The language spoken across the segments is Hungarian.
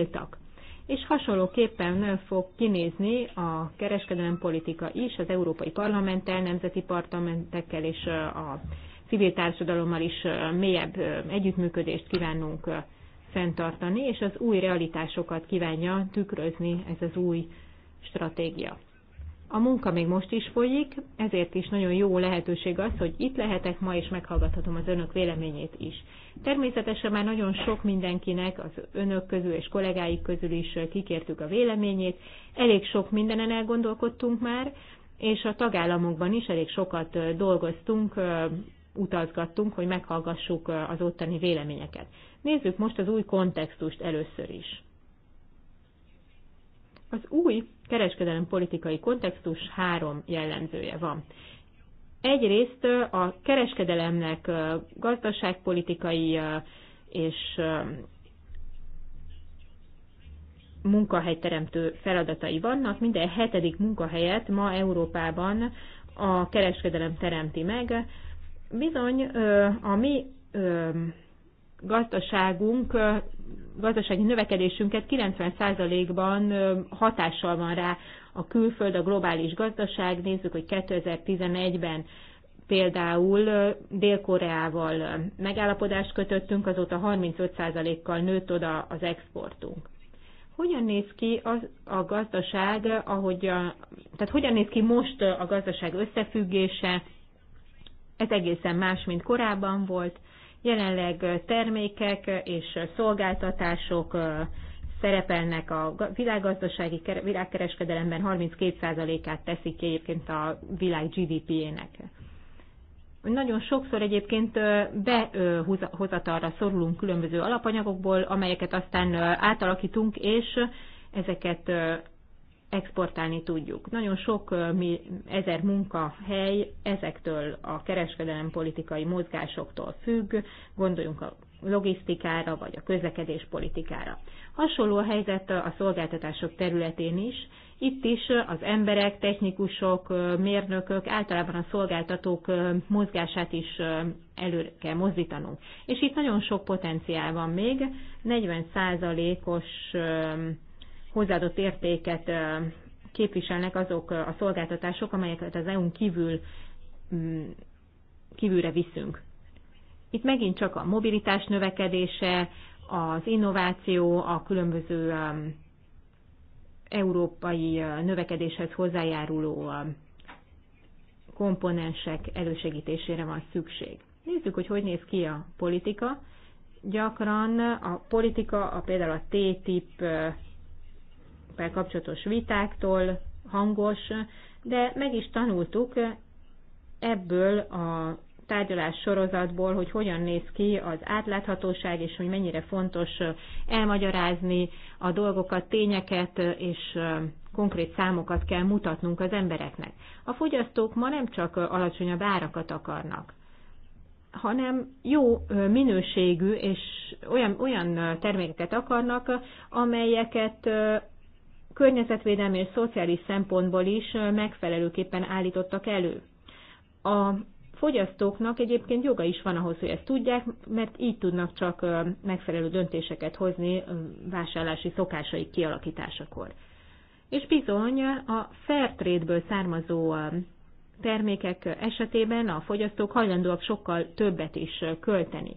nyíltak. És hasonlóképpen fog kinézni a kereskedelem politika is az Európai Parlamenttel, nemzeti parlamentekkel és a civil társadalommal is mélyebb együttműködést kívánunk fenntartani, és az új realitásokat kívánja tükrözni ez az új stratégia. A munka még most is folyik, ezért is nagyon jó lehetőség az, hogy itt lehetek ma, és meghallgathatom az önök véleményét is. Természetesen már nagyon sok mindenkinek, az önök közül és kollégáik közül is kikértük a véleményét. Elég sok mindenen elgondolkodtunk már, és a tagállamokban is elég sokat dolgoztunk, utazgattunk, hogy meghallgassuk az ottani véleményeket. Nézzük most az új kontextust először is. Az új kereskedelem politikai kontextus három jellemzője van. Egyrészt a kereskedelemnek gazdaságpolitikai és munkahelyteremtő feladatai vannak. Minden hetedik munkahelyet ma Európában a kereskedelem teremti meg. Bizony a mi gazdaságunk, gazdasági növekedésünket 90%-ban hatással van rá a külföld, a globális gazdaság. Nézzük, hogy 2011-ben például Dél-Koreával megállapodást kötöttünk, azóta 35%-kal nőtt oda az exportunk. Hogyan néz ki az, a gazdaság, ahogy a, tehát hogyan néz ki most a gazdaság összefüggése? Ez egészen más, mint korábban volt. Jelenleg termékek és szolgáltatások szerepelnek a világgazdasági világkereskedelemben 32%-át teszik ki egyébként a világ GDP-ének. Nagyon sokszor egyébként behozatalra szorulunk különböző alapanyagokból, amelyeket aztán átalakítunk, és ezeket exportálni tudjuk. Nagyon sok mi, ezer munkahely ezektől a kereskedelem politikai mozgásoktól függ, gondoljunk a logisztikára vagy a közlekedés politikára. Hasonló a helyzet a szolgáltatások területén is. Itt is az emberek, technikusok, mérnökök, általában a szolgáltatók mozgását is elő kell mozdítanunk. És itt nagyon sok potenciál van még, 40 százalékos hozzáadott értéket képviselnek azok a szolgáltatások, amelyeket az EU-n kívül, mm, kívülre viszünk. Itt megint csak a mobilitás növekedése, az innováció, a különböző európai növekedéshez hozzájáruló komponensek elősegítésére van szükség. Nézzük, hogy hogy néz ki a politika. Gyakran a politika, a például a TTIP kérdésekkel kapcsolatos vitáktól hangos, de meg is tanultuk ebből a tárgyalás sorozatból, hogy hogyan néz ki az átláthatóság, és hogy mennyire fontos elmagyarázni a dolgokat, tényeket, és konkrét számokat kell mutatnunk az embereknek. A fogyasztók ma nem csak alacsonyabb árakat akarnak, hanem jó minőségű és olyan, olyan termékeket akarnak, amelyeket környezetvédelmi és szociális szempontból is megfelelőképpen állítottak elő. A fogyasztóknak egyébként joga is van ahhoz, hogy ezt tudják, mert így tudnak csak megfelelő döntéseket hozni vásárlási szokásai kialakításakor. És bizony a Fairtrade-ből származó termékek esetében a fogyasztók hajlandóak sokkal többet is költeni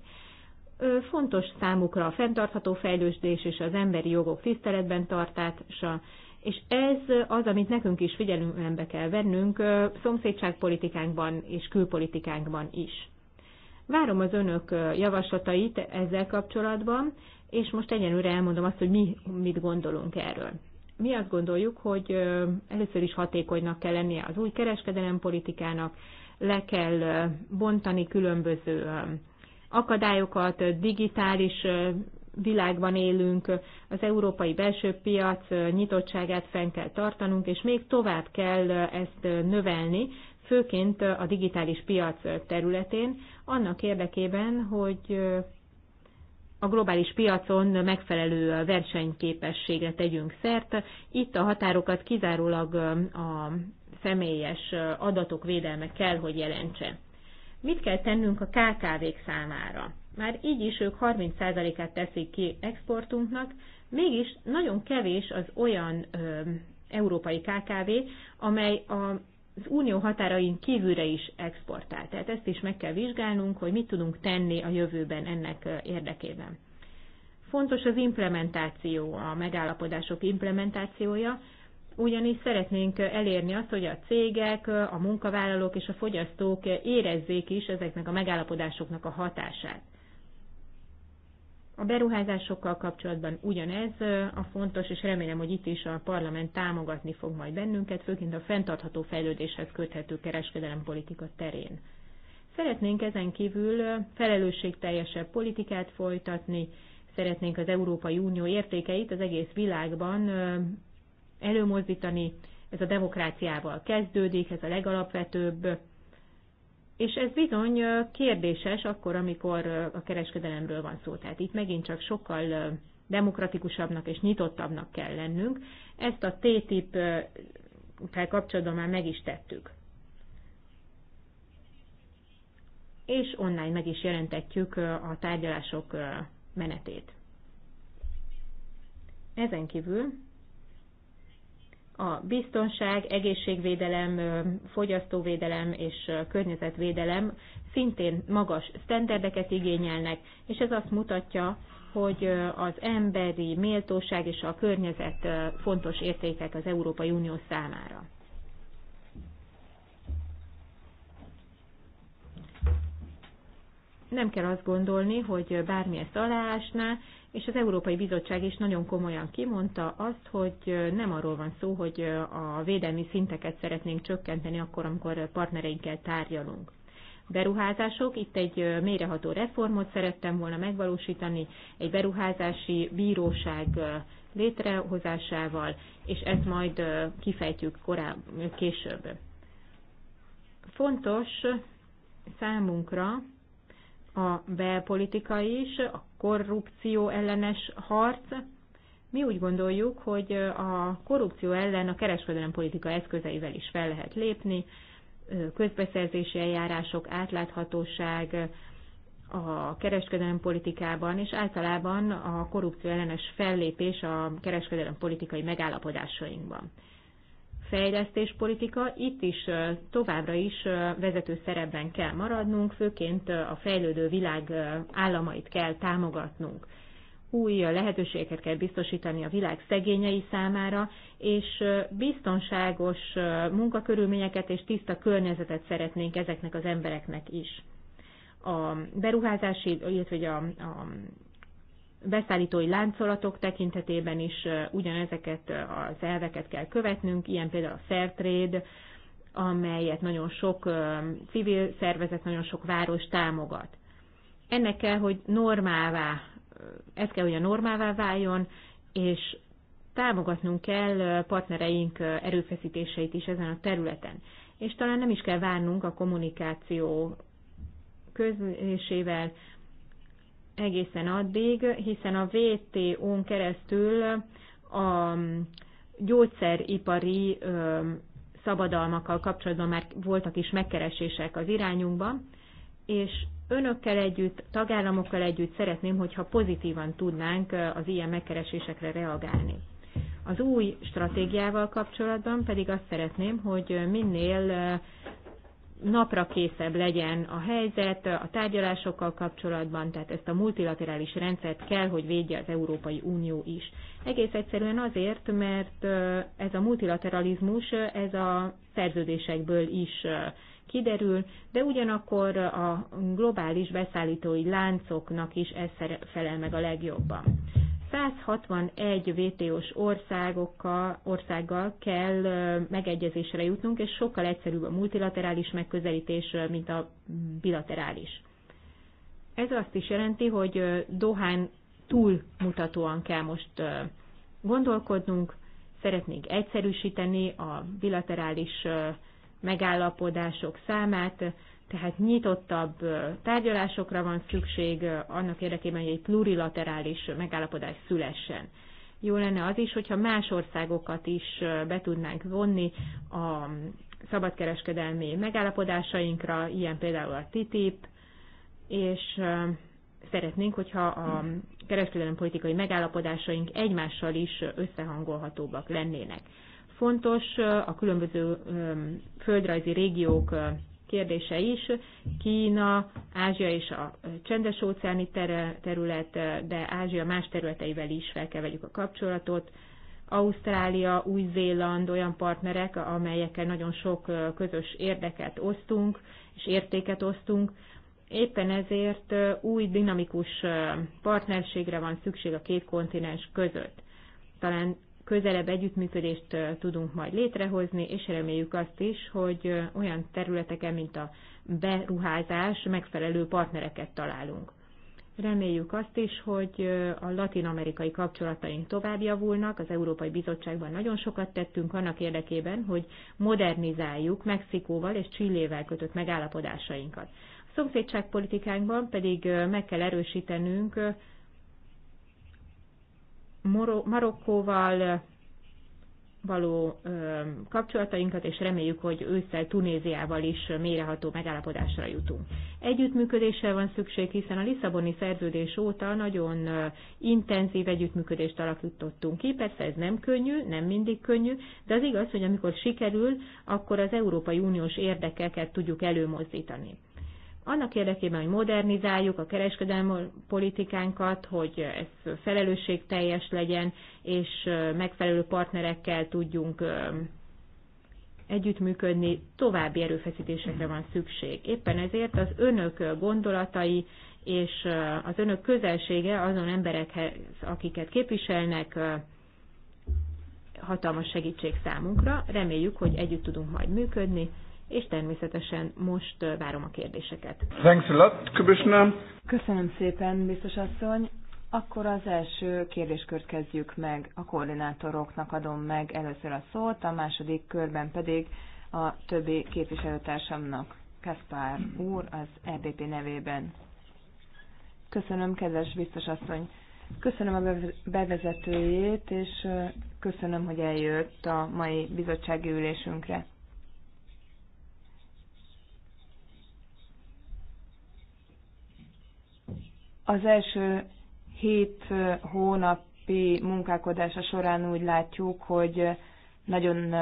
fontos számukra a fenntartható fejlődés és az emberi jogok tiszteletben tartása, és ez az, amit nekünk is figyelembe kell vennünk szomszédságpolitikánkban és külpolitikánkban is. Várom az önök javaslatait ezzel kapcsolatban, és most egyenlőre elmondom azt, hogy mi mit gondolunk erről. Mi azt gondoljuk, hogy először is hatékonynak kell lennie az új kereskedelempolitikának, le kell bontani különböző akadályokat, digitális világban élünk, az európai belső piac nyitottságát fenn kell tartanunk, és még tovább kell ezt növelni, főként a digitális piac területén, annak érdekében, hogy a globális piacon megfelelő versenyképességre tegyünk szert. Itt a határokat kizárólag a személyes adatok védelme kell, hogy jelentse. Mit kell tennünk a KKV-k számára? Már így is ők 30%-át teszik ki exportunknak, mégis nagyon kevés az olyan ö, európai KKV, amely a az unió határain kívülre is exportál. Tehát ezt is meg kell vizsgálnunk, hogy mit tudunk tenni a jövőben ennek érdekében. Fontos az implementáció, a megállapodások implementációja ugyanis szeretnénk elérni azt, hogy a cégek, a munkavállalók és a fogyasztók érezzék is ezeknek a megállapodásoknak a hatását. A beruházásokkal kapcsolatban ugyanez a fontos, és remélem, hogy itt is a parlament támogatni fog majd bennünket, főként a fenntartható fejlődéshez köthető kereskedelempolitika terén. Szeretnénk ezen kívül felelősségteljesebb politikát folytatni, szeretnénk az Európai Unió értékeit az egész világban előmozdítani. Ez a demokráciával kezdődik, ez a legalapvetőbb, és ez bizony kérdéses akkor, amikor a kereskedelemről van szó. Tehát itt megint csak sokkal demokratikusabbnak és nyitottabbnak kell lennünk. Ezt a T-tip felkapcsolatban már meg is tettük. És online meg is jelentetjük a tárgyalások menetét. Ezen kívül a biztonság, egészségvédelem, fogyasztóvédelem és környezetvédelem szintén magas sztenderdeket igényelnek, és ez azt mutatja, hogy az emberi méltóság és a környezet fontos értékek az Európai Unió számára. Nem kell azt gondolni, hogy bármi ezt aláásná, és az Európai Bizottság is nagyon komolyan kimondta azt, hogy nem arról van szó, hogy a védelmi szinteket szeretnénk csökkenteni akkor, amikor partnereinkkel tárgyalunk. Beruházások, itt egy méreható reformot szerettem volna megvalósítani, egy beruházási bíróság létrehozásával, és ezt majd kifejtjük korább, később. Fontos számunkra a belpolitika is, a korrupció ellenes harc. Mi úgy gondoljuk, hogy a korrupció ellen a kereskedelem politika eszközeivel is fel lehet lépni, közbeszerzési eljárások, átláthatóság a kereskedelem politikában, és általában a korrupció ellenes fellépés a kereskedelem politikai megállapodásainkban fejlesztéspolitika, itt is továbbra is vezető szerepben kell maradnunk, főként a fejlődő világ államait kell támogatnunk. Új lehetőségeket kell biztosítani a világ szegényei számára, és biztonságos munkakörülményeket és tiszta környezetet szeretnénk ezeknek az embereknek is. A beruházási, illetve a, a beszállítói láncolatok tekintetében is ugyanezeket az elveket kell követnünk, ilyen például a Fairtrade, amelyet nagyon sok civil szervezet, nagyon sok város támogat. Ennek kell, hogy normává, ez kell, hogy a normává váljon, és támogatnunk kell partnereink erőfeszítéseit is ezen a területen. És talán nem is kell várnunk a kommunikáció közlésével, egészen addig, hiszen a VTO-n keresztül a gyógyszeripari szabadalmakkal kapcsolatban már voltak is megkeresések az irányunkban, és önökkel együtt, tagállamokkal együtt szeretném, hogyha pozitívan tudnánk az ilyen megkeresésekre reagálni. Az új stratégiával kapcsolatban pedig azt szeretném, hogy minél napra készebb legyen a helyzet a tárgyalásokkal kapcsolatban, tehát ezt a multilaterális rendszert kell, hogy védje az Európai Unió is. Egész egyszerűen azért, mert ez a multilateralizmus, ez a szerződésekből is kiderül, de ugyanakkor a globális beszállítói láncoknak is ez felel meg a legjobban. 161 VTO-s országokkal, országgal kell megegyezésre jutnunk, és sokkal egyszerűbb a multilaterális megközelítés, mint a bilaterális. Ez azt is jelenti, hogy Dohán túlmutatóan kell most gondolkodnunk, szeretnénk egyszerűsíteni a bilaterális megállapodások számát, tehát nyitottabb tárgyalásokra van szükség annak érdekében, hogy egy plurilaterális megállapodás szülessen. Jó lenne az is, hogyha más országokat is be tudnánk vonni a szabadkereskedelmi megállapodásainkra, ilyen például a TTIP, és szeretnénk, hogyha a kereskedelmi politikai megállapodásaink egymással is összehangolhatóbbak lennének. Fontos a különböző földrajzi régiók kérdése is. Kína, Ázsia és a csendes óceáni terület, de Ázsia más területeivel is fel kell vegyük a kapcsolatot. Ausztrália, Új-Zéland olyan partnerek, amelyekkel nagyon sok közös érdeket osztunk, és értéket osztunk. Éppen ezért új dinamikus partnerségre van szükség a két kontinens között. Talán közelebb együttműködést tudunk majd létrehozni, és reméljük azt is, hogy olyan területeken, mint a beruházás, megfelelő partnereket találunk. Reméljük azt is, hogy a latin-amerikai kapcsolataink tovább javulnak. Az Európai Bizottságban nagyon sokat tettünk annak érdekében, hogy modernizáljuk Mexikóval és Csillével kötött megállapodásainkat. A szomszédságpolitikánkban pedig meg kell erősítenünk Marokkóval eh, való eh, kapcsolatainkat, és reméljük, hogy ősszel Tunéziával is méreható megállapodásra jutunk. Együttműködésre van szükség, hiszen a Lisszaboni szerződés óta nagyon eh, intenzív együttműködést alakítottunk ki. Persze ez nem könnyű, nem mindig könnyű, de az igaz, hogy amikor sikerül, akkor az Európai Uniós érdekeket tudjuk előmozdítani annak érdekében, hogy modernizáljuk a kereskedelmi politikánkat, hogy ez felelősségteljes legyen, és megfelelő partnerekkel tudjunk együttműködni, további erőfeszítésekre van szükség. Éppen ezért az önök gondolatai és az önök közelsége azon emberekhez, akiket képviselnek, hatalmas segítség számunkra. Reméljük, hogy együtt tudunk majd működni és természetesen most várom a kérdéseket. Thanks a lot, Commissioner. Köszönöm szépen, biztos asszony. Akkor az első kérdéskört kezdjük meg. A koordinátoroknak adom meg először a szót, a második körben pedig a többi képviselőtársamnak. Kaspár úr az EBP nevében. Köszönöm, kedves biztos asszony. Köszönöm a bevezetőjét, és köszönöm, hogy eljött a mai bizottsági ülésünkre. Az első hét hónapi munkálkodása során úgy látjuk, hogy nagyon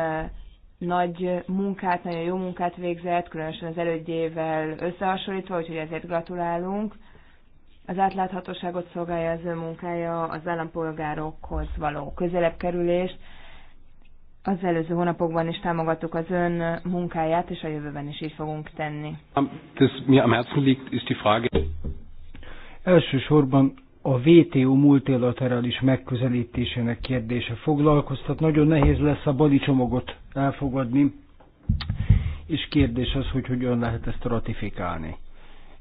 nagy munkát, nagyon jó munkát végzett, különösen az elődjével összehasonlítva, úgyhogy ezért gratulálunk. Az átláthatóságot szolgálja az ő munkája, az állampolgárokhoz való közelebb kerülést. Az előző hónapokban is támogattuk az ön munkáját, és a jövőben is így fogunk tenni. Elsősorban a WTO multilaterális megközelítésének kérdése foglalkoztat. Nagyon nehéz lesz a bali csomagot elfogadni, és kérdés az, hogy hogyan lehet ezt ratifikálni.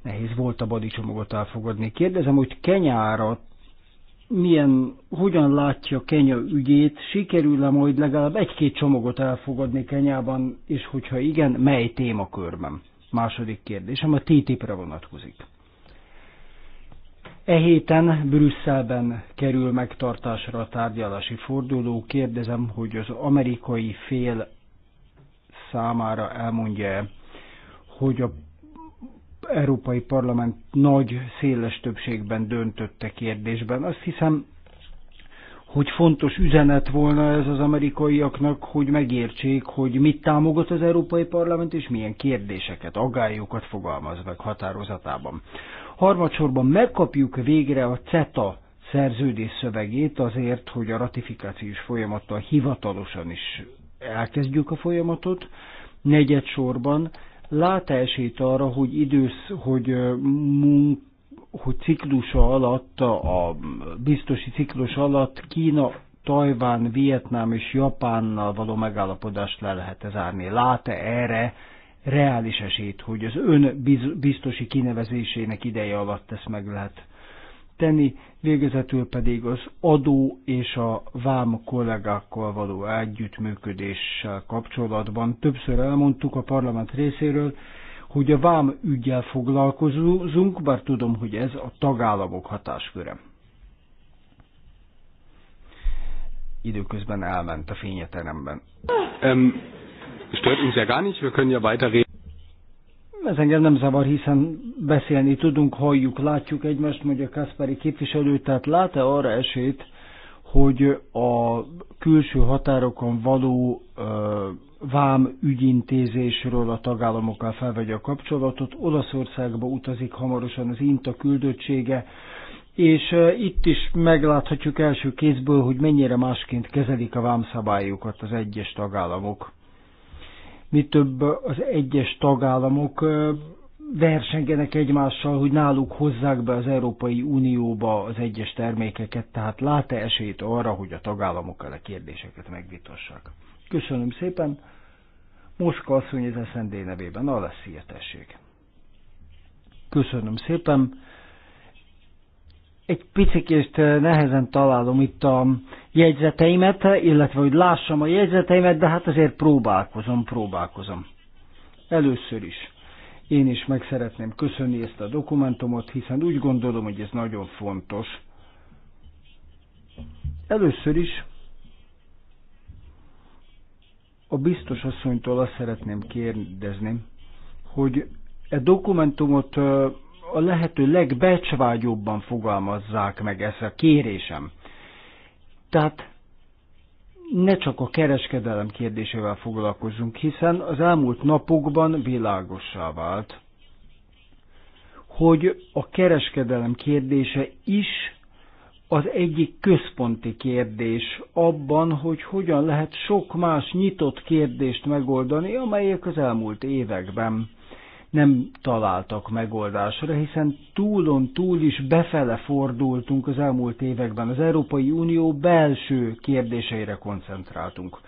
Nehéz volt a bali csomagot elfogadni. Kérdezem, hogy Kenyára milyen, hogyan látja Kenya ügyét, sikerül-e majd legalább egy-két csomagot elfogadni Kenyában, és hogyha igen, mely témakörben? Második kérdésem a TTIP-re vonatkozik. E héten Brüsszelben kerül megtartásra a tárgyalási forduló. Kérdezem, hogy az amerikai fél számára elmondja hogy a Európai Parlament nagy, széles többségben döntötte kérdésben. Azt hiszem, hogy fontos üzenet volna ez az amerikaiaknak, hogy megértsék, hogy mit támogat az Európai Parlament, és milyen kérdéseket, agályokat fogalmaz meg határozatában. Harmadsorban megkapjuk végre a CETA szerződés szövegét azért, hogy a ratifikációs folyamattal hivatalosan is elkezdjük a folyamatot. Negyed sorban lát -e esélyt arra, hogy idősz, hogy munk hogy ciklusa alatt, a biztosi ciklus alatt Kína, Tajván, Vietnám és Japánnal való megállapodást le lehet zárni. Lát-e erre reális esélyt, hogy az ön biztosi kinevezésének ideje alatt ezt meg lehet tenni, végezetül pedig az adó és a vám kollégákkal való együttműködéssel kapcsolatban. Többször elmondtuk a parlament részéről, hogy a vám ügyel foglalkozunk, bár tudom, hogy ez a tagállamok hatásköre. Időközben elment a fényeteremben. Um, stört uns ja gar nicht, wir können ja weiterreden. Ez engem nem zavar, hiszen beszélni tudunk, halljuk, látjuk egymást, mondja Kaspari képviselő, tehát lát-e arra esélyt, hogy a külső határokon való ö, vám ügyintézésről a tagállamokkal felvegye a kapcsolatot. Olaszországba utazik hamarosan az INTA küldöttsége, és itt is megláthatjuk első kézből, hogy mennyire másként kezelik a vámszabályokat az egyes tagállamok mi több az egyes tagállamok versengenek egymással, hogy náluk hozzák be az Európai Unióba az egyes termékeket, tehát lát-e esélyt arra, hogy a el a kérdéseket megvitassák. Köszönöm szépen. Moszka asszony az SND nevében, Alessia tessék. Köszönöm szépen egy picikést eh, nehezen találom itt a jegyzeteimet, illetve hogy lássam a jegyzeteimet, de hát azért próbálkozom, próbálkozom. Először is. Én is meg szeretném köszönni ezt a dokumentumot, hiszen úgy gondolom, hogy ez nagyon fontos. Először is a biztos asszonytól azt szeretném kérdezni, hogy e dokumentumot eh, a lehető legbecsvágyóbban fogalmazzák meg ezt a kérésem. Tehát ne csak a kereskedelem kérdésével foglalkozunk, hiszen az elmúlt napokban világossá vált, hogy a kereskedelem kérdése is az egyik központi kérdés abban, hogy hogyan lehet sok más nyitott kérdést megoldani, amelyek az elmúlt években nem találtak megoldásra, hiszen túlon túl is befele fordultunk az elmúlt években. Az Európai Unió belső kérdéseire koncentráltunk.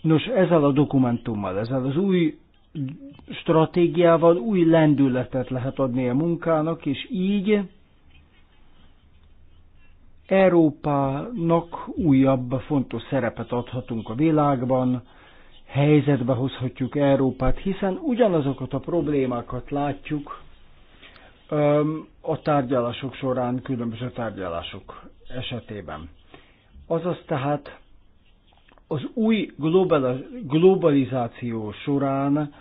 Nos, ezzel a dokumentummal, ezzel az új stratégiával új lendületet lehet adni a munkának, és így Európának újabb fontos szerepet adhatunk a világban, helyzetbe hozhatjuk Európát, hiszen ugyanazokat a problémákat látjuk a tárgyalások során, különböző tárgyalások esetében. Azaz tehát az új globalizáció során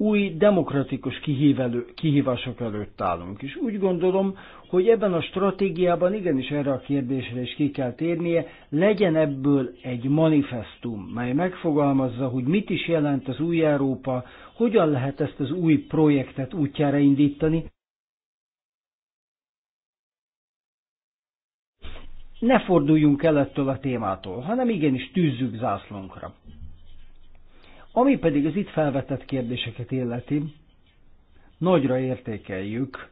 új demokratikus kihívelő, kihívások előtt állunk. És úgy gondolom, hogy ebben a stratégiában igenis erre a kérdésre is ki kell térnie, legyen ebből egy manifestum, mely megfogalmazza, hogy mit is jelent az új Európa, hogyan lehet ezt az új projektet útjára indítani, ne forduljunk el ettől a témától, hanem igenis tűzzük zászlónkra. Ami pedig az itt felvetett kérdéseket illeti, nagyra értékeljük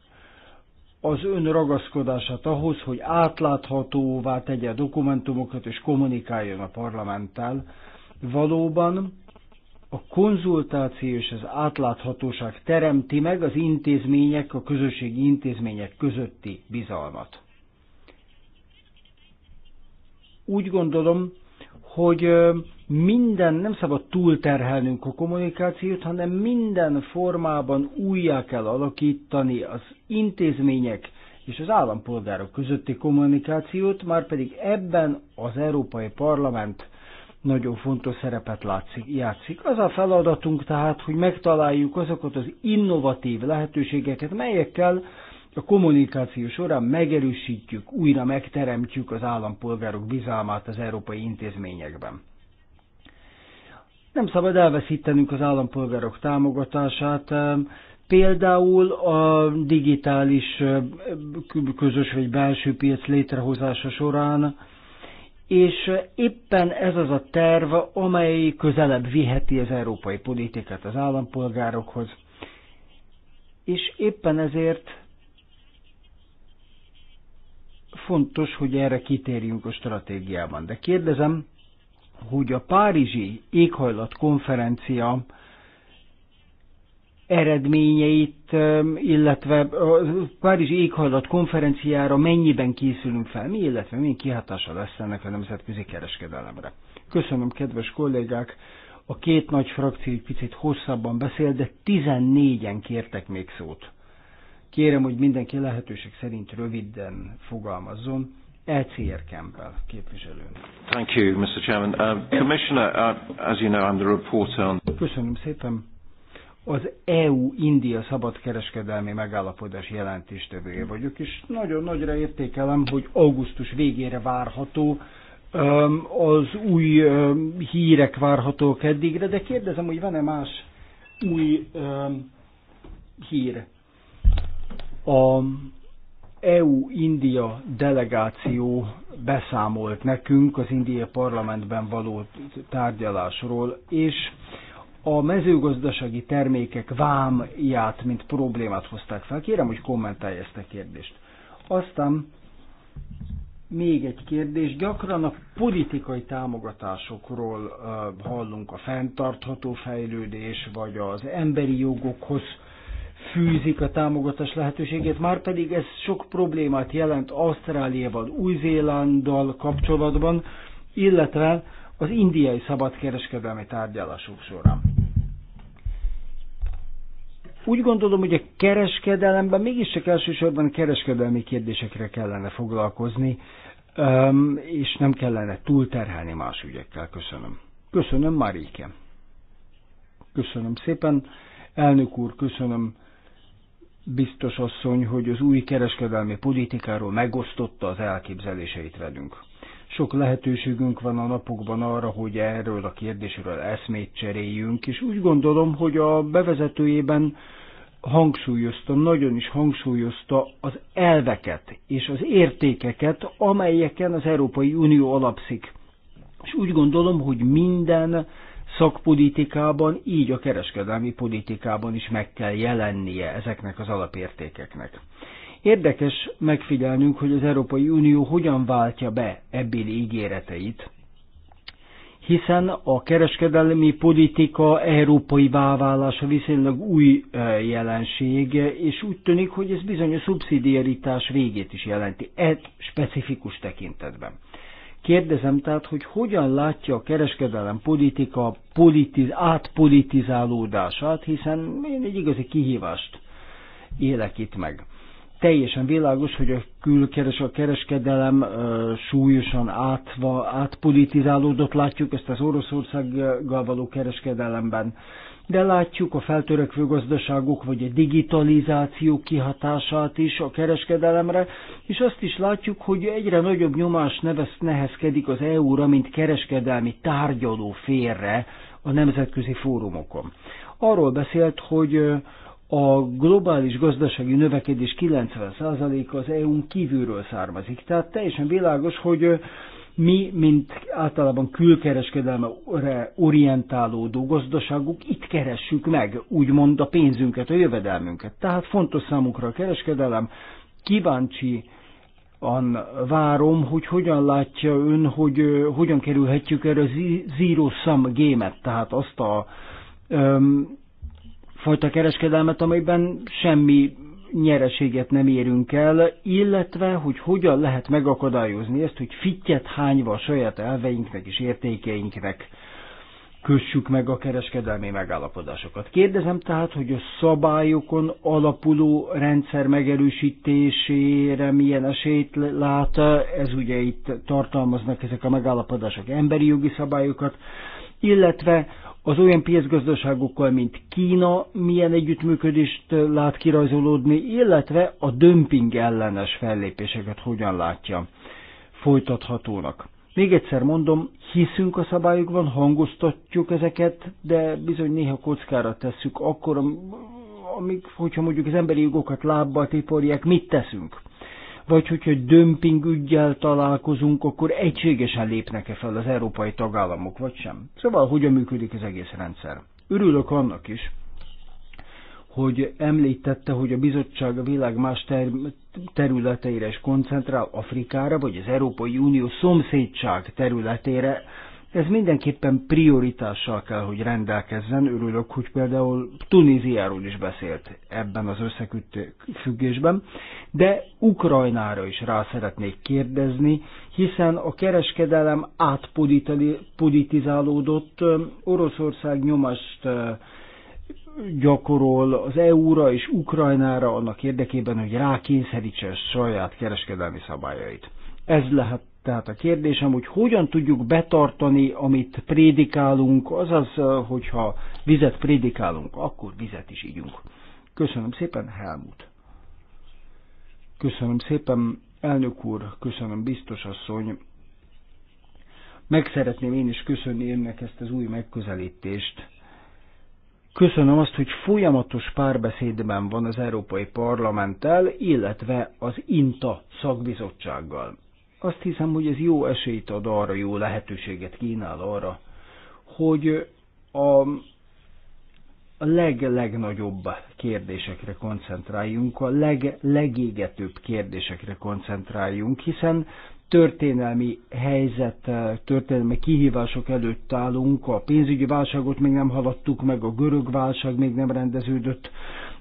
az ön ragaszkodását ahhoz, hogy átláthatóvá tegye a dokumentumokat és kommunikáljon a parlamenttel. Valóban a konzultáció és az átláthatóság teremti meg az intézmények, a közösségi intézmények közötti bizalmat. Úgy gondolom, hogy minden, nem szabad túlterhelnünk a kommunikációt, hanem minden formában újjá kell alakítani az intézmények és az állampolgárok közötti kommunikációt, már pedig ebben az Európai Parlament nagyon fontos szerepet látszik, játszik. Az a feladatunk tehát, hogy megtaláljuk azokat az innovatív lehetőségeket, melyekkel a kommunikáció során megerősítjük, újra megteremtjük az állampolgárok bizalmát az európai intézményekben. Nem szabad elveszítenünk az állampolgárok támogatását, például a digitális közös vagy belső piac létrehozása során, és éppen ez az a terv, amely közelebb viheti az európai politikát az állampolgárokhoz. És éppen ezért fontos, hogy erre kitérjünk a stratégiában. De kérdezem, hogy a Párizsi éghajlatkonferencia eredményeit, illetve a Párizsi éghajlat konferenciára mennyiben készülünk fel mi, illetve milyen kihatása lesz ennek a nemzetközi kereskedelemre. Köszönöm, kedves kollégák! A két nagy frakció egy picit hosszabban beszél, de 14-en kértek még szót. Kérem, hogy mindenki lehetőség szerint röviden fogalmazzon, ECR Campbell képviselő. Thank you, Mr. Chairman. Uh, Commissioner, uh, as you know, I'm the reporter on... Köszönöm szépen. Az EU-India szabadkereskedelmi megállapodás jelentéstevője vagyok, és nagyon nagyra értékelem, hogy augusztus végére várható um, az új um, hírek várhatók eddigre, de kérdezem, hogy van-e más új um, hír? A EU-India delegáció beszámolt nekünk az indiai parlamentben való tárgyalásról, és a mezőgazdasági termékek vámját, mint problémát hozták fel. Kérem, hogy kommentálj ezt a kérdést. Aztán még egy kérdés. Gyakran a politikai támogatásokról hallunk a fenntartható fejlődés, vagy az emberi jogokhoz fűzik a támogatás lehetőségét, már pedig ez sok problémát jelent Ausztráliával, Új-Zélanddal kapcsolatban, illetve az indiai szabadkereskedelmi tárgyalások során. Úgy gondolom, hogy a kereskedelemben mégiscsak elsősorban kereskedelmi kérdésekre kellene foglalkozni, és nem kellene túlterhelni más ügyekkel. Köszönöm. Köszönöm, Maríke. Köszönöm szépen. Elnök úr, köszönöm biztos asszony, hogy az új kereskedelmi politikáról megosztotta az elképzeléseit velünk. Sok lehetőségünk van a napokban arra, hogy erről a kérdésről eszmét cseréljünk, és úgy gondolom, hogy a bevezetőjében hangsúlyozta, nagyon is hangsúlyozta az elveket és az értékeket, amelyeken az Európai Unió alapszik. És úgy gondolom, hogy minden szakpolitikában, így a kereskedelmi politikában is meg kell jelennie ezeknek az alapértékeknek. Érdekes megfigyelnünk, hogy az Európai Unió hogyan váltja be ebbéli ígéreteit, hiszen a kereskedelmi politika európai válása viszonylag új jelenség, és úgy tűnik, hogy ez bizony a szubszidiaritás végét is jelenti, egy specifikus tekintetben. Kérdezem tehát, hogy hogyan látja a kereskedelem politika politiz, átpolitizálódását, hiszen én egy igazi kihívást élek itt meg. Teljesen világos, hogy a külkeres a kereskedelem e, súlyosan átva, átpolitizálódott, látjuk ezt az Oroszországgal való kereskedelemben, de látjuk a feltörekvő gazdaságok vagy a digitalizáció kihatását is a kereskedelemre, és azt is látjuk, hogy egyre nagyobb nyomás nevez, nehezkedik az EU-ra, mint kereskedelmi tárgyaló félre a nemzetközi fórumokon. Arról beszélt, hogy a globális gazdasági növekedés 90%-a az EU-n kívülről származik. Tehát teljesen világos, hogy mi, mint általában külkereskedelmre orientálódó gazdaságok, itt keressük meg, úgymond a pénzünket, a jövedelmünket. Tehát fontos számunkra a kereskedelem. Kíváncsi an várom, hogy hogyan látja ön, hogy uh, hogyan kerülhetjük erre a zero sum gémet, tehát azt a um, fajta kereskedelmet, amelyben semmi nyereséget nem érünk el, illetve, hogy hogyan lehet megakadályozni ezt, hogy fittyet hányva a saját elveinknek és értékeinknek kössük meg a kereskedelmi megállapodásokat. Kérdezem tehát, hogy a szabályokon alapuló rendszer megerősítésére milyen esélyt lát, ez ugye itt tartalmaznak ezek a megállapodások emberi jogi szabályokat, illetve az olyan piacgazdaságokkal, mint Kína, milyen együttműködést lát kirajzolódni, illetve a dömping ellenes fellépéseket hogyan látja folytathatónak. Még egyszer mondom, hiszünk a szabályokban, hangoztatjuk ezeket, de bizony néha kockára tesszük, akkor, amíg, hogyha mondjuk az emberi jogokat lábbal tiporják, mit teszünk? vagy hogyha dömping ügyjel találkozunk, akkor egységesen lépnek-e fel az európai tagállamok, vagy sem. Szóval hogyan működik az egész rendszer. Örülök annak is, hogy említette, hogy a bizottság a világ más ter- területeire is koncentrál, Afrikára, vagy az Európai Unió szomszédság területére, ez mindenképpen prioritással kell, hogy rendelkezzen. Örülök, hogy például Tunéziáról is beszélt ebben az összefüggésben, de Ukrajnára is rá szeretnék kérdezni, hiszen a kereskedelem átpolitizálódott, Oroszország nyomást gyakorol az EU-ra és Ukrajnára annak érdekében, hogy rákényszerítse saját kereskedelmi szabályait. Ez lehet tehát a kérdésem, hogy hogyan tudjuk betartani, amit prédikálunk, azaz, hogyha vizet prédikálunk, akkor vizet is ígyunk. Köszönöm szépen, Helmut. Köszönöm szépen, elnök úr, köszönöm biztos asszony. Meg szeretném én is köszönni önnek ezt az új megközelítést. Köszönöm azt, hogy folyamatos párbeszédben van az Európai Parlamenttel, illetve az INTA szakbizottsággal azt hiszem, hogy ez jó esélyt ad arra, jó lehetőséget kínál arra, hogy a leg-legnagyobb kérdésekre koncentráljunk, a leg-legégetőbb kérdésekre koncentráljunk, hiszen történelmi helyzet, történelmi kihívások előtt állunk, a pénzügyi válságot még nem haladtuk meg, a görög válság még nem rendeződött,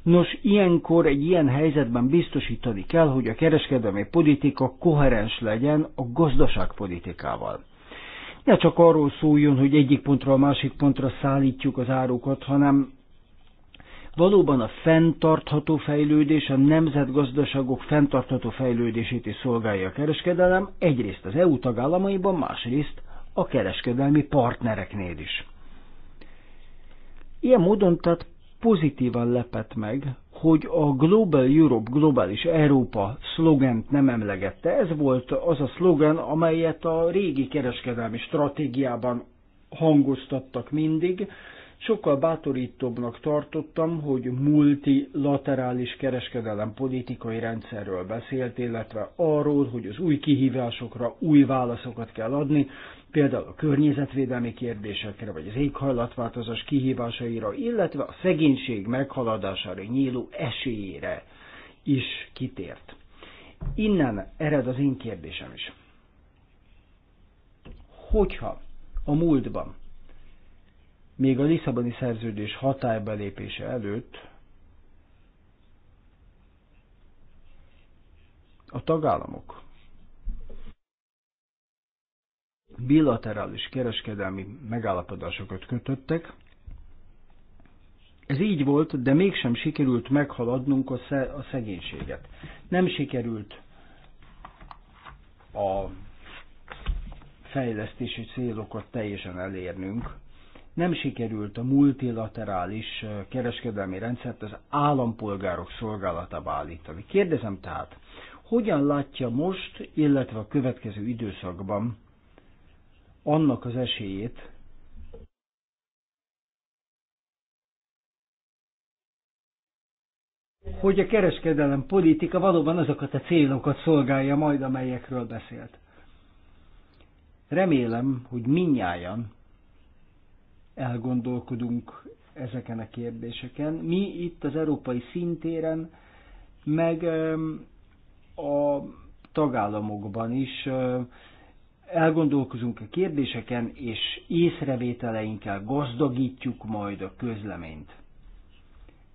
Nos, ilyenkor egy ilyen helyzetben biztosítani kell, hogy a kereskedelmi politika koherens legyen a gazdaságpolitikával. Ne csak arról szóljon, hogy egyik pontra a másik pontra szállítjuk az árukat, hanem valóban a fenntartható fejlődés, a nemzetgazdaságok fenntartható fejlődését is szolgálja a kereskedelem, egyrészt az EU tagállamaiban, másrészt a kereskedelmi partnereknél is. Ilyen módon tehát pozitívan lepett meg, hogy a Global Europe, Globális Európa szlogent nem emlegette. Ez volt az a szlogen, amelyet a régi kereskedelmi stratégiában hangoztattak mindig. Sokkal bátorítóbbnak tartottam, hogy multilaterális kereskedelem politikai rendszerről beszélt, illetve arról, hogy az új kihívásokra új válaszokat kell adni, például a környezetvédelmi kérdésekre, vagy az éghajlatváltozás kihívásaira, illetve a szegénység meghaladására nyíló esélyére is kitért. Innen ered az én kérdésem is. Hogyha a múltban, még a Lisszaboni szerződés hatálybelépése előtt a tagállamok bilaterális kereskedelmi megállapodásokat kötöttek. Ez így volt, de mégsem sikerült meghaladnunk a, szegénységet. Nem sikerült a fejlesztési célokat teljesen elérnünk. Nem sikerült a multilaterális kereskedelmi rendszert az állampolgárok szolgálatába állítani. Kérdezem tehát, hogyan látja most, illetve a következő időszakban annak az esélyét, hogy a kereskedelem politika valóban azokat a célokat szolgálja majd, amelyekről beszélt. Remélem, hogy minnyáján elgondolkodunk ezeken a kérdéseken. Mi itt az európai szintéren, meg a tagállamokban is elgondolkozunk a kérdéseken, és észrevételeinkkel gazdagítjuk majd a közleményt.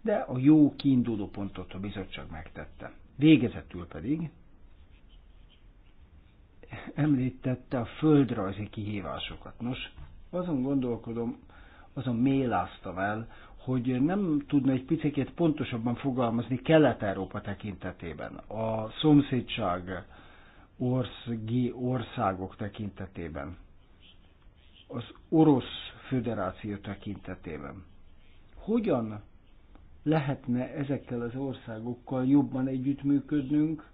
De a jó kiinduló pontot a bizottság megtette. Végezetül pedig említette a földrajzi kihívásokat. Nos, azon gondolkodom, azon méláztam el, hogy nem tudna egy picit pontosabban fogalmazni Kelet-Európa tekintetében. A szomszédság orsz, G országok tekintetében, az Orosz Föderáció tekintetében. Hogyan lehetne ezekkel az országokkal jobban együttműködnünk,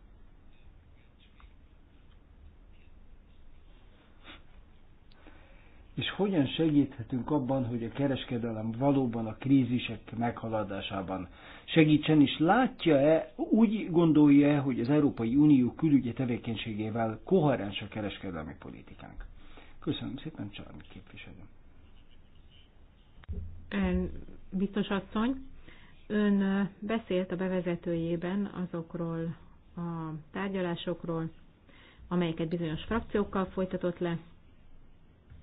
és hogyan segíthetünk abban, hogy a kereskedelem valóban a krízisek meghaladásában segítsen, és látja-e, úgy gondolja-e, hogy az Európai Unió külügyi tevékenységével koherens a kereskedelmi politikánk? Köszönöm szépen, Csarmi képviselő. Ön, biztos asszony, ön beszélt a bevezetőjében azokról a tárgyalásokról, amelyeket bizonyos frakciókkal folytatott le.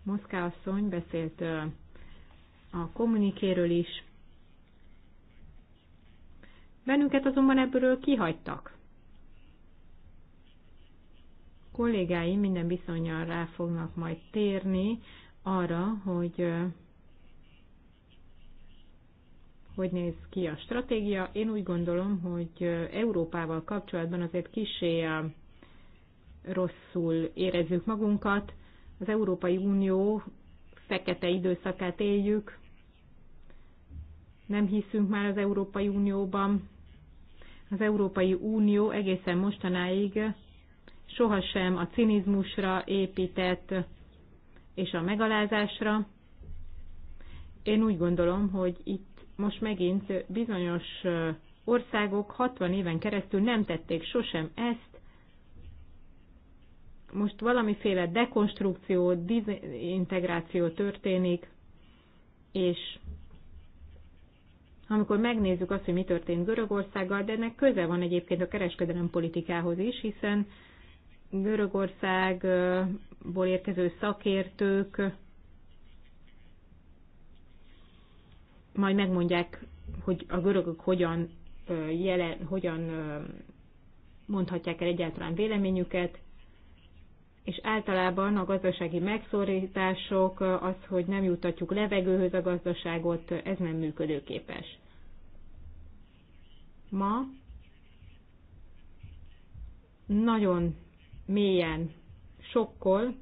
Moszká asszony beszélt a kommunikéről is, Bennünket azonban ebből kihagytak. kollégáim minden bizonyal rá fognak majd térni arra, hogy hogy néz ki a stratégia. Én úgy gondolom, hogy Európával kapcsolatban azért kisé rosszul érezzük magunkat. Az Európai Unió fekete időszakát éljük. Nem hiszünk már az Európai Unióban az Európai Unió egészen mostanáig sohasem a cinizmusra épített és a megalázásra. Én úgy gondolom, hogy itt most megint bizonyos országok 60 éven keresztül nem tették sosem ezt. Most valamiféle dekonstrukció, dezintegráció történik, és amikor megnézzük azt, hogy mi történt Görögországgal, de ennek köze van egyébként a kereskedelem politikához is, hiszen Görögországból érkező szakértők majd megmondják, hogy a görögök hogyan, jelen, hogyan mondhatják el egyáltalán véleményüket, és általában a gazdasági megszorítások, az, hogy nem jutatjuk levegőhöz a gazdaságot, ez nem működőképes ma nagyon mélyen sokkol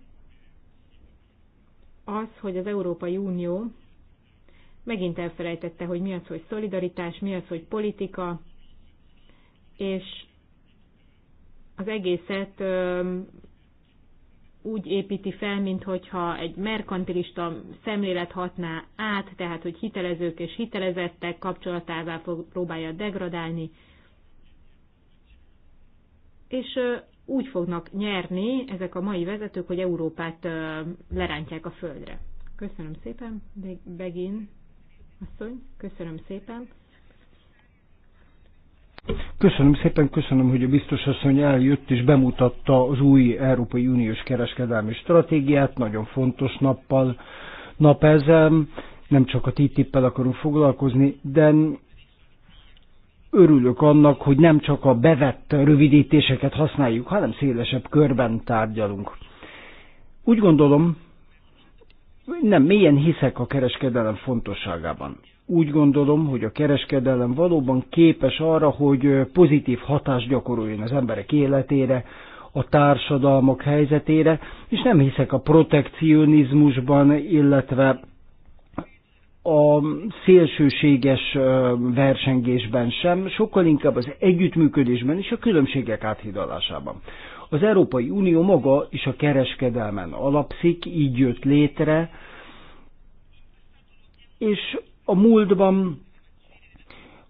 az, hogy az Európai Unió megint elfelejtette, hogy mi az, hogy szolidaritás, mi az, hogy politika, és az egészet úgy építi fel, mintha egy merkantilista szemlélet hatná át, tehát hogy hitelezők és hitelezettek kapcsolatává fog, próbálja degradálni, és úgy fognak nyerni ezek a mai vezetők, hogy Európát lerántják a földre. Köszönöm szépen, Begin asszony, köszönöm szépen. Köszönöm szépen, köszönöm, hogy a biztos asszony eljött és bemutatta az új Európai Uniós kereskedelmi stratégiát, nagyon fontos nappal nap ez, nem csak a TTIP-el akarunk foglalkozni, de örülök annak, hogy nem csak a bevett rövidítéseket használjuk, hanem szélesebb körben tárgyalunk. Úgy gondolom, nem, mélyen hiszek a kereskedelem fontosságában úgy gondolom, hogy a kereskedelem valóban képes arra, hogy pozitív hatást gyakoroljon az emberek életére, a társadalmak helyzetére, és nem hiszek a protekcionizmusban, illetve a szélsőséges versengésben sem, sokkal inkább az együttműködésben és a különbségek áthidalásában. Az Európai Unió maga is a kereskedelmen alapszik, így jött létre, és a múltban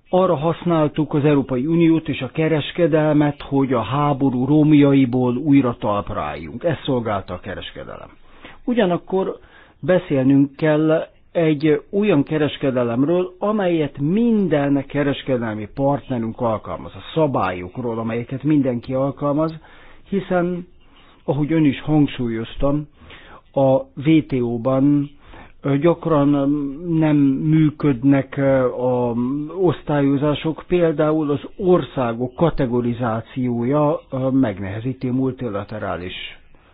arra használtuk az Európai Uniót és a kereskedelmet, hogy a háború rómiaiból újra talpra álljunk. Ez szolgálta a kereskedelem. Ugyanakkor beszélnünk kell egy olyan kereskedelemről, amelyet minden kereskedelmi partnerünk alkalmaz, a szabályokról, amelyeket mindenki alkalmaz, hiszen, ahogy ön is hangsúlyoztam, a WTO-ban gyakran um, nem működnek uh, a osztályozások, például az országok kategorizációja uh, megnehezíti a multilaterális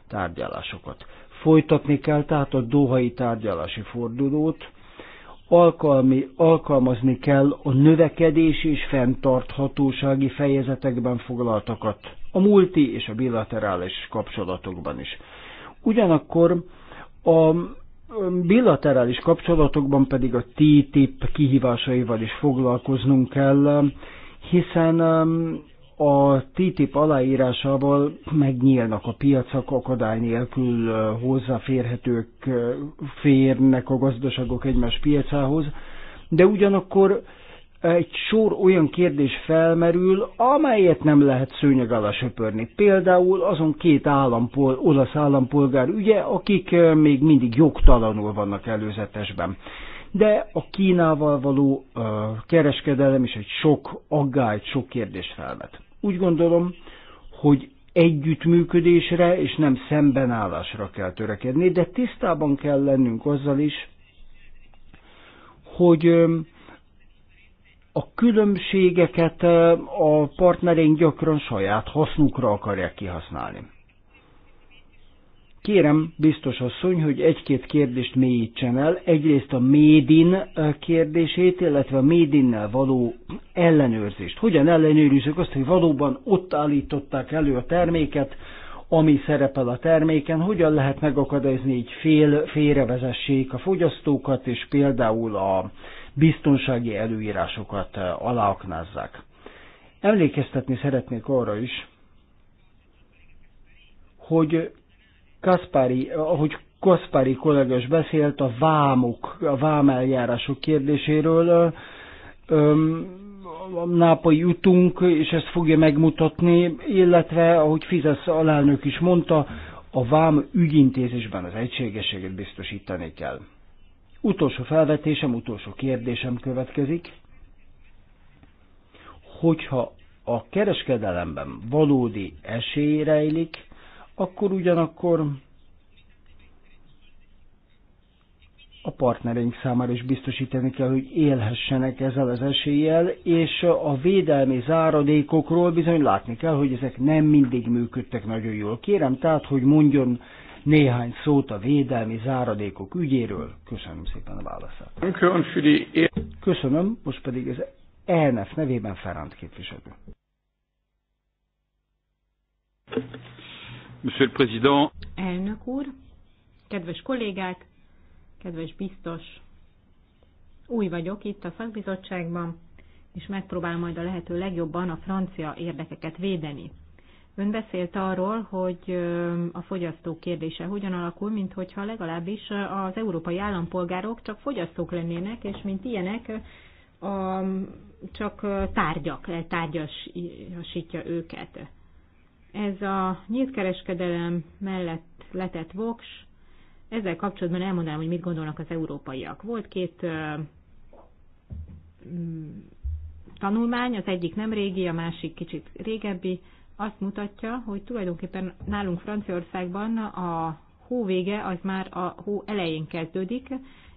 tárgyalásokat. Folytatni kell tehát a dohai tárgyalási fordulót, alkalmi, alkalmazni kell a növekedés és fenntarthatósági fejezetekben foglaltakat, a multi és a bilaterális kapcsolatokban is. Ugyanakkor a bilaterális kapcsolatokban pedig a TTIP kihívásaival is foglalkoznunk kell, hiszen um, a TTIP aláírásával megnyílnak a piacok akadály nélkül uh, hozzáférhetők uh, férnek a gazdaságok egymás piacához, de ugyanakkor egy sor olyan kérdés felmerül, amelyet nem lehet szőnyeg alá söpörni. Például azon két állampol, olasz állampolgár ügye, akik még mindig jogtalanul vannak előzetesben. De a Kínával való uh, kereskedelem is egy sok aggályt, sok kérdést felvet. Úgy gondolom, hogy együttműködésre és nem szembenállásra kell törekedni, de tisztában kell lennünk azzal is, hogy a különbségeket a partnerén gyakran saját hasznukra akarják kihasználni. Kérem, biztos asszony, hogy egy-két kérdést mélyítsen el. Egyrészt a médin kérdését, illetve a médinnel való ellenőrzést. Hogyan ellenőrizzük azt, hogy valóban ott állították elő a terméket, ami szerepel a terméken, hogyan lehet megakadályozni, így fél, félrevezessék a fogyasztókat, és például a biztonsági előírásokat eh, aláaknázzák. Emlékeztetni szeretnék arra is, hogy Kaspari, eh, ahogy Kaspari kollégás beszélt a vámok, a vámeljárások kérdéséről, eh, a nápai jutunk, és ezt fogja megmutatni, illetve, ahogy Fizesz alelnök is mondta, a vám ügyintézésben az egységességet biztosítani kell. Utolsó felvetésem, utolsó kérdésem következik. Hogyha a kereskedelemben valódi esély rejlik, akkor ugyanakkor a partnereink számára is biztosítani kell, hogy élhessenek ezzel az eséllyel, és a védelmi záradékokról bizony látni kell, hogy ezek nem mindig működtek nagyon jól. Kérem tehát, hogy mondjon néhány szót a védelmi záradékok ügyéről. Köszönöm szépen a válaszát. Köszönöm, most pedig az ENF nevében Ferrand képviselő. Monsieur le Président. Elnök úr, kedves kollégák, kedves biztos, új vagyok itt a szakbizottságban, és megpróbálom majd a lehető legjobban a francia érdekeket védeni. Ön beszélt arról, hogy a fogyasztók kérdése hogyan alakul, mint hogyha legalábbis az európai állampolgárok csak fogyasztók lennének, és mint ilyenek a, csak tárgyak, tárgyasítja őket. Ez a kereskedelem mellett letett voks, ezzel kapcsolatban elmondanám, hogy mit gondolnak az európaiak. Volt két tanulmány, az egyik nem régi, a másik kicsit régebbi, azt mutatja, hogy tulajdonképpen nálunk Franciaországban a hó vége az már a hó elején kezdődik,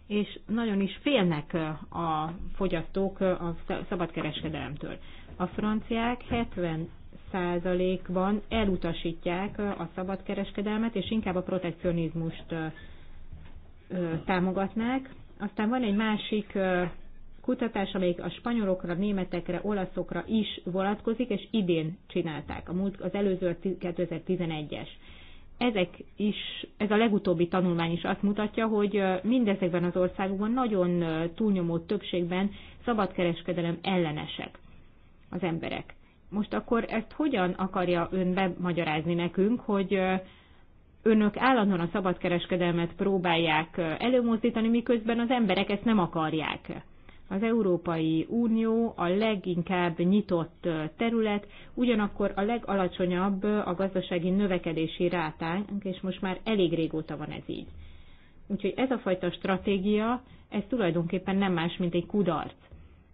és nagyon is félnek a fogyasztók a szabadkereskedelemtől. A franciák 70%-ban elutasítják a szabadkereskedelmet, és inkább a protekcionizmust támogatnák. Aztán van egy másik kutatás, amelyik a spanyolokra, németekre, olaszokra is vonatkozik, és idén csinálták, a múlt, az előző 2011-es. Ezek is, ez a legutóbbi tanulmány is azt mutatja, hogy mindezekben az országokban nagyon túlnyomó többségben szabadkereskedelem ellenesek az emberek. Most akkor ezt hogyan akarja ön bemagyarázni nekünk, hogy önök állandóan a szabadkereskedelmet próbálják előmozdítani, miközben az emberek ezt nem akarják az Európai Unió a leginkább nyitott terület, ugyanakkor a legalacsonyabb a gazdasági növekedési rátánk, és most már elég régóta van ez így. Úgyhogy ez a fajta stratégia, ez tulajdonképpen nem más, mint egy kudarc.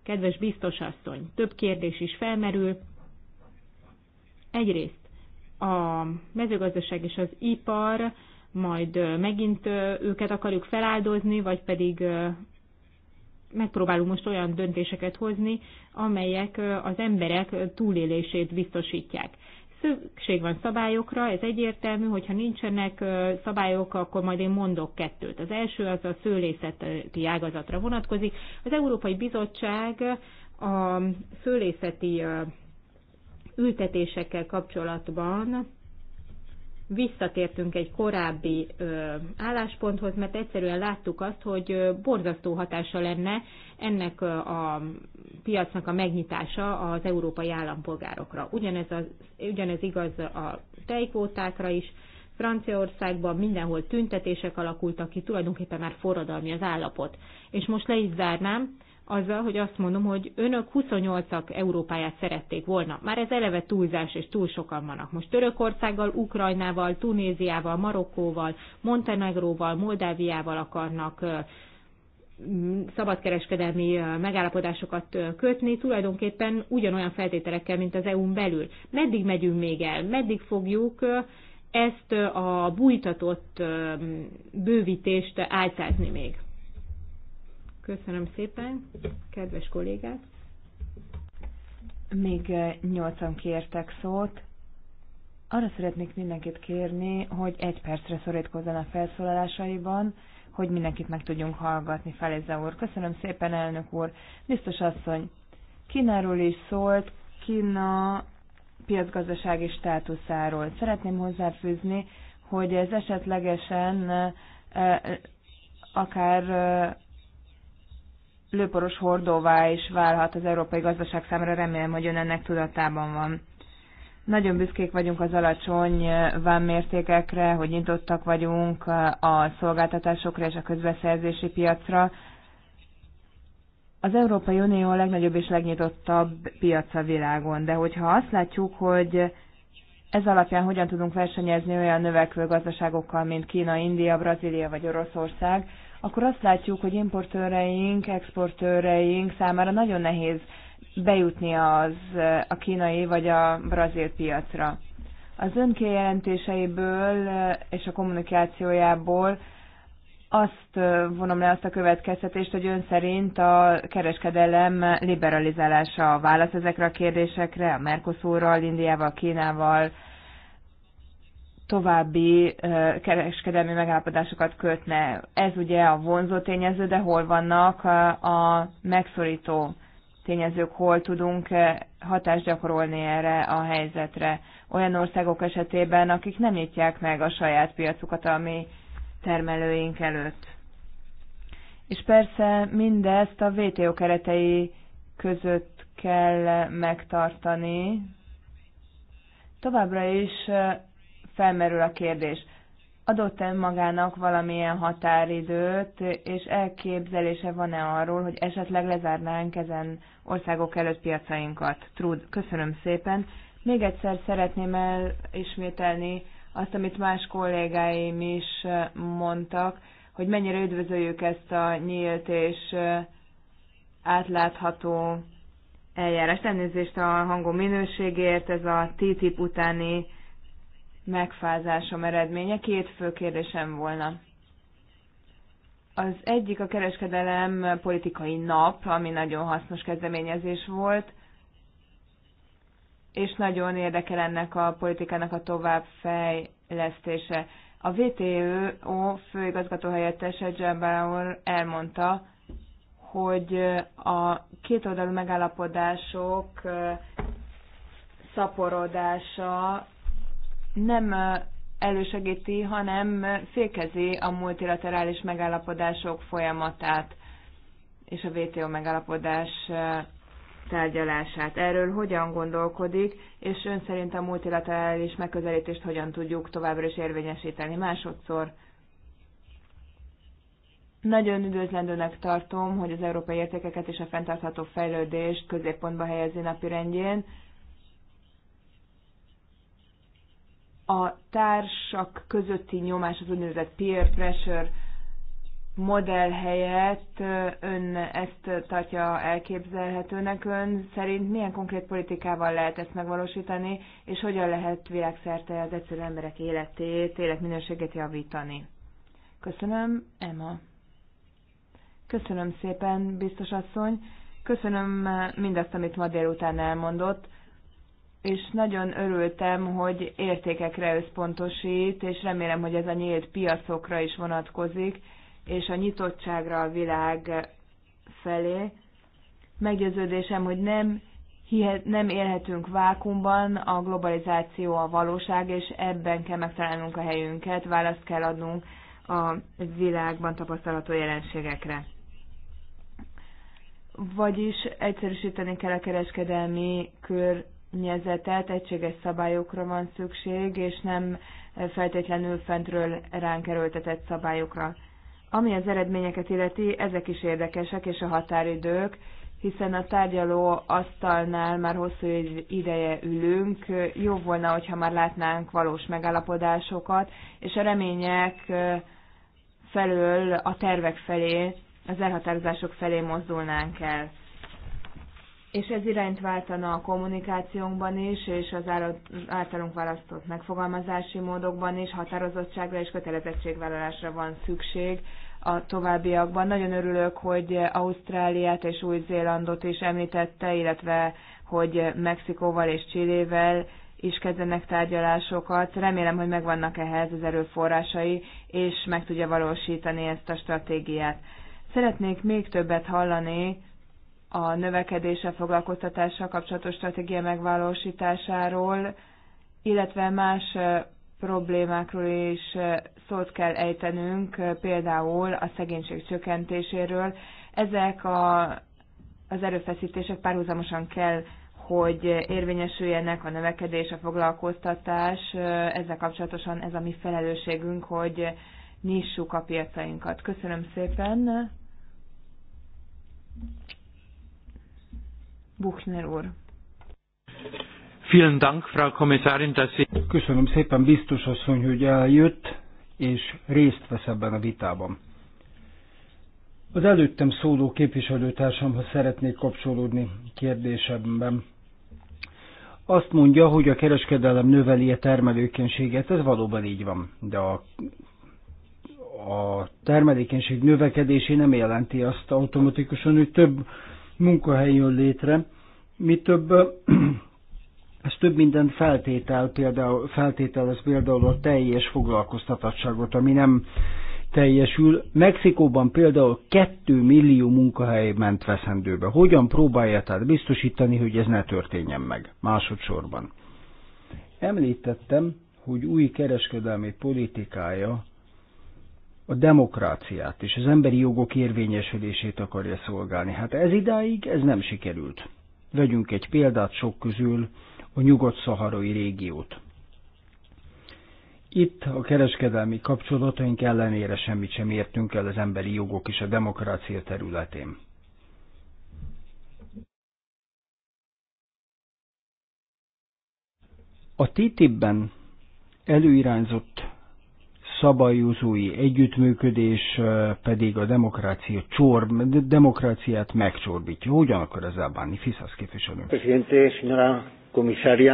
Kedves biztosasszony, több kérdés is felmerül. Egyrészt a mezőgazdaság és az ipar, majd megint őket akarjuk feláldozni, vagy pedig megpróbálunk most olyan döntéseket hozni, amelyek az emberek túlélését biztosítják. Szükség van szabályokra, ez egyértelmű, hogyha nincsenek szabályok, akkor majd én mondok kettőt. Az első az a szőlészeti ágazatra vonatkozik. Az Európai Bizottság a szőlészeti ültetésekkel kapcsolatban visszatértünk egy korábbi ö, állásponthoz, mert egyszerűen láttuk azt, hogy borzasztó hatása lenne ennek a piacnak a megnyitása az európai állampolgárokra. Ugyanez, az, ugyanez igaz a tejkvótákra is. Franciaországban mindenhol tüntetések alakultak ki, tulajdonképpen már forradalmi az állapot. És most le is zárnám, azzal, hogy azt mondom, hogy önök 28-ak Európáját szerették volna. Már ez eleve túlzás, és túl sokan vannak. Most Törökországgal, Ukrajnával, Tunéziával, Marokkóval, Montenegróval, Moldáviával akarnak szabadkereskedelmi megállapodásokat kötni, tulajdonképpen ugyanolyan feltételekkel, mint az EU-n belül. Meddig megyünk még el? Meddig fogjuk ezt a bújtatott bővítést álcázni még? Köszönöm szépen, kedves kollégák! Még eh, nyolcan kértek szót. Arra szeretnék mindenkit kérni, hogy egy percre a felszólalásaiban, hogy mindenkit meg tudjunk hallgatni, fel úr. Köszönöm szépen, elnök úr. Biztos asszony, Kínáról is szólt, Kína piacgazdasági státuszáról. Szeretném hozzáfűzni, hogy ez esetlegesen eh, eh, akár lőporos hordóvá is válhat az európai gazdaság számára, remélem, hogy ön ennek tudatában van. Nagyon büszkék vagyunk az alacsony eh, vámmértékekre, hogy nyitottak vagyunk eh, a szolgáltatásokra és a közbeszerzési piacra. Az Európai Unió a legnagyobb és legnyitottabb piac a világon, de hogyha azt látjuk, hogy ez alapján hogyan tudunk versenyezni olyan növekvő gazdaságokkal, mint Kína, India, Brazília vagy Oroszország, akkor azt látjuk, hogy importőreink, exportőreink számára nagyon nehéz bejutni az a kínai vagy a brazil piacra. Az ön kijelentéseiből és a kommunikációjából azt vonom le azt a következtetést, hogy ön szerint a kereskedelem liberalizálása a válasz ezekre a kérdésekre, a Mercosurral, Indiával, Kínával, további kereskedelmi megállapodásokat kötne. Ez ugye a vonzó tényező, de hol vannak a megszorító tényezők, hol tudunk hatást gyakorolni erre a helyzetre. Olyan országok esetében, akik nem nyitják meg a saját piacukat a mi termelőink előtt. És persze mindezt a WTO keretei között kell megtartani. Továbbra is felmerül a kérdés, adott-e magának valamilyen határidőt, és elképzelése van-e arról, hogy esetleg lezárnánk ezen országok előtt piacainkat? Trud, köszönöm szépen. Még egyszer szeretném elismételni azt, amit más kollégáim is mondtak, hogy mennyire üdvözöljük ezt a nyílt és átlátható eljárást. Elnézést a hangom minőségért, ez a TTIP utáni megfázásom eredménye. Két fő kérdésem volna. Az egyik a kereskedelem politikai nap, ami nagyon hasznos kezdeményezés volt, és nagyon érdekel ennek a politikának a továbbfejlesztése. A VTO főigazgató helyettese John elmondta, hogy a kétoldalú megállapodások szaporodása nem elősegíti, hanem fékezi a multilaterális megállapodások folyamatát és a WTO megállapodás tárgyalását. Erről hogyan gondolkodik, és ön szerint a multilaterális megközelítést hogyan tudjuk továbbra is érvényesíteni másodszor? Nagyon üdvözlendőnek tartom, hogy az európai értékeket és a fenntartható fejlődést középpontba helyezi napirendjén. rendjén a társak közötti nyomás, az úgynevezett peer pressure modell helyett ön ezt tartja elképzelhetőnek. Ön szerint milyen konkrét politikával lehet ezt megvalósítani, és hogyan lehet világszerte az egyszerű emberek életét, életminőséget javítani? Köszönöm, Emma. Köszönöm szépen, biztos asszony. Köszönöm mindazt, amit ma délután elmondott és nagyon örültem, hogy értékekre összpontosít, és remélem, hogy ez a nyílt piacokra is vonatkozik, és a nyitottságra a világ felé. Meggyőződésem, hogy nem, hihet, nem élhetünk vákumban, a globalizáció a valóság, és ebben kell megtalálnunk a helyünket, választ kell adnunk a világban tapasztalható jelenségekre vagyis egyszerűsíteni kell a kereskedelmi kör telt egységes szabályokra van szükség, és nem feltétlenül fentről ránk erőltetett szabályokra. Ami az eredményeket illeti, ezek is érdekesek, és a határidők, hiszen a tárgyaló asztalnál már hosszú ideje ülünk, jó volna, hogyha már látnánk valós megállapodásokat, és a remények felől a tervek felé, az elhatározások felé mozdulnánk el és ez irányt váltana a kommunikációnkban is, és az általunk választott megfogalmazási módokban is határozottságra és kötelezettségvállalásra van szükség a továbbiakban. Nagyon örülök, hogy Ausztráliát és Új-Zélandot is említette, illetve hogy Mexikóval és Csillével is kezdenek tárgyalásokat. Remélem, hogy megvannak ehhez az erőforrásai, és meg tudja valósítani ezt a stratégiát. Szeretnék még többet hallani a növekedése foglalkoztatással kapcsolatos stratégia megvalósításáról, illetve más problémákról is szót kell ejtenünk, például a szegénység csökkentéséről. Ezek a, az erőfeszítések párhuzamosan kell, hogy érvényesüljenek a növekedés, a foglalkoztatás. Ezzel kapcsolatosan ez a mi felelősségünk, hogy nyissuk a piacainkat. Köszönöm szépen! Buchner úr. Vielen Dank, Frau Kommissarin, dass Sie... Köszönöm szépen, biztos asszony, hogy eljött és részt vesz ebben a vitában. Az előttem szóló képviselőtársamhoz szeretnék kapcsolódni kérdésemben. Azt mondja, hogy a kereskedelem növeli a termelőkenységet, ez valóban így van, de a, a termelékenység növekedésé nem jelenti azt automatikusan, hogy több munkahely jön létre. Mi több, ez több minden feltétel, például, feltétel ez például a teljes foglalkoztatottságot, ami nem teljesül. Mexikóban például 2 millió munkahely ment veszendőbe. Hogyan próbálja tehát biztosítani, hogy ez ne történjen meg másodszorban? Említettem, hogy új kereskedelmi politikája a demokráciát és az emberi jogok érvényesülését akarja szolgálni. Hát ez idáig ez nem sikerült. Vegyünk egy példát sok közül, a nyugat-szaharai régiót. Itt a kereskedelmi kapcsolataink ellenére semmit sem értünk el az emberi jogok és a demokrácia területén. A TTIP-ben előirányzott szabályozói együttműködés pedig a demokrácia csor, demokráciát megcsorbítja. Hogyan akar ez elbánni? Fiszasz képviselő. Presidente, eh,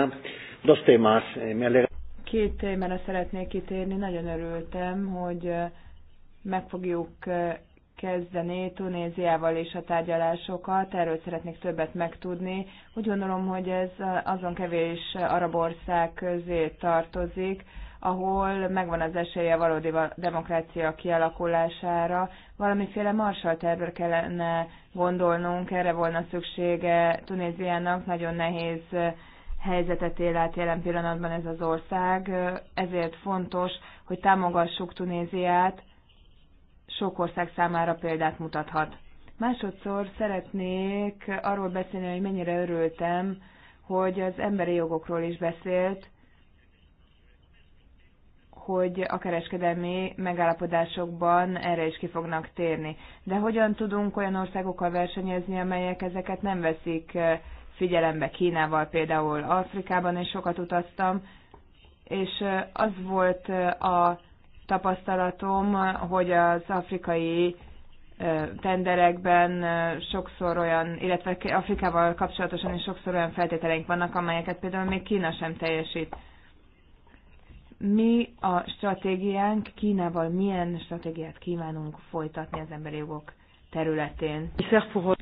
Két témára szeretnék kitérni. Nagyon örültem, hogy meg fogjuk kezdeni Tunéziával és a tárgyalásokat. Erről szeretnék többet megtudni. Úgy gondolom, hogy ez azon kevés arab ország közé tartozik, ahol megvan az esélye valódi demokrácia kialakulására. Valamiféle marsal tervre kellene gondolnunk, erre volna szüksége Tunéziának, nagyon nehéz eh, helyzetet él át jelen pillanatban ez az ország, eh, ezért fontos, hogy támogassuk Tunéziát, sok ország számára példát mutathat. Másodszor szeretnék arról beszélni, hogy mennyire örültem, hogy az emberi jogokról is beszélt, hogy a kereskedelmi megállapodásokban erre is ki fognak térni. De hogyan tudunk olyan országokkal versenyezni, amelyek ezeket nem veszik eh, figyelembe? Kínával például Afrikában is sokat utaztam, és eh, az volt eh, a tapasztalatom, hogy az afrikai tenderekben sokszor olyan, illetve Afrikával kapcsolatosan is sokszor olyan feltételeink vannak, amelyeket például még Kína sem teljesít mi a stratégiánk Kínával, milyen stratégiát kívánunk folytatni az emberi jogok területén.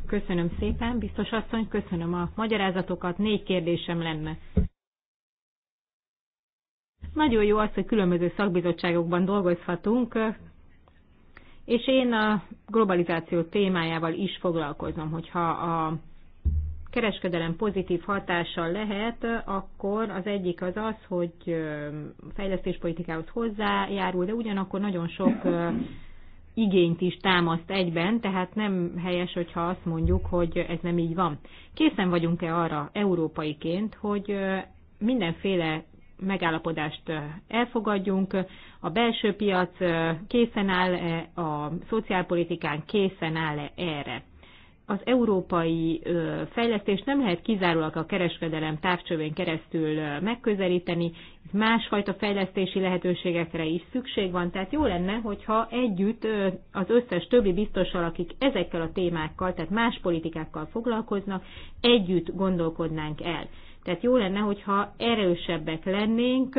Köszönöm szépen, biztos asszony, köszönöm a magyarázatokat, négy kérdésem lenne. Nagyon jó az, hogy különböző szakbizottságokban dolgozhatunk, és én a globalizáció témájával is foglalkozom, hogyha a kereskedelem pozitív hatása lehet, akkor az egyik az az, hogy fejlesztéspolitikához hozzájárul, de ugyanakkor nagyon sok igényt is támaszt egyben, tehát nem helyes, hogyha azt mondjuk, hogy ez nem így van. Készen vagyunk-e arra európaiként, hogy mindenféle megállapodást elfogadjunk, a belső piac készen áll -e, a szociálpolitikán készen áll -e erre az európai fejlesztést nem lehet kizárólag a kereskedelem távcsövén keresztül megközelíteni, másfajta fejlesztési lehetőségekre is szükség van, tehát jó lenne, hogyha együtt az összes többi biztossal, akik ezekkel a témákkal, tehát más politikákkal foglalkoznak, együtt gondolkodnánk el. Tehát jó lenne, hogyha erősebbek lennénk,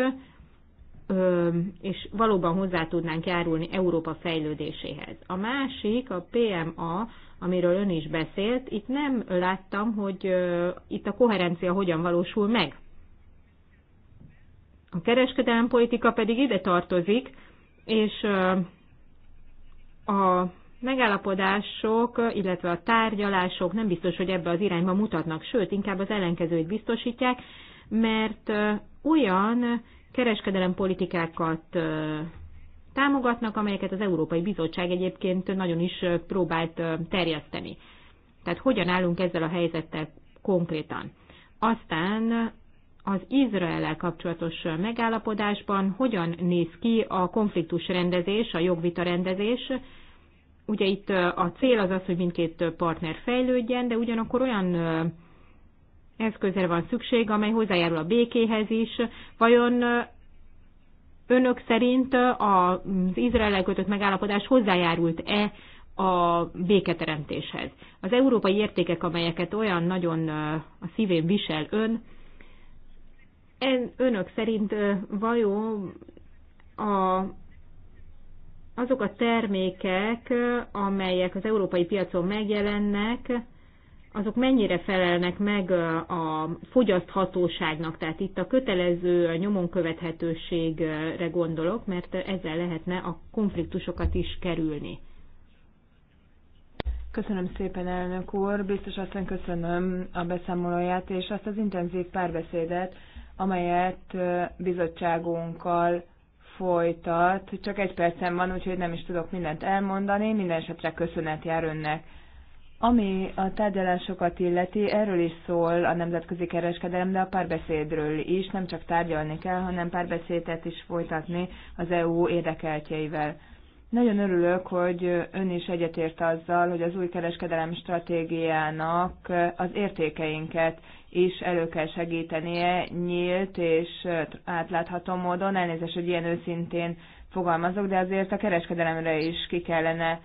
és valóban hozzá tudnánk járulni Európa fejlődéséhez. A másik, a PMA, amiről ön is beszélt, itt nem láttam, hogy itt a koherencia hogyan valósul meg. A kereskedelmi politika pedig ide tartozik, és a megállapodások, illetve a tárgyalások nem biztos, hogy ebbe az irányba mutatnak, sőt, inkább az ellenkezőit biztosítják, mert olyan kereskedelem politikákat támogatnak, amelyeket az Európai Bizottság egyébként nagyon is próbált terjeszteni. Tehát hogyan állunk ezzel a helyzettel konkrétan. Aztán az Izraellel kapcsolatos megállapodásban hogyan néz ki a konfliktus rendezés, a jogvita rendezés. Ugye itt a cél az az, hogy mindkét partner fejlődjen, de ugyanakkor olyan eszközre van szükség, amely hozzájárul a békéhez is. Vajon Önök szerint az Izrael kötött megállapodás hozzájárult-e a béketeremtéshez? Az európai értékek, amelyeket olyan nagyon a szívén visel ön, önök szerint vajon a azok a termékek, amelyek az európai piacon megjelennek, azok mennyire felelnek meg a fogyaszthatóságnak, tehát itt a kötelező nyomon követhetőségre gondolok, mert ezzel lehetne a konfliktusokat is kerülni. Köszönöm szépen, elnök úr. Biztos aztán köszönöm a beszámolóját és azt az intenzív párbeszédet, amelyet bizottságunkkal folytat. Csak egy percem van, úgyhogy nem is tudok mindent elmondani. Minden esetre köszönet jár önnek ami a tárgyalásokat illeti, erről is szól a nemzetközi kereskedelem, de a párbeszédről is, nem csak tárgyalni kell, hanem párbeszédet is folytatni az EU érdekeltjeivel. Nagyon örülök, hogy ön is egyetért azzal, hogy az új kereskedelem stratégiának az értékeinket is elő kell segítenie nyílt és átlátható módon. Elnézést, hogy ilyen őszintén fogalmazok, de azért a kereskedelemre is ki kellene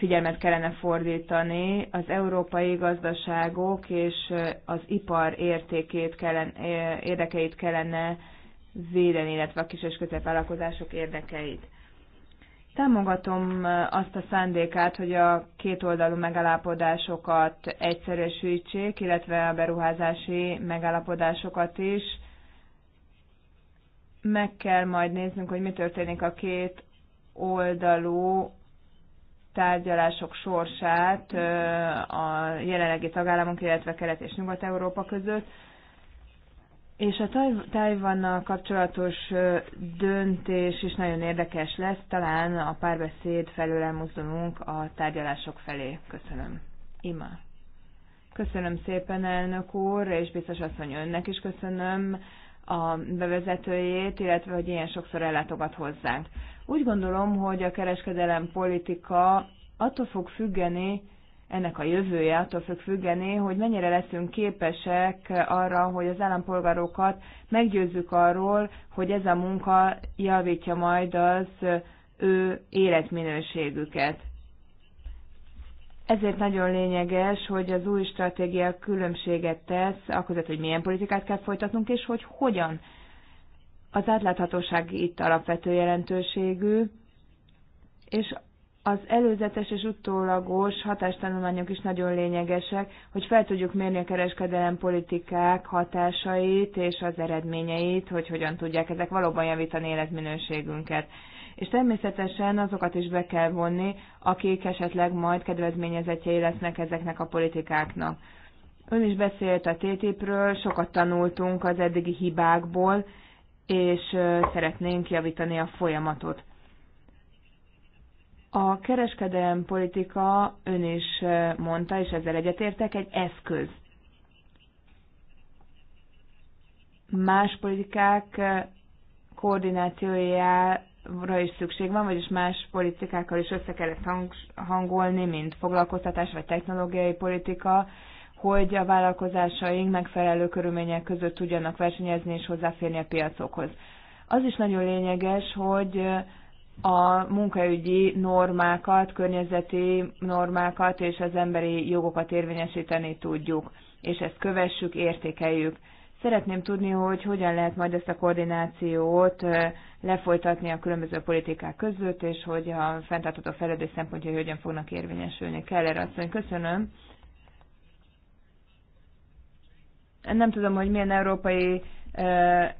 figyelmet kellene fordítani, az európai gazdaságok és az ipar értékét kellene, érdekeit kellene védeni, illetve a kis és középvállalkozások érdekeit. Támogatom azt a szándékát, hogy a kétoldalú megállapodásokat egyszerűsítsék, illetve a beruházási megállapodásokat is. Meg kell majd néznünk, hogy mi történik a két oldalú tárgyalások sorsát a jelenlegi tagállamok, illetve Kelet- és Nyugat-Európa között. És a Tajvannal kapcsolatos döntés is nagyon érdekes lesz, talán a párbeszéd felől elmozdulunk a tárgyalások felé. Köszönöm. Ima. Köszönöm szépen, elnök úr, és biztos asszony önnek is köszönöm a bevezetőjét, illetve hogy ilyen sokszor ellátogat hozzánk. Úgy gondolom, hogy a kereskedelem politika attól fog függeni, ennek a jövője attól fog függeni, hogy mennyire leszünk képesek arra, hogy az állampolgárokat meggyőzzük arról, hogy ez a munka javítja majd az ő életminőségüket. Ezért nagyon lényeges, hogy az új stratégia különbséget tesz, akközött, hogy milyen politikát kell folytatnunk, és hogy hogyan. Az átláthatóság itt alapvető jelentőségű, és az előzetes és utólagos hatástanulmányok is nagyon lényegesek, hogy fel tudjuk mérni a kereskedelem politikák hatásait és az eredményeit, hogy hogyan tudják ezek valóban javítani életminőségünket és természetesen azokat is be kell vonni, akik esetleg majd kedvezményezetjei lesznek ezeknek a politikáknak. Ön is beszélt a TTIP-ről, sokat tanultunk az eddigi hibákból, és szeretnénk javítani a folyamatot. A kereskedelem politika, ön is mondta, és ezzel egyetértek, egy eszköz. Más politikák koordinációjá ra is szükség van, vagyis más politikákkal is össze kellett hang, hangolni, mint foglalkoztatás vagy technológiai politika, hogy a vállalkozásaink megfelelő körülmények között tudjanak versenyezni és hozzáférni a piacokhoz. Az is nagyon lényeges, hogy a munkaügyi normákat, környezeti normákat és az emberi jogokat érvényesíteni tudjuk, és ezt kövessük, értékeljük. Szeretném tudni, hogy hogyan lehet majd ezt a koordinációt lefolytatni a különböző politikák között, és hogy a fenntartható fejlődés szempontjai hogyan fognak érvényesülni. Keller asszony, köszönöm. Nem tudom, hogy milyen európai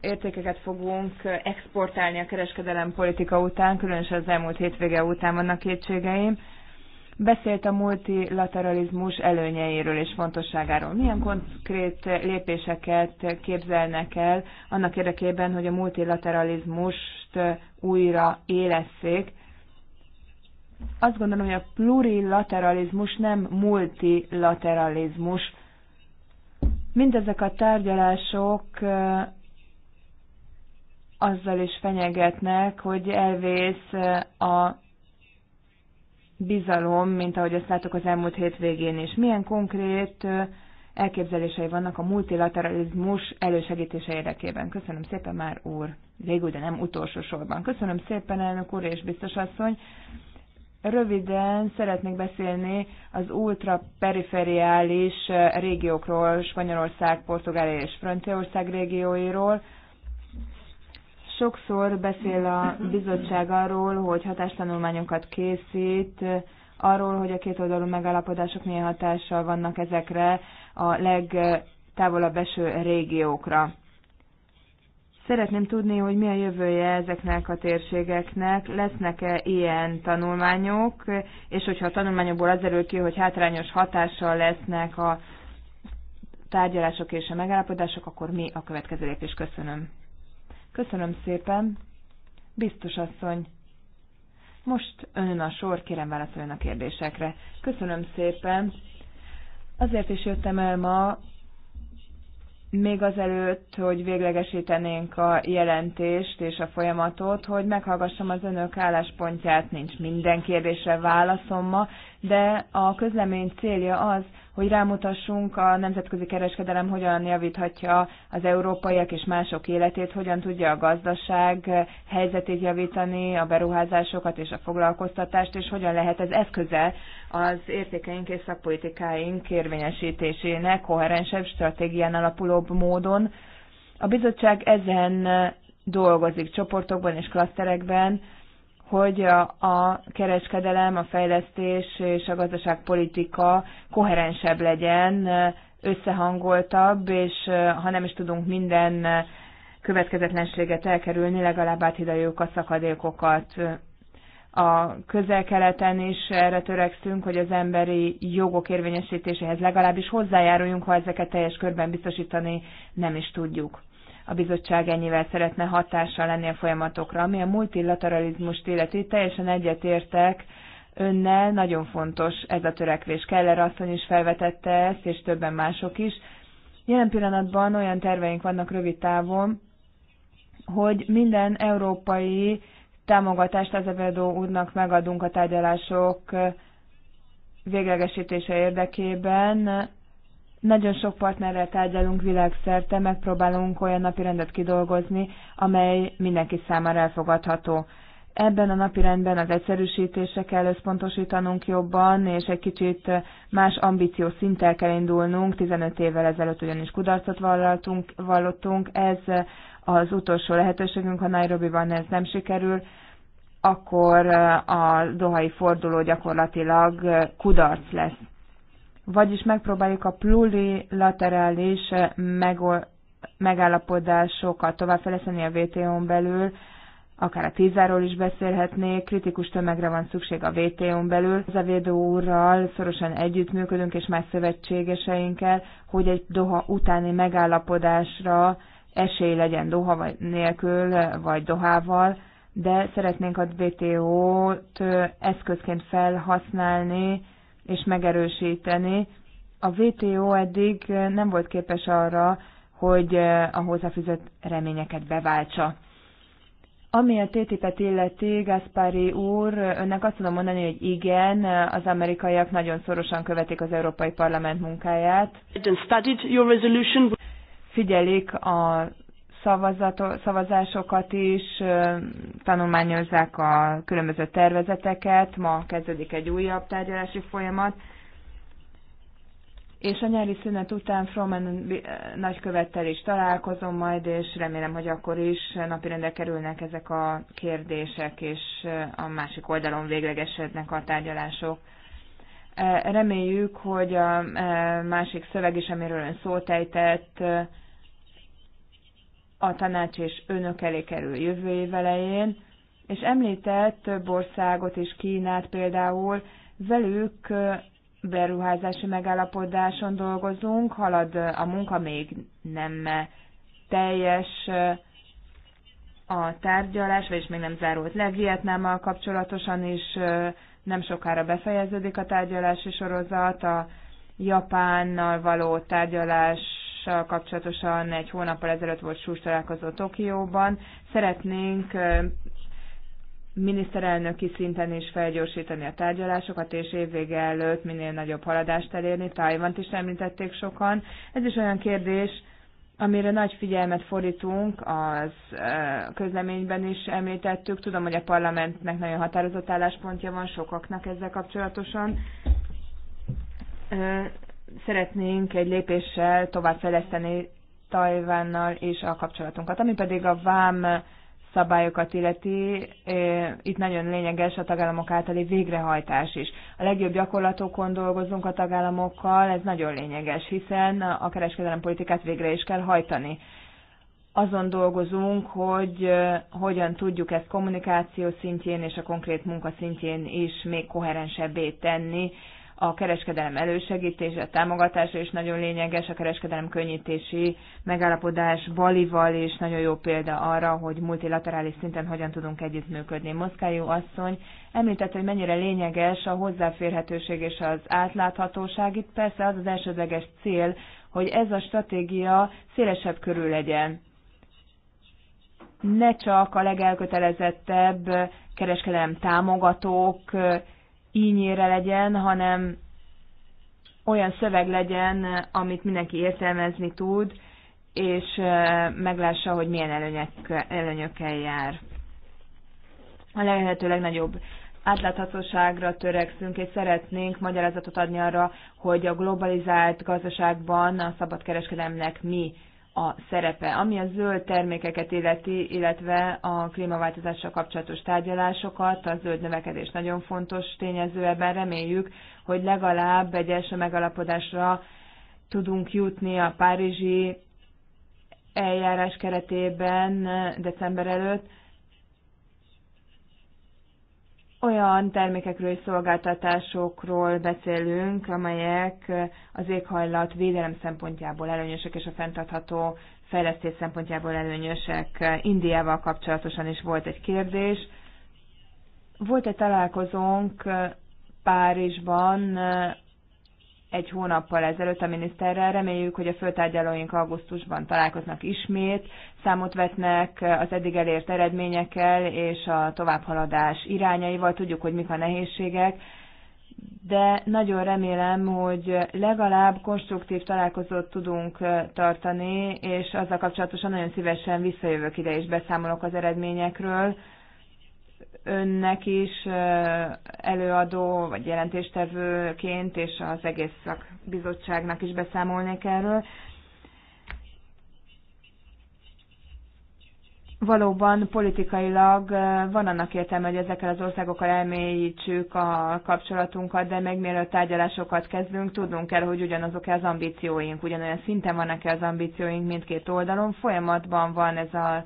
értékeket fogunk exportálni a kereskedelem politika után, különösen az elmúlt hétvége után vannak kétségeim beszélt a multilateralizmus előnyeiről és fontosságáról. Milyen konkrét lépéseket képzelnek el annak érdekében, hogy a multilateralizmust újra élesszék? Azt gondolom, hogy a plurilateralizmus nem multilateralizmus. Mindezek a tárgyalások azzal is fenyegetnek, hogy elvész a bizalom, mint ahogy ezt látok az elmúlt hétvégén is. Milyen konkrét elképzelései vannak a multilateralizmus elősegítése érdekében. Köszönöm szépen már úr, végül, de nem utolsó sorban. Köszönöm szépen elnök úr és biztos asszony. Röviden szeretnék beszélni az ultraperiferiális régiókról, Spanyolország, Portugália és Franciaország régióiról. Sokszor beszél a bizottság arról, hogy hatástanulmányokat készít, arról, hogy a kétoldalú megállapodások milyen hatással vannak ezekre a legtávolabb eső régiókra. Szeretném tudni, hogy mi a jövője ezeknek a térségeknek, lesznek-e ilyen tanulmányok, és hogyha a tanulmányokból az derül ki, hogy hátrányos hatással lesznek a tárgyalások és a megállapodások, akkor mi a következő lépés? Köszönöm. Köszönöm szépen. Biztos asszony. Most önön a sor, kérem válaszoljon a kérdésekre. Köszönöm szépen. Azért is jöttem el ma, még azelőtt, hogy véglegesítenénk a jelentést és a folyamatot, hogy meghallgassam az önök álláspontját, nincs minden kérdésre válaszom ma, de a közlemény célja az, hogy rámutassunk a nemzetközi kereskedelem hogyan javíthatja az európaiak és mások életét, hogyan tudja a gazdaság helyzetét javítani, a beruházásokat és a foglalkoztatást, és hogyan lehet ez eszköze az értékeink és szakpolitikáink érvényesítésének koherensebb, stratégián alapulóbb módon. A bizottság ezen dolgozik csoportokban és klaszterekben, hogy a kereskedelem, a fejlesztés és a gazdaságpolitika koherensebb legyen, összehangoltabb, és ha nem is tudunk minden következetlenséget elkerülni, legalább áthidaljuk a szakadékokat. A közel-keleten is erre törekszünk, hogy az emberi jogok érvényesítéséhez legalábbis hozzájáruljunk, ha ezeket teljes körben biztosítani nem is tudjuk a bizottság ennyivel szeretne hatással lenni a folyamatokra, ami a multilateralizmust illeti, teljesen egyetértek önnel, nagyon fontos ez a törekvés. Keller asszony is felvetette ezt, és többen mások is. Jelen pillanatban olyan terveink vannak rövid távon, hogy minden európai támogatást az Evedó úrnak megadunk a tárgyalások véglegesítése érdekében, nagyon sok partnerrel tárgyalunk világszerte, megpróbálunk olyan napirendet kidolgozni, amely mindenki számára elfogadható. Ebben a napirendben az egyszerűsítése kell összpontosítanunk jobban, és egy kicsit más ambíció szinttel kell indulnunk. 15 évvel ezelőtt ugyanis kudarcot vallottunk, vallottunk. ez az utolsó lehetőségünk, ha Nairobi-ban ez nem sikerül, akkor a dohai forduló gyakorlatilag kudarc lesz vagyis megpróbáljuk a plurilaterális eh, megállapodásokat továbbfejleszteni a WTO-n belül, akár a tízáról is beszélhetnék, kritikus tömegre van szükség a WTO-n belül. Az a védő úrral szorosan együttműködünk, és más szövetségeseinkkel, hogy egy Doha utáni megállapodásra esély legyen Doha vagy nélkül, vagy Dohával, de szeretnénk a WTO-t eh, eszközként felhasználni és megerősíteni. A WTO eddig nem volt képes arra, hogy eh, a hozzáfűzött reményeket beváltsa. Ami a TTIP-et illeti, Gaspari úr, önnek azt tudom mondani, hogy igen, az amerikaiak nagyon szorosan követik az Európai Parlament munkáját. Figyelik a szavazásokat is, tanulmányozzák a különböző tervezeteket, ma kezdődik egy újabb tárgyalási folyamat, és a nyári szünet után Froman nagykövettel is találkozom majd, és remélem, hogy akkor is napirendre kerülnek ezek a kérdések, és a másik oldalon véglegesednek a tárgyalások. Reméljük, hogy a másik szöveg is, amiről ön szót ejtett, a tanács és önök elé kerül jövő év elején, és említett több országot és Kínát például, velük beruházási megállapodáson dolgozunk, halad a munka még nem teljes a tárgyalás, vagyis még nem zárult le Vietnámmal kapcsolatosan is, nem sokára befejeződik a tárgyalási sorozat, a Japánnal való tárgyalás klímaváltozással kapcsolatosan egy hónappal ezelőtt volt sús találkozó Tokióban. Szeretnénk miniszterelnöki szinten is felgyorsítani a tárgyalásokat, és évvége előtt minél nagyobb haladást elérni. Tajvant is említették sokan. Ez is olyan kérdés, amire nagy figyelmet fordítunk, az közleményben is említettük. Tudom, hogy a parlamentnek nagyon határozott álláspontja van sokaknak ezzel kapcsolatosan szeretnénk egy lépéssel fejleszteni Tajvánnal és a kapcsolatunkat. Ami pedig a vám szabályokat illeti, eh, itt nagyon lényeges a tagállamok általi végrehajtás is. A legjobb gyakorlatokon dolgozunk a tagállamokkal, ez nagyon lényeges, hiszen a kereskedelem politikát végre is kell hajtani. Azon dolgozunk, hogy eh, hogyan tudjuk ezt kommunikáció szintjén és a konkrét munka szintjén is még koherensebbé tenni, a kereskedelem elősegítése, támogatása is nagyon lényeges, a kereskedelem könnyítési megállapodás Balival is nagyon jó példa arra, hogy multilaterális szinten hogyan tudunk együttműködni. Moszkályó asszony említett, hogy mennyire lényeges a hozzáférhetőség és az átláthatóság. Itt persze az az elsődleges cél, hogy ez a stratégia szélesebb körül legyen. Ne csak a legelkötelezettebb kereskedelem támogatók ínyére legyen, hanem olyan szöveg legyen, amit mindenki értelmezni tud, és meglássa, hogy milyen előnyek, előnyökkel jár. A lehető legnagyobb átláthatóságra törekszünk, és szeretnénk magyarázatot adni arra, hogy a globalizált gazdaságban a szabadkereskedelemnek mi a szerepe, ami a zöld termékeket illeti, illetve a klímaváltozással kapcsolatos tárgyalásokat. A zöld növekedés nagyon fontos tényező, ebben reméljük, hogy legalább egy első megalapodásra tudunk jutni a párizsi eljárás keretében december előtt, olyan termékekről és szolgáltatásokról beszélünk, amelyek az éghajlat védelem szempontjából előnyösek és a fenntartható fejlesztés szempontjából előnyösek. Indiával kapcsolatosan is volt egy kérdés. Volt egy találkozónk Párizsban egy hónappal ezelőtt a miniszterrel. Reméljük, hogy a főtárgyalóink augusztusban találkoznak ismét, számot vetnek az eddig elért eredményekkel és a továbbhaladás irányaival. Tudjuk, hogy mik a nehézségek, de nagyon remélem, hogy legalább konstruktív találkozót tudunk tartani, és azzal kapcsolatosan nagyon szívesen visszajövök ide és beszámolok az eredményekről önnek is előadó vagy jelentéstevőként, és az egész szakbizottságnak is beszámolnék erről. Valóban politikailag van annak értelme, hogy ezekkel az országokkal elmélyítsük a kapcsolatunkat, de még mielőtt tárgyalásokat kezdünk, tudnunk kell, hogy ugyanazok-e az ambícióink, ugyanolyan szinten vannak-e az ambícióink mindkét oldalon. Folyamatban van ez a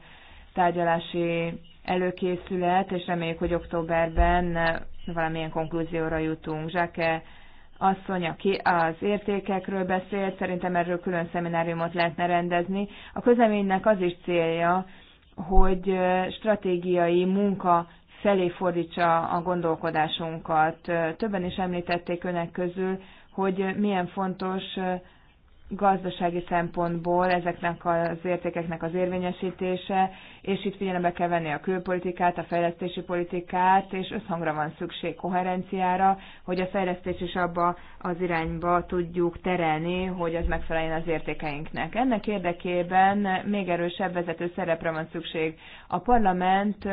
tárgyalási előkészület, és reméljük, hogy októberben valamilyen konklúzióra jutunk. Zsáke asszony, aki az értékekről beszélt, szerintem erről külön szemináriumot lehetne rendezni. A közleménynek az is célja, hogy stratégiai munka felé fordítsa a gondolkodásunkat. Többen is említették önök közül, hogy milyen fontos gazdasági szempontból ezeknek az értékeknek az érvényesítése, és itt figyelembe kell venni a külpolitikát, a fejlesztési politikát, és összhangra van szükség koherenciára, hogy a fejlesztés is abba az irányba tudjuk terelni, hogy az megfeleljen az értékeinknek. Ennek érdekében még erősebb vezető szerepre van szükség. A parlament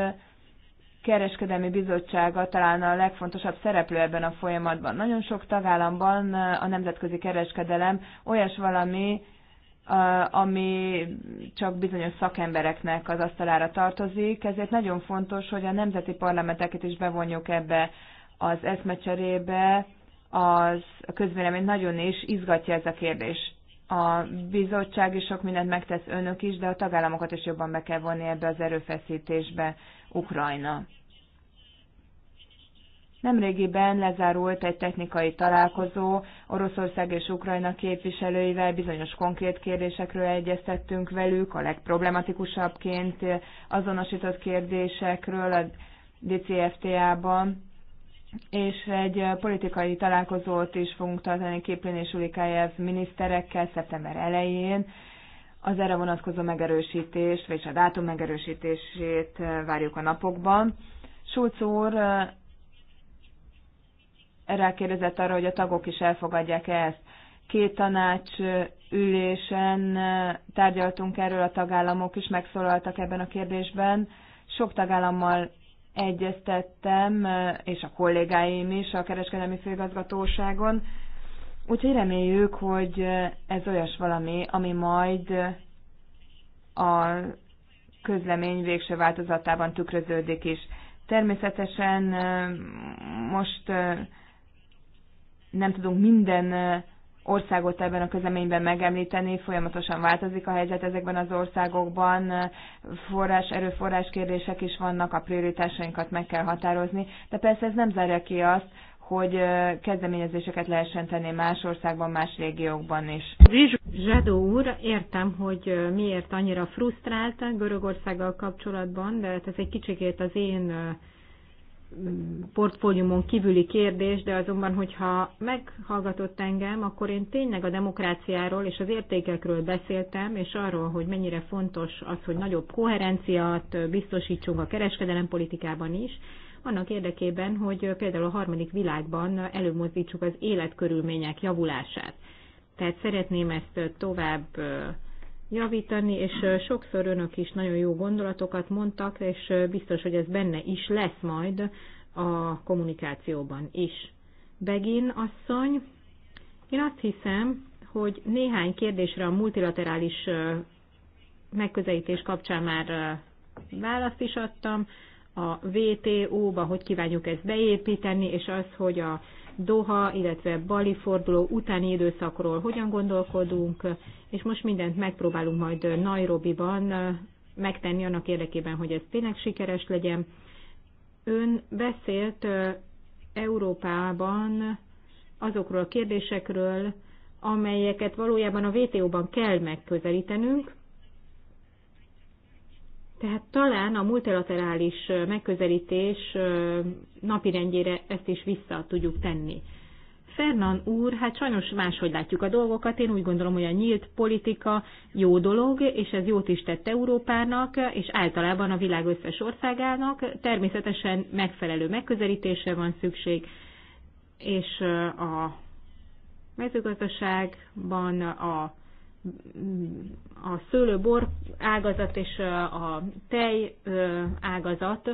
kereskedelmi bizottsága talán a legfontosabb szereplő ebben a folyamatban. Nagyon sok tagállamban a nemzetközi kereskedelem olyas valami, ami csak bizonyos szakembereknek az asztalára tartozik, ezért nagyon fontos, hogy a nemzeti parlamenteket is bevonjuk ebbe az eszmecserébe, az a közvéleményt nagyon is izgatja ez a kérdés. A bizottság is sok mindent megtesz önök is, de a tagállamokat is jobban be kell vonni ebbe az erőfeszítésbe. Ukrajna. Nemrégiben lezárult egy technikai találkozó, Oroszország és Ukrajna képviselőivel bizonyos konkrét kérdésekről egyeztettünk velük, a legproblematikusabbként azonosított kérdésekről a DCFTA-ban, és egy politikai találkozót is fogunk tartani Képlén és Ulikájev miniszterekkel szeptember elején, az erre vonatkozó megerősítést vagyis a dátum megerősítését eh, várjuk a napokban. Schulz úr eh, kérdezett arra, hogy a tagok is elfogadják -e ezt. Két tanács eh, ülésen tárgyaltunk erről, a tagállamok is megszólaltak ebben a kérdésben. Sok tagállammal egyeztettem, és a kollégáim is a kereskedelmi főgazgatóságon, Úgyhogy reméljük, hogy ez olyas valami, ami majd a közlemény végső változatában tükröződik is. Természetesen most nem tudunk minden országot ebben a közleményben megemlíteni, folyamatosan változik a helyzet ezekben az országokban, forrás, erőforrás kérdések is vannak, a prioritásainkat meg kell határozni, de persze ez nem zárja ki azt, hogy kezdeményezéseket lehessen tenni más országban, más régiókban is. Zsadó úr, értem, hogy miért annyira frusztrált Görögországgal kapcsolatban, de hát ez egy kicsikét az én portfóliumon kívüli kérdés, de azonban, hogyha meghallgatott engem, akkor én tényleg a demokráciáról és az értékekről beszéltem, és arról, hogy mennyire fontos az, hogy nagyobb koherenciát biztosítsunk a kereskedelempolitikában is, annak érdekében, hogy például a harmadik világban előmozdítsuk az életkörülmények javulását. Tehát szeretném ezt tovább javítani, és sokszor önök is nagyon jó gondolatokat mondtak, és biztos, hogy ez benne is lesz majd a kommunikációban is. Begin asszony, én azt hiszem, hogy néhány kérdésre a multilaterális megközelítés kapcsán már választ is adtam a WTO-ba, hogy kívánjuk ezt beépíteni, és az, hogy a Doha, illetve Bali forduló utáni időszakról hogyan gondolkodunk, és most mindent megpróbálunk majd ban megtenni annak érdekében, hogy ez tényleg sikeres legyen. Ön beszélt Európában azokról a kérdésekről, amelyeket valójában a WTO-ban kell megközelítenünk, tehát talán a multilaterális megközelítés napirendjére ezt is vissza tudjuk tenni. Fernan úr, hát sajnos máshogy látjuk a dolgokat. Én úgy gondolom, hogy a nyílt politika jó dolog, és ez jót is tett Európának, és általában a világ összes országának. Természetesen megfelelő megközelítésre van szükség, és a mezőgazdaságban a a szőlőbor ágazat és a tej ágazat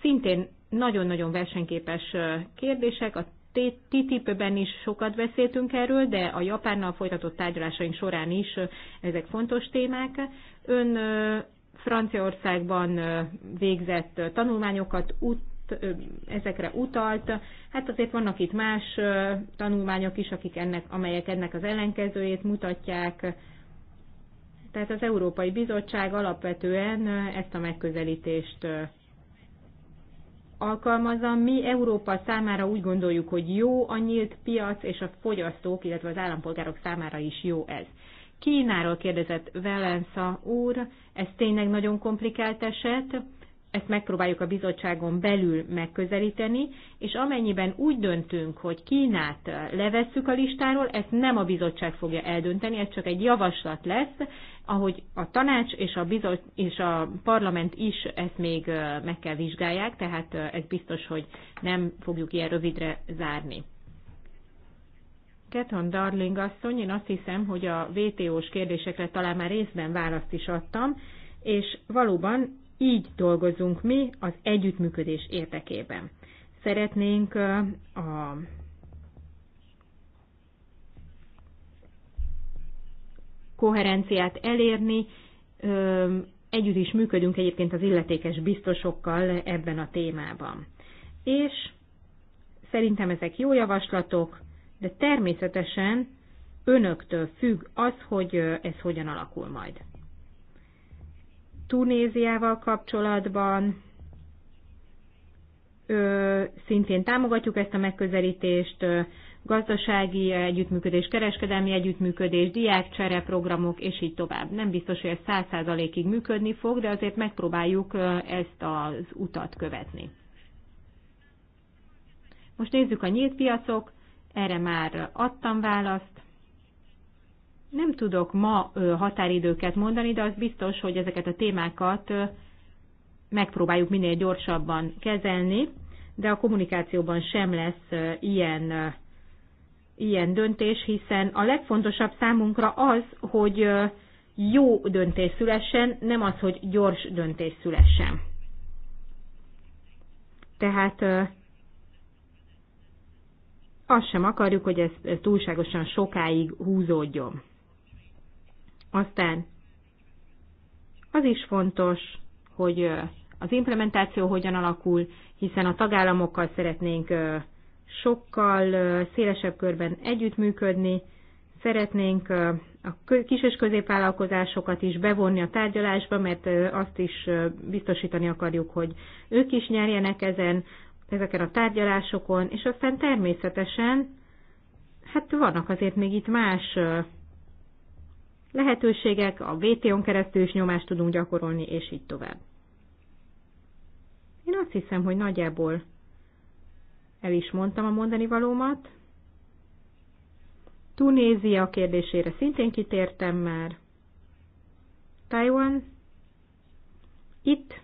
szintén nagyon-nagyon versenyképes kérdések. A TTIP-ben is sokat beszéltünk erről, de a Japánnal folytatott tárgyalásaink során is ezek fontos témák. Ön Franciaországban végzett tanulmányokat, út ezekre utalt. Hát azért vannak itt más tanulmányok is, akik ennek, amelyek ennek az ellenkezőjét mutatják. Tehát az Európai Bizottság alapvetően ezt a megközelítést alkalmazza. Mi Európa számára úgy gondoljuk, hogy jó a nyílt piac, és a fogyasztók, illetve az állampolgárok számára is jó ez. Kínáról kérdezett Velenza úr, ez tényleg nagyon komplikált eset ezt megpróbáljuk a bizottságon belül megközelíteni, és amennyiben úgy döntünk, hogy Kínát eh, levesszük a listáról, ezt nem a bizottság fogja eldönteni, ez csak egy javaslat lesz, ahogy a tanács és a, bizot, és a parlament is ezt még eh, meg kell vizsgálják, tehát eh, ez biztos, hogy nem fogjuk ilyen rövidre zárni. Keton Darling asszony, én azt hiszem, hogy a VTO-s kérdésekre talán már részben választ is adtam, és valóban így dolgozunk mi az együttműködés érdekében. Szeretnénk a koherenciát elérni, együtt is működünk egyébként az illetékes biztosokkal ebben a témában. És szerintem ezek jó javaslatok, de természetesen önöktől függ az, hogy ez hogyan alakul majd. Tunéziával kapcsolatban ö, szintén támogatjuk ezt a megközelítést, ö, gazdasági együttműködés, kereskedelmi együttműködés, diákcsere programok, és így tovább. Nem biztos, hogy ez száz százalékig működni fog, de azért megpróbáljuk ezt az utat követni. Most nézzük a nyílt piacok, erre már adtam választ. Nem tudok ma határidőket mondani, de az biztos, hogy ezeket a témákat megpróbáljuk minél gyorsabban kezelni, de a kommunikációban sem lesz ilyen, ilyen döntés, hiszen a legfontosabb számunkra az, hogy jó döntés szülessen, nem az, hogy gyors döntés szülessen. Tehát azt sem akarjuk, hogy ez, ez túlságosan sokáig húzódjon. Aztán az is fontos, hogy az implementáció hogyan alakul, hiszen a tagállamokkal szeretnénk sokkal szélesebb körben együttműködni, szeretnénk a kis és középvállalkozásokat is bevonni a tárgyalásba, mert azt is biztosítani akarjuk, hogy ők is nyerjenek ezen, ezeken a tárgyalásokon, és aztán természetesen, hát vannak azért még itt más lehetőségek, a VTO-n keresztül is nyomást tudunk gyakorolni, és így tovább. Én azt hiszem, hogy nagyjából el is mondtam a mondani valómat. Tunézia kérdésére szintén kitértem már. Taiwan. Itt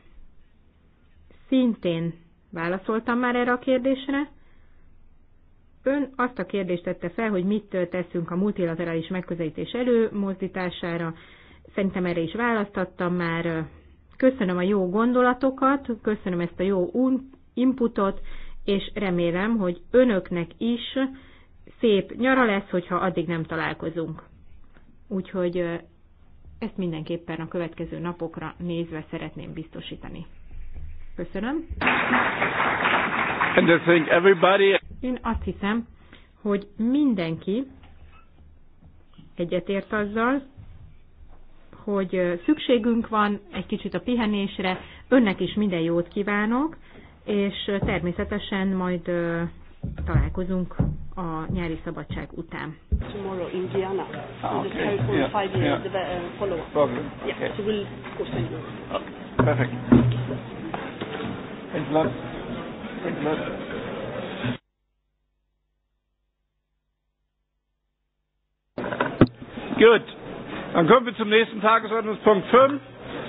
szintén válaszoltam már erre a kérdésre. Ön azt a kérdést tette fel, hogy mit teszünk a multilaterális megközelítés előmozdítására. Szerintem erre is választattam már. Köszönöm a jó gondolatokat, köszönöm ezt a jó inputot, és remélem, hogy önöknek is szép nyara lesz, hogyha addig nem találkozunk. Úgyhogy ezt mindenképpen a következő napokra nézve szeretném biztosítani. Köszönöm. And everybody... Én azt hiszem, hogy mindenki egyetért azzal, hogy szükségünk van egy kicsit a pihenésre, önnek is minden jót kívánok, és természetesen majd találkozunk a nyári szabadság után. Tomorrow Indiana. Ah, okay. yeah. yeah. Uh, ah, perfect. Gut. Dann kommen wir zum nächsten Tagesordnungspunkt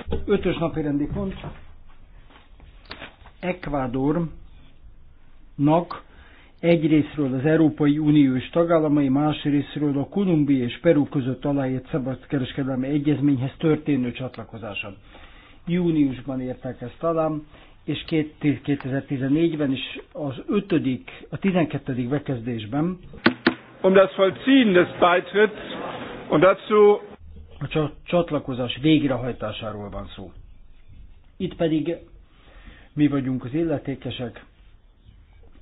5. Ötös napirendi pont. Ecuadornak egyrésztről az Európai Unió és tagállamai, másrésztről a Kolumbia és Peru között aláírt szabadkereskedelmi egyezményhez történő csatlakozása. Júniusban értek ezt talán, és 2014-ben is az ötödik, a 12. bekezdésben um das Vollziehen des Beitritts und dazu a csatlakozás végrehajtásáról van szó. Itt pedig mi vagyunk az illetékesek,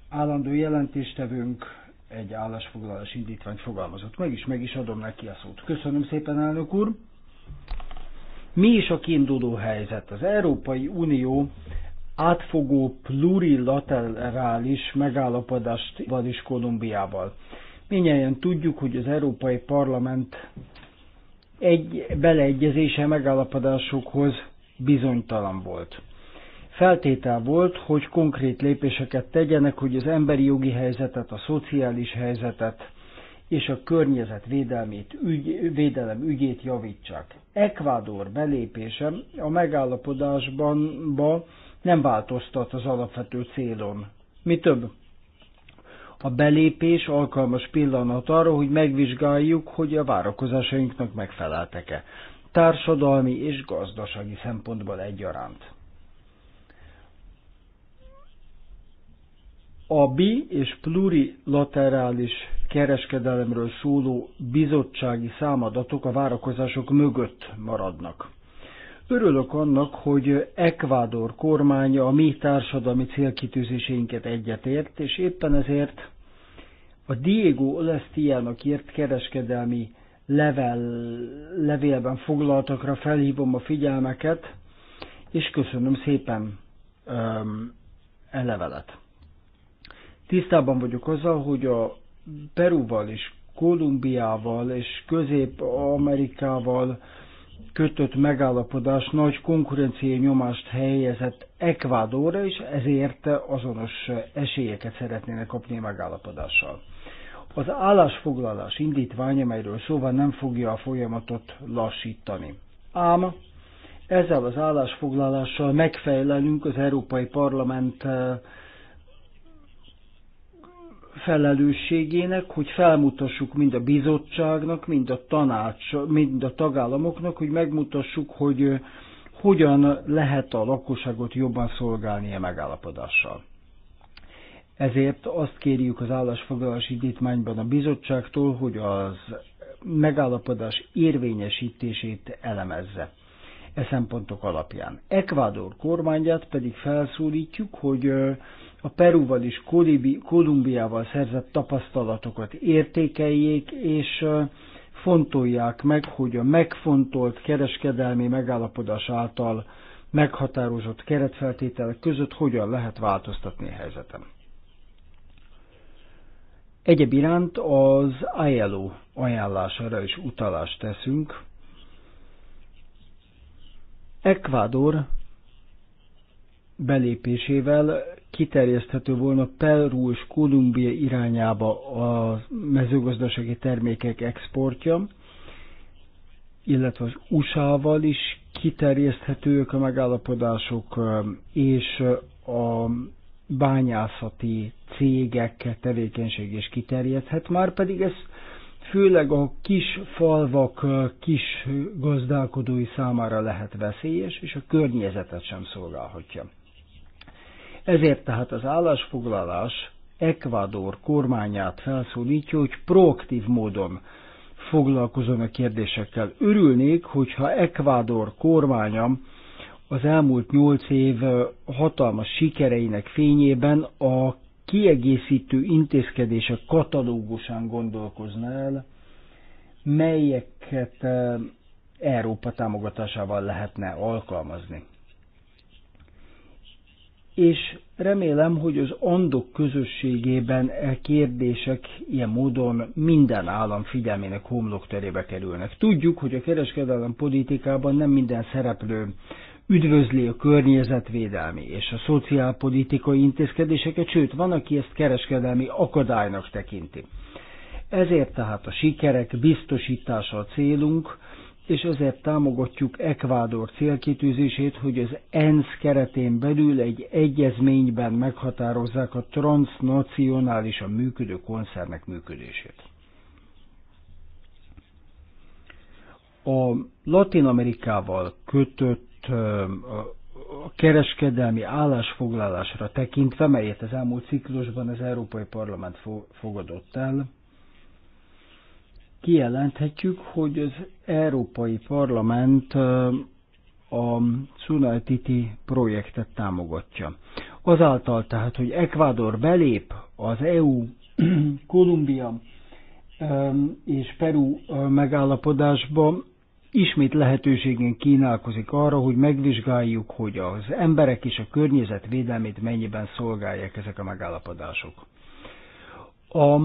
állandó jelentéstevőnk egy állásfoglalás indítvány fogalmazott meg, is meg is adom neki a szót. Köszönöm szépen, elnök úr! Mi is a kiinduló helyzet? Az Európai Unió átfogó plurilaterális megállapodást van is Kolumbiával. Minnyáján tudjuk, hogy az Európai Parlament egy beleegyezése megállapodásokhoz bizonytalan volt. Feltétel volt, hogy konkrét lépéseket tegyenek, hogy az emberi jogi helyzetet, a szociális helyzetet és a környezet védelmét, ügy, védelem ügyét javítsák. Ekvádor belépése a megállapodásban nem változtat az alapvető célon. Mi több, a belépés alkalmas pillanat arra, hogy megvizsgáljuk, hogy a várakozásainknak megfeleltek-e. Társadalmi és gazdasági szempontból egyaránt. A bi- és plurilaterális kereskedelemről szóló bizottsági számadatok a várakozások mögött maradnak. Örülök annak, hogy Ekvádor kormánya a mi társadalmi célkitűzéseinket egyetért, és éppen ezért a Diego Olesztiának írt kereskedelmi level, levélben foglaltakra felhívom a figyelmeket, és köszönöm szépen um, e levelet. Tisztában vagyok azzal, hogy a Perúval és Kolumbiával és Közép-Amerikával kötött megállapodás nagy konkurenciai nyomást helyezett Ekvádorra, és ezért azonos esélyeket szeretnének kapni a megállapodással. Az állásfoglalás indítvány, amelyről szóval nem fogja a folyamatot lassítani. Ám ezzel az állásfoglalással megfejlelünk az Európai Parlament felelősségének, hogy felmutassuk mind a bizottságnak, mind a tanács, mind a tagállamoknak, hogy megmutassuk, hogy hogyan lehet a lakosságot jobban szolgálni a e megállapodással. Ezért azt kérjük az állásfoglalás indítmányban a bizottságtól, hogy az megállapodás érvényesítését elemezze e szempontok alapján. Ekvádor kormányát pedig felszólítjuk, hogy a Peruval és Kolumbiával szerzett tapasztalatokat értékeljék, és fontolják meg, hogy a megfontolt kereskedelmi megállapodás által meghatározott keretfeltételek között hogyan lehet változtatni a helyzetem. Egyéb iránt az ILO ajánlására is utalást teszünk, Ekvádor belépésével kiterjeszthető volna Peru és Kolumbia irányába a mezőgazdasági termékek exportja, illetve az USA-val is kiterjeszthetők a megállapodások, és a bányászati cégek tevékenység is kiterjedhet, már pedig ez főleg a kis falvak, kis gazdálkodói számára lehet veszélyes, és a környezetet sem szolgálhatja. Ezért tehát az állásfoglalás Ekvádor kormányát felszólítja, hogy proaktív módon foglalkozom a kérdésekkel. Örülnék, hogyha Ekvádor kormánya az elmúlt nyolc év hatalmas sikereinek fényében a kiegészítő intézkedések katalógusán gondolkoznál, melyeket e, Európa támogatásával lehetne alkalmazni. És remélem, hogy az andok közösségében e kérdések ilyen módon minden állam figyelmének homlokterébe kerülnek. Tudjuk, hogy a kereskedelem politikában nem minden szereplő üdvözli a környezetvédelmi és a szociálpolitikai intézkedéseket, sőt, van, aki ezt kereskedelmi akadálynak tekinti. Ezért tehát a sikerek biztosítása a célunk, és ezért támogatjuk Ekvádor célkitűzését, hogy az ENSZ keretén belül egy egyezményben meghatározzák a transnacionálisan működő koncernek működését. A Latin Amerikával kötött a kereskedelmi állásfoglalásra tekintve, melyet az elmúlt ciklusban az Európai Parlament fogadott el, kijelenthetjük, hogy az Európai Parlament a Sunaltiti projektet támogatja. Azáltal tehát, hogy Ekvádor belép az EU, Kolumbia és Peru megállapodásba, ismét lehetőségen kínálkozik arra, hogy megvizsgáljuk, hogy az emberek és a környezet védelmét mennyiben szolgálják ezek a megállapodások. A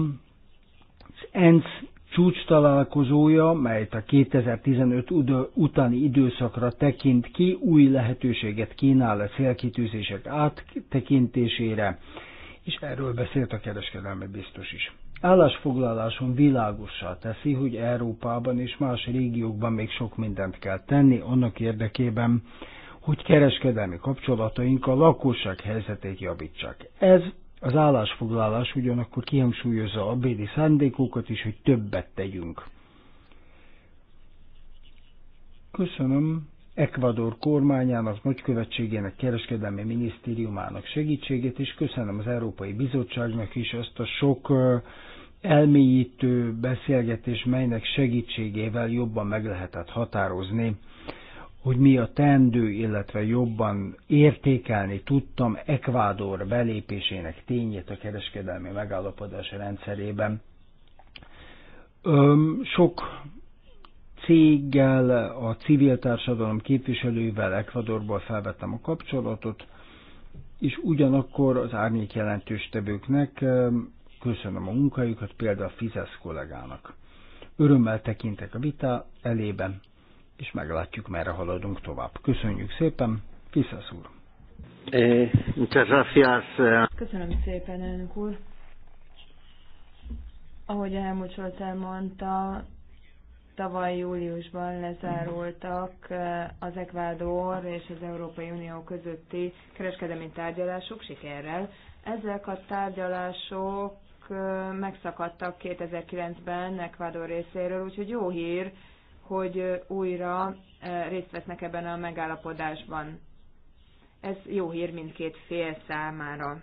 ENSZ csúcs találkozója, melyet a 2015 utáni időszakra tekint ki, új lehetőséget kínál a célkitűzések áttekintésére, és erről beszélt a kereskedelmi biztos is állásfoglaláson világossá teszi, hogy Európában és más régiókban még sok mindent kell tenni annak érdekében, hogy kereskedelmi kapcsolataink a lakosság helyzetét javítsák. Ez az állásfoglalás ugyanakkor kihangsúlyozza a bédi szándékokat is, hogy többet tegyünk. Köszönöm Ekvador kormányának, nagykövetségének, kereskedelmi minisztériumának segítségét, és köszönöm az Európai Bizottságnak is azt a sok elmélyítő beszélgetés, melynek segítségével jobban meg lehetett határozni, hogy mi a tendő, illetve jobban értékelni tudtam Ekvádor belépésének tényét a kereskedelmi megállapodás rendszerében. Öm, sok céggel, a civil társadalom képviselőivel Ekvadorból felvettem a kapcsolatot, és ugyanakkor az árnyék jelentős tevőknek köszönöm a munkájukat, például a Fizesz kollégának. Örömmel tekintek a vita elében, és meglátjuk, merre haladunk tovább. Köszönjük szépen, Fizesz úr! Eh, eh. Köszönöm szépen, elnök úr! Ahogy Helmut Scholz elmondta, tavaly júliusban lezárultak eh, az Ekvádor és az Európai Unió közötti kereskedelmi tárgyalások sikerrel. Ezek a tárgyalások megszakadtak 2009-ben Ecuador részéről, úgyhogy jó hír, hogy újra részt vesznek ebben a megállapodásban. Ez jó hír mindkét fél számára.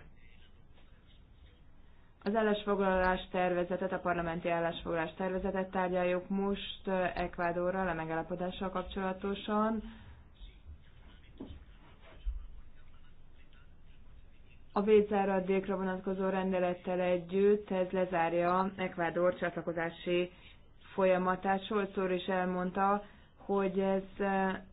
Az állásfoglalás tervezetet, a parlamenti állásfoglalás tervezetet tárgyaljuk most Ecuadorral a megállapodással kapcsolatosan a vétzáradékra vonatkozó rendelettel együtt ez lezárja Ecuador csatlakozási folyamatát. Solcor is elmondta, hogy ez e,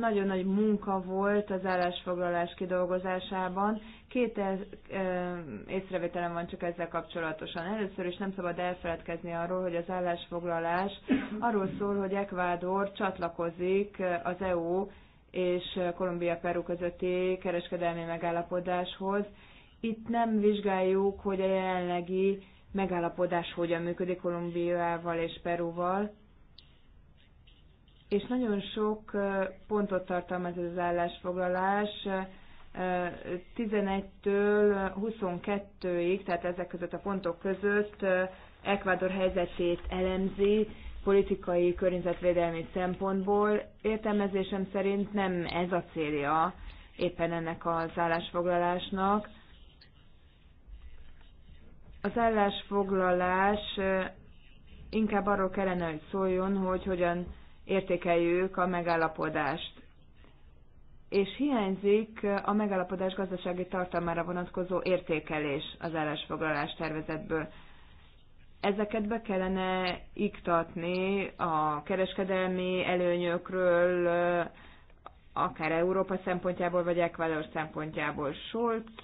nagyon nagy munka volt az állásfoglalás kidolgozásában. Két e, e, észrevételem van csak ezzel kapcsolatosan. Először is nem szabad elfeledkezni arról, hogy az állásfoglalás arról szól, hogy Ecuador csatlakozik az EU és Kolumbia-Peru közötti kereskedelmi megállapodáshoz, itt nem vizsgáljuk, hogy a jelenlegi megállapodás hogyan működik Kolumbiával és Peruval. és nagyon sok pontot tartalmaz ez az állásfoglalás, 11-től 22-ig, tehát ezek között a pontok között Ecuador helyzetét elemzi politikai környezetvédelmi szempontból. Értelmezésem szerint nem ez a célja éppen ennek az állásfoglalásnak. Az állásfoglalás inkább arról kellene, hogy szóljon, hogy hogyan értékeljük a megállapodást. És hiányzik a megállapodás gazdasági tartalmára vonatkozó értékelés az állásfoglalás tervezetből. Ezeket be kellene iktatni a kereskedelmi előnyökről, akár Európa szempontjából, vagy Ecuador szempontjából. Solt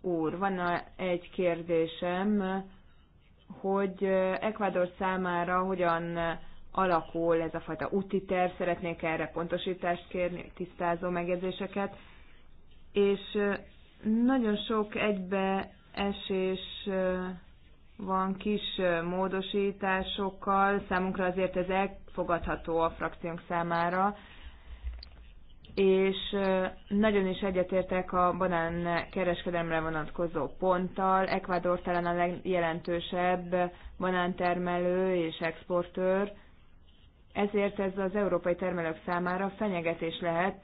úr. Van egy kérdésem, hogy Ecuador számára hogyan alakul ez a fajta úti terv, szeretnék erre pontosítást kérni, tisztázó megjegyzéseket, és nagyon sok egybeesés van kis módosításokkal, számunkra azért ez elfogadható a frakciónk számára, és nagyon is egyetértek a banán kereskedelemre vonatkozó ponttal. Ecuador talán a legjelentősebb banántermelő és exportőr, ezért ez az európai termelők számára fenyegetés lehet.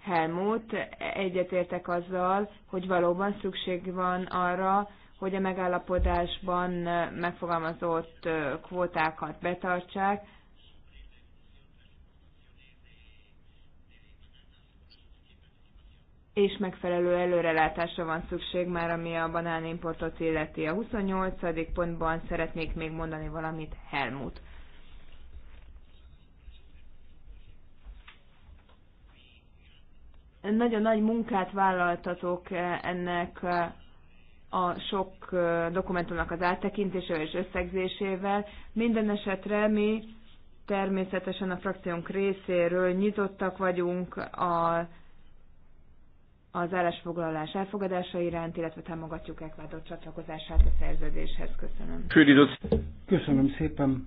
Helmut, egyetértek azzal, hogy valóban szükség van arra, hogy a megállapodásban megfogalmazott kvótákat betartsák, és megfelelő előrelátásra van szükség már, ami a banánimportot illeti. A 28. pontban szeretnék még mondani valamit Helmut. Nagyon nagy munkát vállaltatok ennek a sok dokumentumnak az áttekintésével és összegzésével. Minden esetre mi természetesen a frakciónk részéről nyitottak vagyunk a az állásfoglalás elfogadása iránt, illetve támogatjuk Ekvádor csatlakozását a szerződéshez. Köszönöm. Köszönöm szépen.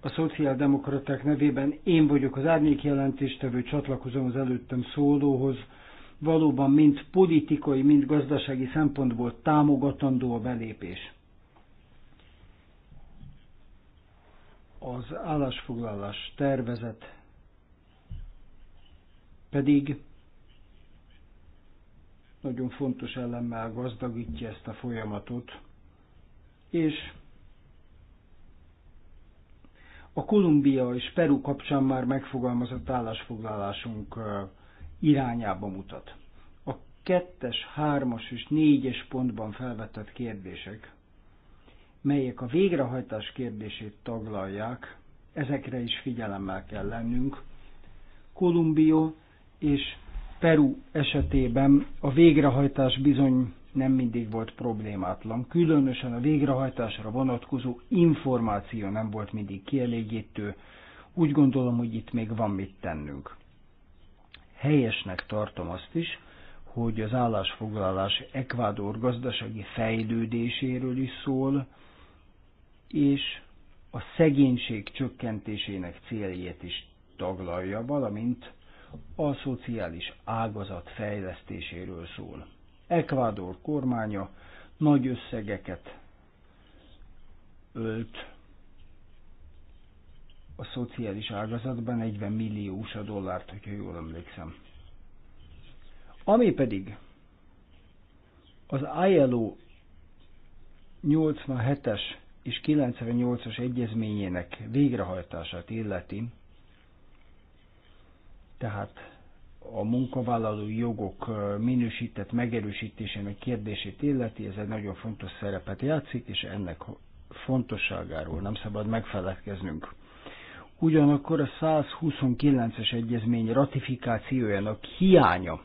A szociáldemokraták nevében én vagyok az árnyék jelentéstevő, csatlakozom az előttem szólóhoz. Valóban mind politikai, mind gazdasági szempontból támogatandó a belépés. Az állásfoglalás tervezet pedig nagyon fontos elemmel gazdagítja ezt a folyamatot, és a Kolumbia és Peru kapcsán már megfogalmazott állásfoglalásunk irányába mutat. A kettes, hármas és négyes pontban felvetett kérdések, melyek a végrehajtás kérdését taglalják, ezekre is figyelemmel kell lennünk. Kolumbia és Peru esetében a végrehajtás bizony nem mindig volt problémátlan. Különösen a végrehajtásra vonatkozó információ nem volt mindig kielégítő. Úgy gondolom, hogy itt még van mit tennünk. Helyesnek tartom azt is, hogy az állásfoglalás Ekvádor gazdasági fejlődéséről is szól, és a szegénység csökkentésének céljét is taglalja, valamint a szociális ágazat fejlesztéséről szól. Ekvádor kormánya nagy összegeket ölt a szociális ágazatban 40 millió USA dollárt, hogyha jól emlékszem. Ami pedig az ILO 87-es és 98-as egyezményének végrehajtását illeti, tehát a munkavállaló jogok minősített megerősítésének kérdését illeti, ez egy nagyon fontos szerepet játszik, és ennek fontosságáról nem szabad megfeledkeznünk. Ugyanakkor a 129-es egyezmény ratifikációjának hiánya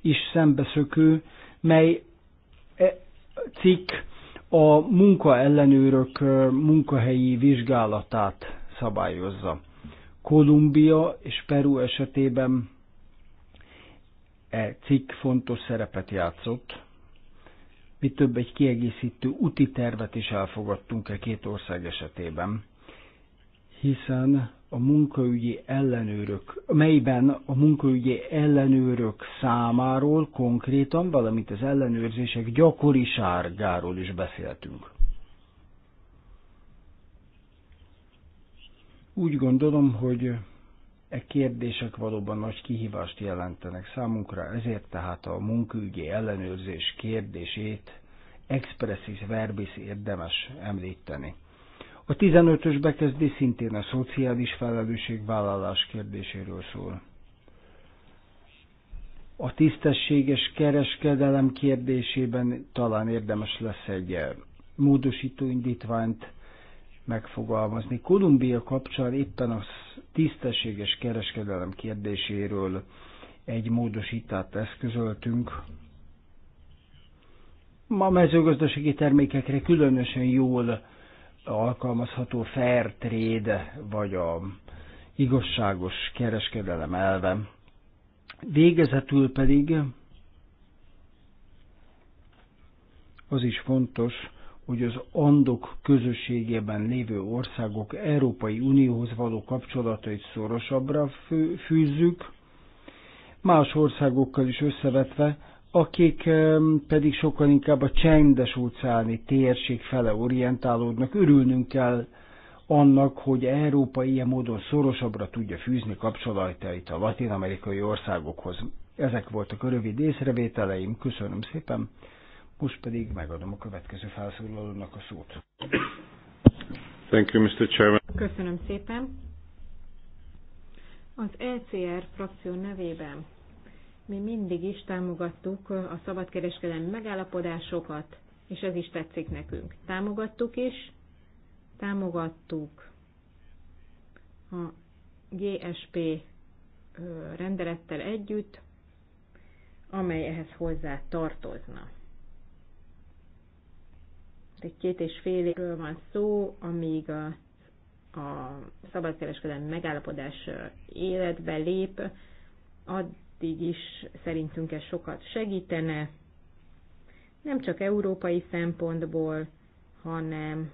is szembeszökő, mely e, cikk a munkaellenőrök munkahelyi vizsgálatát szabályozza. Kolumbia és Peru esetében e cikk fontos szerepet játszott. Mi több egy kiegészítő úti tervet is elfogadtunk e két ország esetében, hiszen a munkaügyi ellenőrök, melyben a munkaügyi ellenőrök számáról konkrétan, valamint az ellenőrzések gyakoriságáról is beszéltünk. Úgy gondolom, hogy e kérdések valóban nagy kihívást jelentenek számunkra, ezért tehát a munkaügyi ellenőrzés kérdését expressis verbis érdemes említeni. A 15-ös bekezdés szintén a szociális felelősségvállalás kérdéséről szól. A tisztességes kereskedelem kérdésében talán érdemes lesz egy e, módosító indítványt megfogalmazni. Kolumbia kapcsán éppen a tisztességes kereskedelem kérdéséről egy módosítást eszközöltünk. Ma mezőgazdasági termékekre különösen jól alkalmazható fair trade, vagy a igazságos kereskedelem elve. Végezetül pedig az is fontos, hogy az Andok közösségében lévő országok Európai Unióhoz való kapcsolatait szorosabbra fűzzük, más országokkal is összevetve, akik pedig sokkal inkább a csendes óceáni térség fele orientálódnak. Örülnünk kell annak, hogy Európa ilyen módon szorosabbra tudja fűzni kapcsolatait a latin-amerikai országokhoz. Ezek voltak a rövid észrevételeim, köszönöm szépen! Most pedig megadom a következő felszólalónak a szót. Thank you, Mr. Chairman. Köszönöm szépen. Az ECR frakció nevében mi mindig is támogattuk a szabadkereskedelmi megállapodásokat, és ez is tetszik nekünk. Támogattuk is, támogattuk a GSP rendelettel együtt, amely ehhez hozzá tartozna. Itt két és fél évről van szó, amíg a, a szabadkereskedelmi megállapodás életbe lép, addig is szerintünk ez sokat segítene, nem csak európai szempontból, hanem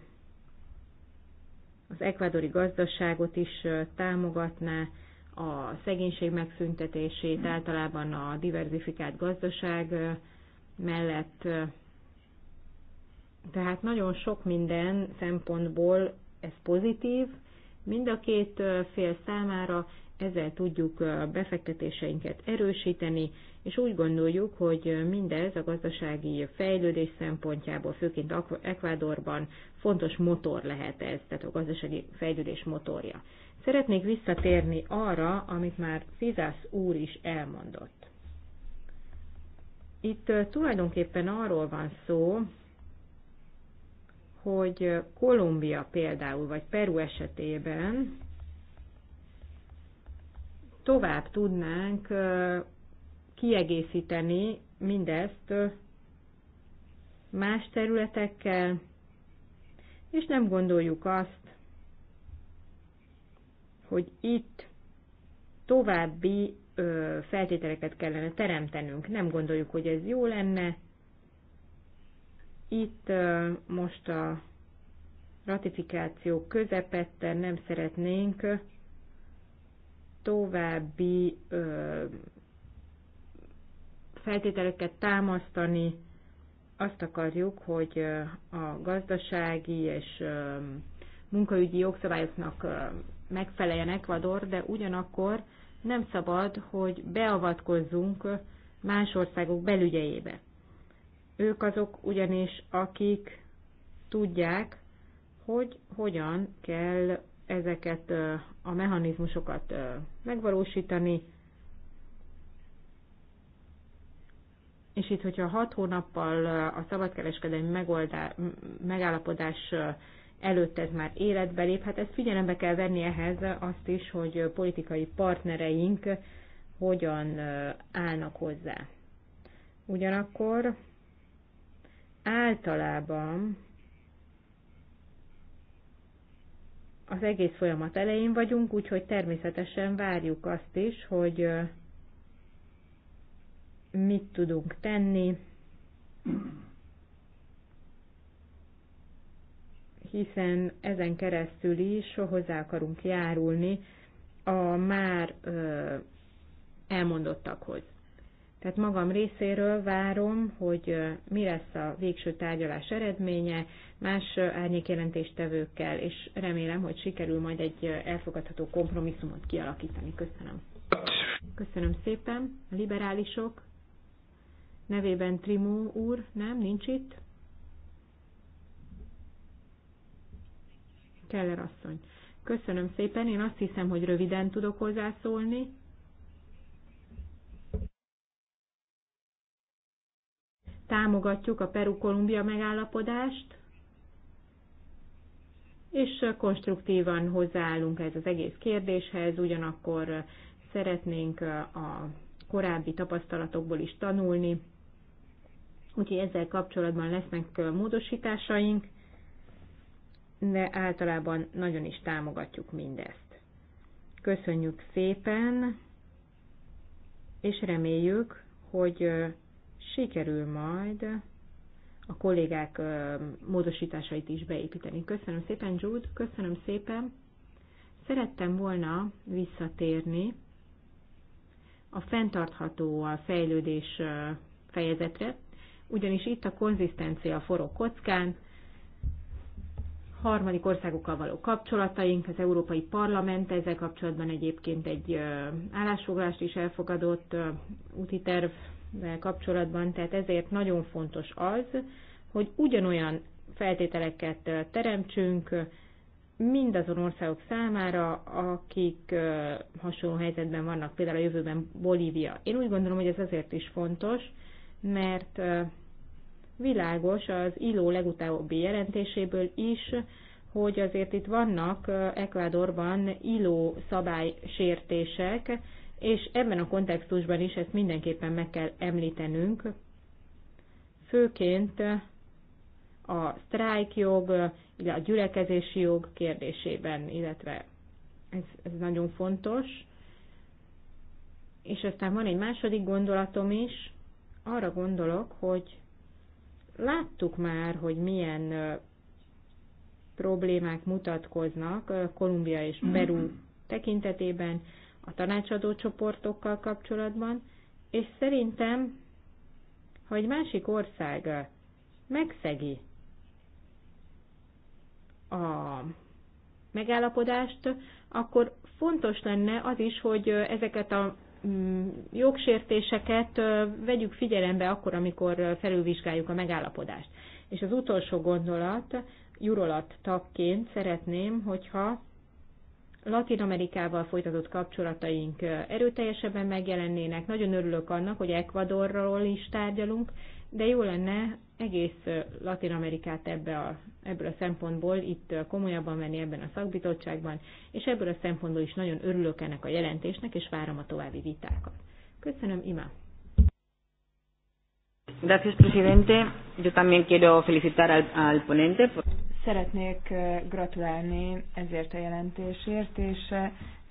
az ekvádori gazdaságot is támogatná, a szegénység megszüntetését általában a diversifikált gazdaság mellett tehát nagyon sok minden szempontból ez pozitív, mind a két fél számára ezzel tudjuk befektetéseinket erősíteni, és úgy gondoljuk, hogy mindez a gazdasági fejlődés szempontjából, főként Ekvádorban fontos motor lehet ez, tehát a gazdasági fejlődés motorja. Szeretnék visszatérni arra, amit már Fizász úr is elmondott. Itt tulajdonképpen arról van szó, hogy Kolumbia például, vagy Peru esetében tovább tudnánk kiegészíteni mindezt más területekkel, és nem gondoljuk azt, hogy itt további feltételeket kellene teremtenünk. Nem gondoljuk, hogy ez jó lenne, itt most a ratifikáció közepette nem szeretnénk további feltételeket támasztani. Azt akarjuk, hogy a gazdasági és munkaügyi jogszabályoknak megfeleljen Ecuador, de ugyanakkor nem szabad, hogy beavatkozzunk más országok belügyeibe. Ők azok ugyanis, akik tudják, hogy hogyan kell ezeket a mechanizmusokat megvalósítani, és itt, hogyha hat hónappal a szabadkereskedelmi megoldá, megállapodás előtt ez már életbe lép, hát ezt figyelembe kell venni ehhez azt is, hogy politikai partnereink hogyan állnak hozzá. Ugyanakkor általában az egész folyamat elején vagyunk, úgyhogy természetesen várjuk azt is, hogy mit tudunk tenni, hiszen ezen keresztül is hozzá akarunk járulni a már elmondottakhoz. Tehát magam részéről várom, hogy mi lesz a végső tárgyalás eredménye más árnyékjelentéstevőkkel, és remélem, hogy sikerül majd egy elfogadható kompromisszumot kialakítani. Köszönöm. Köszönöm szépen. A liberálisok nevében Trimó úr, nem, nincs itt. Keller asszony. Köszönöm szépen, én azt hiszem, hogy röviden tudok hozzászólni. támogatjuk a Peru-Kolumbia megállapodást, és konstruktívan hozzáállunk ez az egész kérdéshez, ugyanakkor szeretnénk a korábbi tapasztalatokból is tanulni, úgyhogy ezzel kapcsolatban lesznek módosításaink, de általában nagyon is támogatjuk mindezt. Köszönjük szépen, és reméljük, hogy sikerül majd a kollégák módosításait is beépíteni. Köszönöm szépen, Jude, köszönöm szépen. Szerettem volna visszatérni a fenntartható a fejlődés fejezetre, ugyanis itt a konzisztencia forró kockán, harmadik országokkal való kapcsolataink, az Európai Parlament ezzel kapcsolatban egyébként egy állásfoglalást is elfogadott úti terv kapcsolatban, tehát ezért nagyon fontos az, hogy ugyanolyan feltételeket teremtsünk mindazon országok számára, akik hasonló helyzetben vannak, például a jövőben Bolívia. Én úgy gondolom, hogy ez azért is fontos, mert világos az ILO legutóbbi jelentéséből is, hogy azért itt vannak Ekvádorban ILO szabálysértések, és ebben a kontextusban is ezt mindenképpen meg kell említenünk, főként a sztrájkjog, a gyülekezési jog kérdésében, illetve ez, ez nagyon fontos. És aztán van egy második gondolatom is, arra gondolok, hogy láttuk már, hogy milyen problémák mutatkoznak Kolumbia és Peru tekintetében, a tanácsadó csoportokkal kapcsolatban, és szerintem, ha egy másik ország megszegi a megállapodást, akkor fontos lenne az is, hogy ezeket a mm, jogsértéseket vegyük figyelembe akkor, amikor felülvizsgáljuk a megállapodást. És az utolsó gondolat, Jurolat tagként szeretném, hogyha Latin Amerikával folytatott kapcsolataink erőteljesebben megjelennének. Nagyon örülök annak, hogy Ecuadorról is tárgyalunk, de jó lenne egész Latin Amerikát ebbe a, ebből a szempontból itt komolyabban venni ebben a szakbizottságban, és ebből a szempontból is nagyon örülök ennek a jelentésnek, és várom a további vitákat. Köszönöm, Ima! Gracias, presidente. Yo también quiero felicitar al, al ponente. Por... Szeretnék gratulálni ezért a jelentésért, és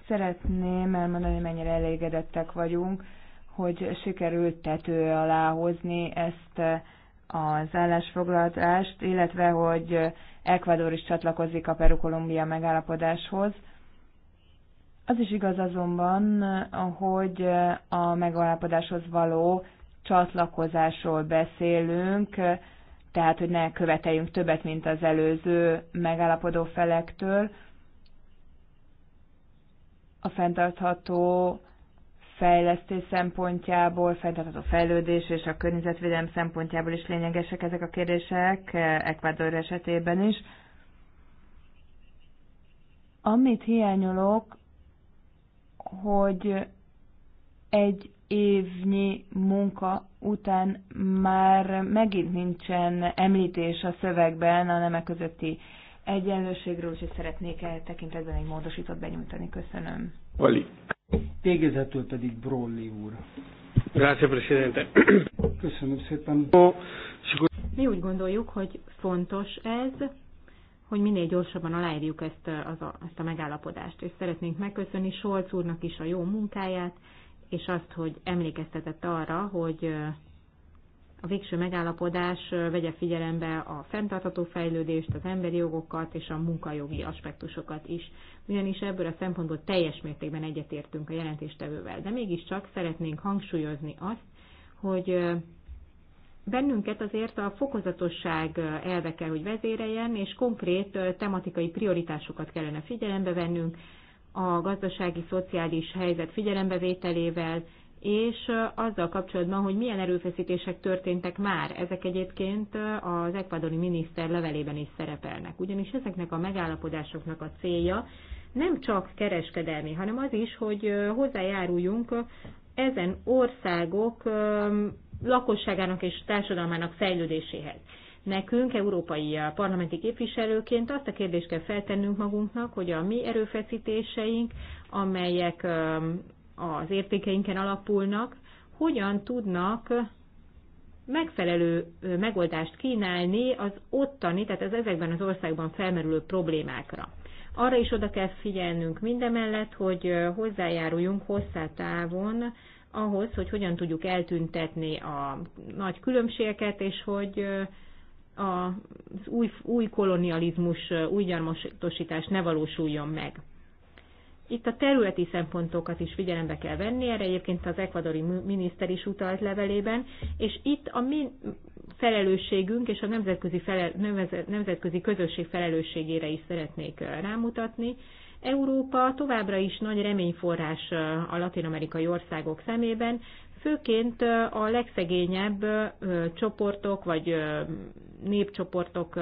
szeretném elmondani, mennyire elégedettek vagyunk, hogy sikerült tető alá hozni ezt az állásfoglalást, illetve hogy Ecuador is csatlakozik a Peru-Kolumbia megállapodáshoz. Az is igaz azonban, hogy a megállapodáshoz való csatlakozásról beszélünk, tehát hogy ne követeljünk többet, mint az előző megállapodó felektől. A fenntartható fejlesztés szempontjából, fenntartható fejlődés és a környezetvédelem szempontjából is lényegesek ezek a kérdések, Ecuador esetében is. Amit hiányolok, hogy egy évnyi munka után már megint nincsen említés a szövegben a nemek közötti egyenlőségről, úgyhogy szeretnék el tekintetben egy módosított benyújtani. Köszönöm. Vali. Végezetül pedig Brolli úr. Grazie, Presidente. Köszönöm szépen. Mi úgy gondoljuk, hogy fontos ez, hogy minél gyorsabban aláírjuk ezt, az a, ezt a megállapodást, és szeretnénk megköszönni Solc úrnak is a jó munkáját, és azt, hogy emlékeztetett arra, hogy a végső megállapodás vegye figyelembe a fenntartható fejlődést, az emberi jogokat és a munkajogi aspektusokat is. Ugyanis ebből a szempontból teljes mértékben egyetértünk a jelentéstevővel, de mégiscsak szeretnénk hangsúlyozni azt, hogy bennünket azért a fokozatosság elve kell, hogy vezéreljen, és konkrét tematikai prioritásokat kellene figyelembe vennünk, a gazdasági-szociális helyzet figyelembevételével, és azzal kapcsolatban, hogy milyen erőfeszítések történtek már, ezek egyébként az ekvadori miniszter levelében is szerepelnek. Ugyanis ezeknek a megállapodásoknak a célja nem csak kereskedelmi, hanem az is, hogy hozzájáruljunk ezen országok lakosságának és társadalmának fejlődéséhez. Nekünk, európai uh, parlamenti képviselőként azt a kérdést kell feltennünk magunknak, hogy a mi erőfeszítéseink, amelyek um, az értékeinken alapulnak, hogyan tudnak megfelelő uh, megoldást kínálni az ottani, tehát az ezekben az országban felmerülő problémákra. Arra is oda kell figyelnünk mindemellett, hogy uh, hozzájáruljunk hosszá távon ahhoz, hogy hogyan tudjuk eltüntetni a nagy különbségeket, és hogy az új, új kolonializmus, új gyarmatosítás ne valósuljon meg. Itt a területi szempontokat is figyelembe kell venni, erre egyébként az ekvadori miniszter is utalt levelében, és itt a mi felelősségünk és a nemzetközi, felel, nemzetközi közösség felelősségére is szeretnék rámutatni. Európa továbbra is nagy reményforrás a latinamerikai országok szemében, főként a legszegényebb csoportok, vagy népcsoportok,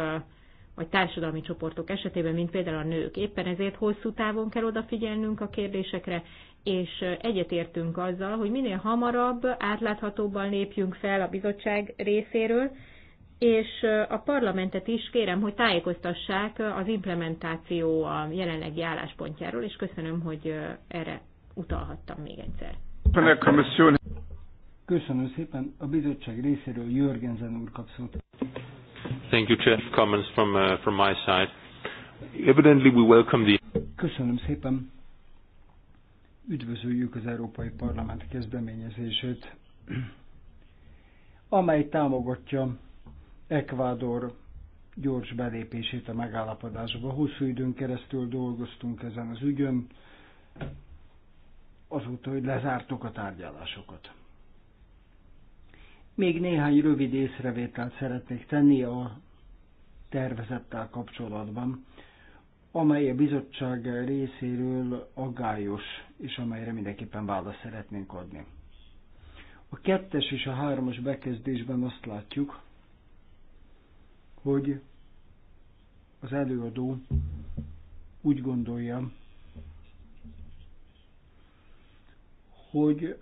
vagy társadalmi csoportok esetében, mint például a nők. Éppen ezért hosszú távon kell odafigyelnünk a kérdésekre, és egyetértünk azzal, hogy minél hamarabb, átláthatóban lépjünk fel a bizottság részéről, és a parlamentet is kérem, hogy tájékoztassák az implementáció a jelenlegi álláspontjáról, és köszönöm, hogy erre utalhattam még egyszer. Köszönöm szépen. A bizottság részéről Jörgenzen úr kap szót. Thank you, Chair. Comments from, uh, from my side. Evidently we welcome the... Köszönöm szépen. Üdvözöljük az Európai Parlament kezdeményezését, amely támogatja Ecuador gyors belépését a megállapodásba. Hosszú időn keresztül dolgoztunk ezen az ügyön, azóta, hogy lezártuk a tárgyalásokat. Még néhány rövid észrevételt szeretnék tenni a tervezettel kapcsolatban, amely a bizottság részéről aggályos, és amelyre mindenképpen választ szeretnénk adni. A kettes és a hármas bekezdésben azt látjuk, hogy az előadó úgy gondolja, hogy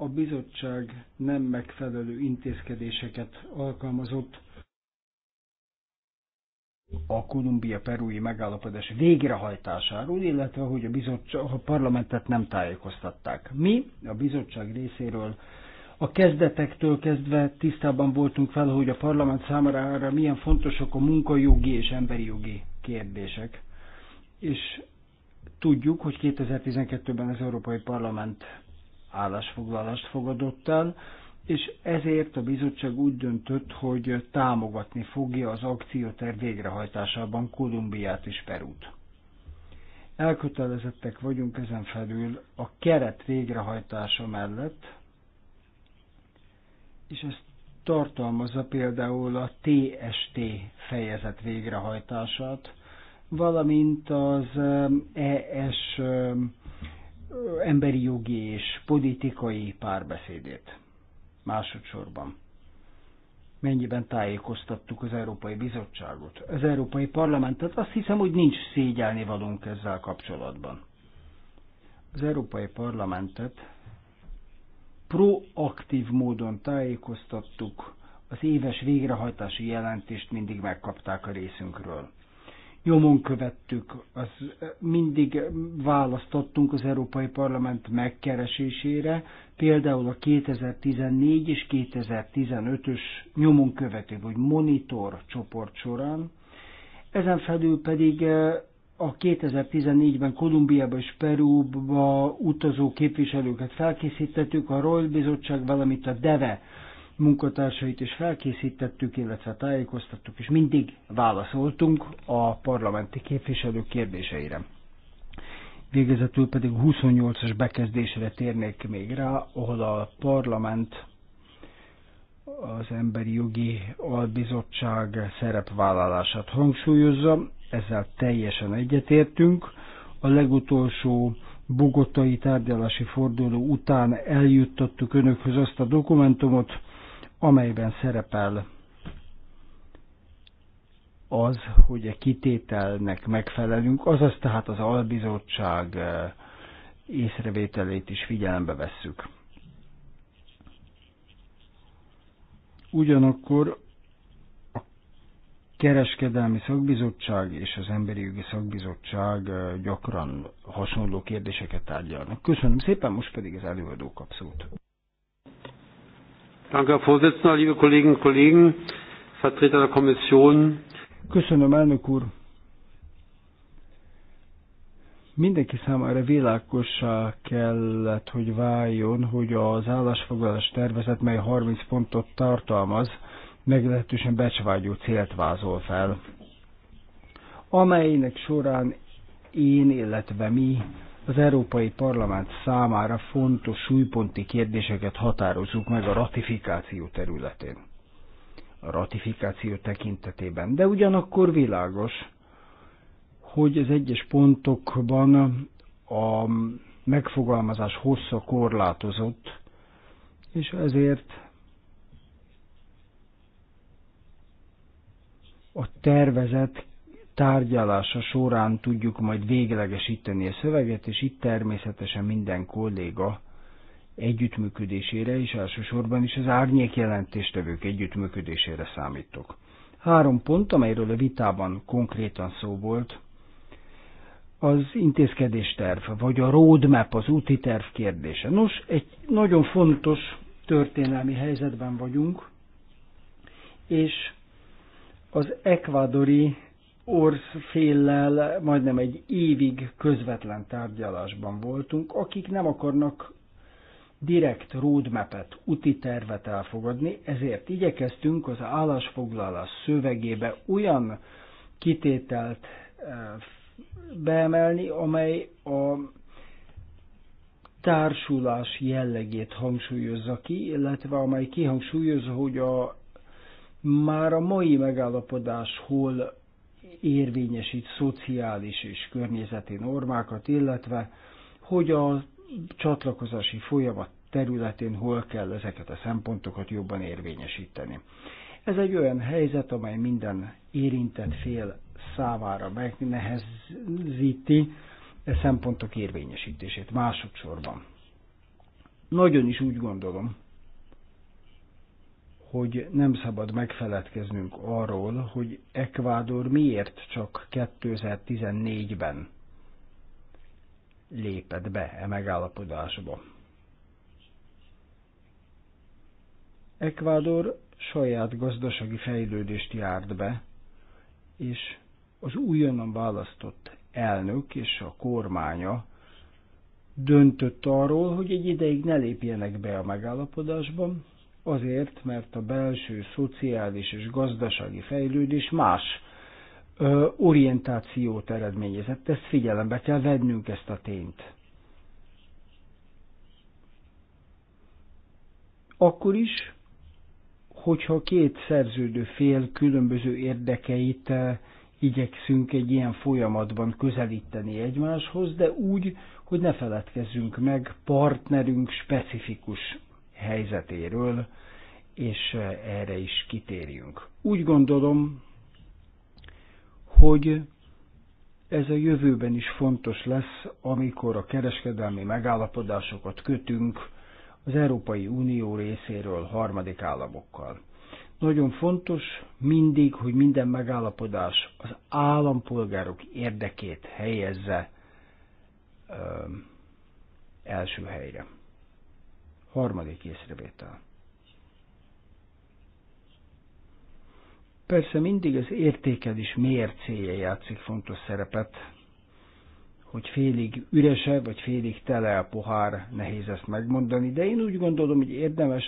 a bizottság nem megfelelő intézkedéseket alkalmazott a Kolumbia-Perui megállapodás végrehajtásáról, illetve hogy a, bizottság, a parlamentet nem tájékoztatták. Mi a bizottság részéről a kezdetektől kezdve tisztában voltunk fel, hogy a parlament számára milyen fontosak a munkajogi és emberi jogi kérdések. És tudjuk, hogy 2012-ben az Európai Parlament állásfoglalást fogadott el, és ezért a bizottság úgy döntött, hogy támogatni fogja az akcióterv végrehajtásában Kolumbiát és Perút. Elkötelezettek vagyunk ezen felül a keret végrehajtása mellett, és ezt tartalmazza például a TST fejezet végrehajtását, valamint az ES eh, e eh, emberi jogi és politikai párbeszédét. Másodszorban mennyiben tájékoztattuk az Európai Bizottságot, az Európai Parlamentet, azt hiszem, hogy nincs szégyelni valunk ezzel kapcsolatban. Az Európai Parlamentet proaktív módon tájékoztattuk, az éves végrehajtási jelentést mindig megkapták a részünkről. Nyomon követtük, az mindig választottunk az Európai Parlament megkeresésére, például a 2014 és 2015-ös nyomon követő vagy monitor csoport során, ezen felül pedig eh, a 2014-ben Kolumbiába és Perúba utazó képviselőket felkészítettük, a Royal Bizottság, valamint a DEVE munkatársait is felkészítettük, illetve tájékoztattuk, és mindig válaszoltunk a parlamenti képviselők kérdéseire. Végezetül pedig 28-as bekezdésre térnék még rá, ahol a parlament az Emberi Jogi Albizottság szerepvállalását hangsúlyozza, ezzel teljesen egyetértünk. A legutolsó bogotai tárgyalási forduló után eljuttattuk önökhöz azt a dokumentumot, amelyben szerepel az, hogy a kitételnek megfelelünk, azaz tehát az albizottság eh, észrevételét is figyelembe vesszük. Ugyanakkor a kereskedelmi szakbizottság és az emberi jogi szakbizottság eh, gyakran hasonló kérdéseket tárgyalnak. Köszönöm szépen, most pedig az előadó kapszót. Danke, Herr Vorsitzender, liebe Kolleginnen und Kollegen, Vertreter der Kommission. Köszönöm, elnök úr. Mindenki számára világossá kellett, hogy váljon, hogy az állásfoglalás tervezet, mely 30 pontot tartalmaz, meglehetősen becsvágyó célt vázol fel, amelynek során én, illetve mi az Európai Parlament számára fontos súlyponti kérdéseket határozzuk meg a ratifikáció területén. A ratifikáció tekintetében, de ugyanakkor világos, hogy az egyes pontokban a megfogalmazás hossza korlátozott, és ezért a tervezet tárgyalása során tudjuk majd véglegesíteni a szöveget, és itt természetesen minden kolléga együttműködésére, és elsősorban is az árnyék jelentéstevők együttműködésére számítok. Három pont, amelyről a vitában konkrétan szó volt, az intézkedésterv, vagy a roadmap, az úti terv kérdése. Nos, egy nagyon fontos történelmi helyzetben vagyunk, és az ekvádori orsz féllel majdnem egy évig közvetlen tárgyalásban voltunk, akik nem akarnak direkt roadmap-et, úti tervet elfogadni, ezért igyekeztünk az állásfoglalás szövegébe olyan kitételt eh, beemelni, amely a társulás jellegét hangsúlyozza ki, illetve amely kihangsúlyozza, hogy a már a mai megállapodás hol érvényesít szociális és környezeti normákat, illetve hogy a csatlakozási folyamat területén hol kell ezeket a szempontokat jobban érvényesíteni. Ez egy olyan helyzet, amely minden érintett fél számára megnehezíti a e szempontok érvényesítését másodszorban. Nagyon is úgy gondolom, hogy nem szabad megfeledkeznünk arról, hogy Ekvádor miért csak 2014-ben lépett be e megállapodásba. Ekvádor saját gazdasági fejlődést járt be, és az újonnan választott elnök és a kormánya döntött arról, hogy egy ideig ne lépjenek be a megállapodásban, Azért, mert a belső szociális és gazdasági fejlődés más ö, orientációt eredményezett. Ezt figyelembe kell vennünk ezt a tényt. Akkor is, hogyha két szerződő fél különböző érdekeit igyekszünk egy ilyen folyamatban közelíteni egymáshoz, de úgy, hogy ne feledkezzünk meg partnerünk specifikus helyzetéről, és eh, erre is kitérjünk. Úgy gondolom, hogy ez a jövőben is fontos lesz, amikor a kereskedelmi megállapodásokat kötünk az Európai Unió részéről harmadik államokkal. Nagyon fontos mindig, hogy minden megállapodás az állampolgárok érdekét helyezze ö, eh, első helyre. Harmadik észrevétel. Persze mindig az értékelés mércéje játszik fontos szerepet, hogy félig ürese vagy félig tele a pohár, nehéz ezt megmondani, de én úgy gondolom, hogy érdemes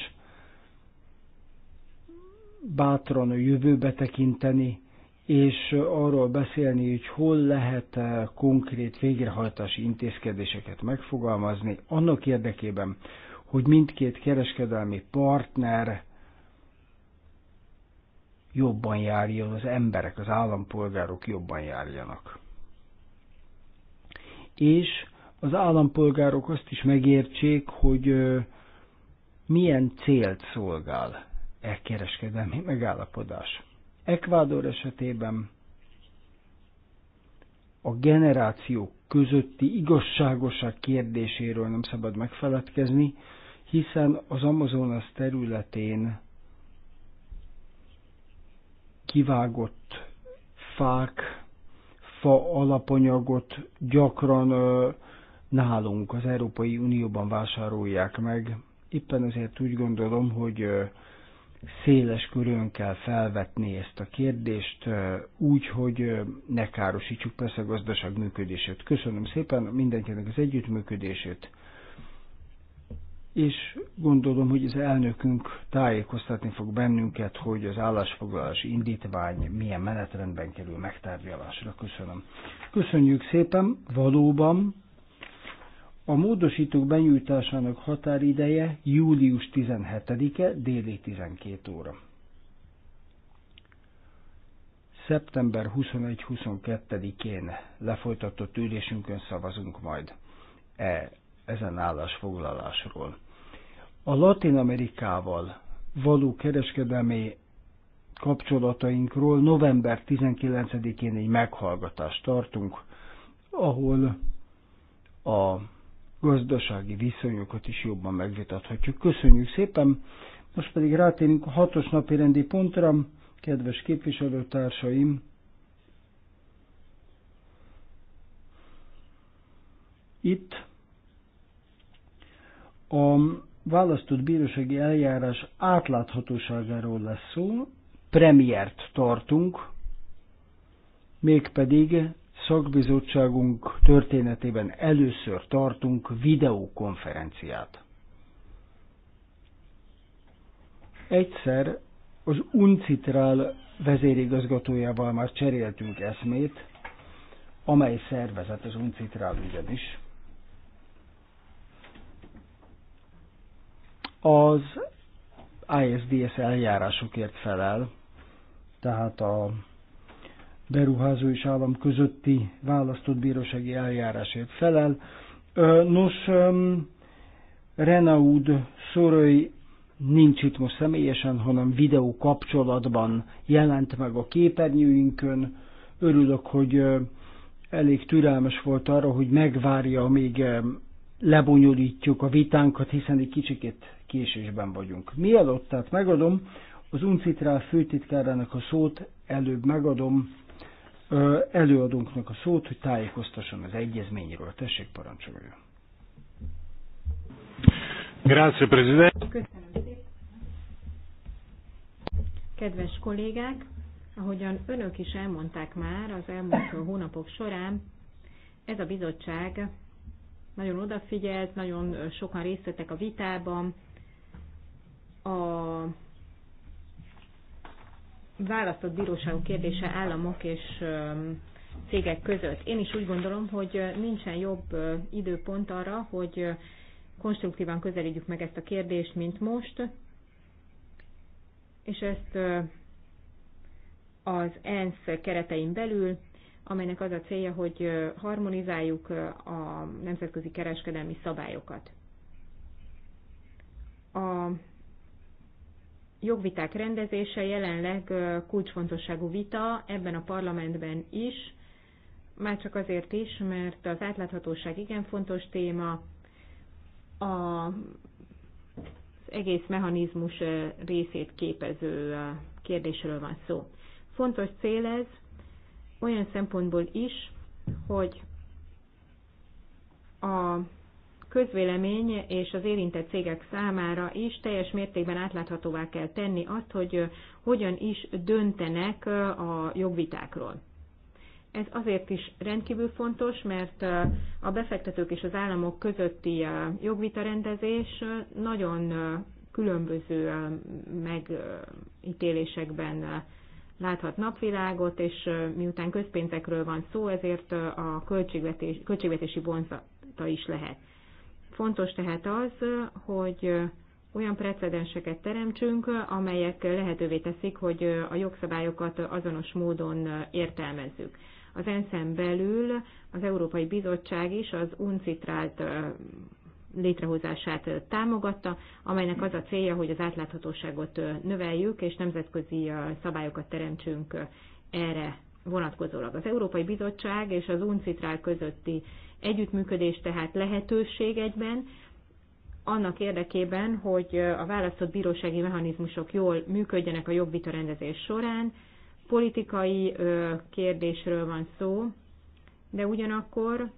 bátran a jövőbe tekinteni, és arról beszélni, hogy hol lehet e konkrét végrehajtási intézkedéseket megfogalmazni, annak érdekében, hogy mindkét kereskedelmi partner jobban járjon, az emberek, az állampolgárok jobban járjanak. És az állampolgárok azt is megértsék, hogy milyen célt szolgál e kereskedelmi megállapodás. Ekvádor esetében a generációk közötti igazságosság kérdéséről nem szabad megfeledkezni, hiszen az Amazonas területén kivágott fák, fa alapanyagot gyakran nálunk, az Európai Unióban vásárolják meg. Éppen ezért úgy gondolom, hogy széles körön kell felvetni ezt a kérdést, úgy, hogy ne károsítsuk persze a gazdaság működését. Köszönöm szépen mindenkinek az együttműködését, és gondolom, hogy az elnökünk tájékoztatni fog bennünket, hogy az állásfoglalási indítvány milyen menetrendben kerül megtárgyalásra. Köszönöm. Köszönjük szépen, valóban a módosítók benyújtásának határideje július 17-e déli 12 óra. Szeptember 21-22-én lefolytatott ülésünkön szavazunk majd e ezen állásfoglalásról. A Latin Amerikával való kereskedelmi kapcsolatainkról november 19-én egy meghallgatást tartunk, ahol a gazdasági viszonyokat is jobban megvitathatjuk. Köszönjük szépen! Most pedig rátérünk a hatos napi rendi pontra, kedves képviselőtársaim! Itt a választott bírósági eljárás átláthatóságáról lesz szó, premiért tartunk, mégpedig szakbizottságunk történetében először tartunk videokonferenciát. Egyszer az UNCITRAL vezérigazgatójával már cseréltünk eszmét, amely szervezet az UNCITRAL ugyanis, az ISDS eljárásokért felel, tehát a beruházó és állam közötti választott bírósági eljárásért felel. Nos, Renaud Szorai nincs itt most személyesen, hanem videó kapcsolatban jelent meg a képernyőinkön. Örülök, hogy elég türelmes volt arra, hogy megvárja, amíg lebonyolítjuk a vitánkat, hiszen egy kicsikét késésben vagyunk. Mielőtt tehát megadom az UNCITRÁL főtitkárának a szót, előbb megadom előadónknak a szót, hogy tájékoztasson az egyezményről. Tessék, parancsoljon. Grazie, Presidente. Köszönöm szépen. Kedves kollégák, ahogyan önök is elmondták már az elmúlt hónapok során, ez a bizottság nagyon odafigyelt, nagyon sokan részt vettek a vitában, a választott bíróságok kérdése államok és cégek között. Én is úgy gondolom, hogy nincsen jobb időpont arra, hogy konstruktívan közelítjük meg ezt a kérdést, mint most, és ezt az ENSZ keretein belül, amelynek az a célja, hogy harmonizáljuk a nemzetközi kereskedelmi szabályokat. A jogviták rendezése jelenleg kulcsfontosságú vita ebben a parlamentben is, már csak azért is, mert az átláthatóság igen fontos téma, a, az egész mechanizmus részét képező kérdésről van szó. Fontos cél ez olyan szempontból is, hogy a közvélemény és az érintett cégek számára is teljes mértékben átláthatóvá kell tenni azt, hogy hogyan is döntenek a jogvitákról. Ez azért is rendkívül fontos, mert a befektetők és az államok közötti jogvitarendezés nagyon különböző megítélésekben láthat napvilágot, és miután közpénzekről van szó, ezért a költségvetés, költségvetési vonzata is lehet. Fontos tehát az, hogy olyan precedenseket teremtsünk, amelyek lehetővé teszik, hogy a jogszabályokat azonos módon értelmezzük. Az ensz belül az Európai Bizottság is az uncitrált létrehozását támogatta, amelynek az a célja, hogy az átláthatóságot növeljük, és nemzetközi szabályokat teremtsünk erre vonatkozólag. Az Európai Bizottság és az UNCITRÁL közötti Együttműködés tehát lehetőség egyben, annak érdekében, hogy a választott bírósági mechanizmusok jól működjenek a jogvita rendezés során. Politikai kérdésről van szó, de ugyanakkor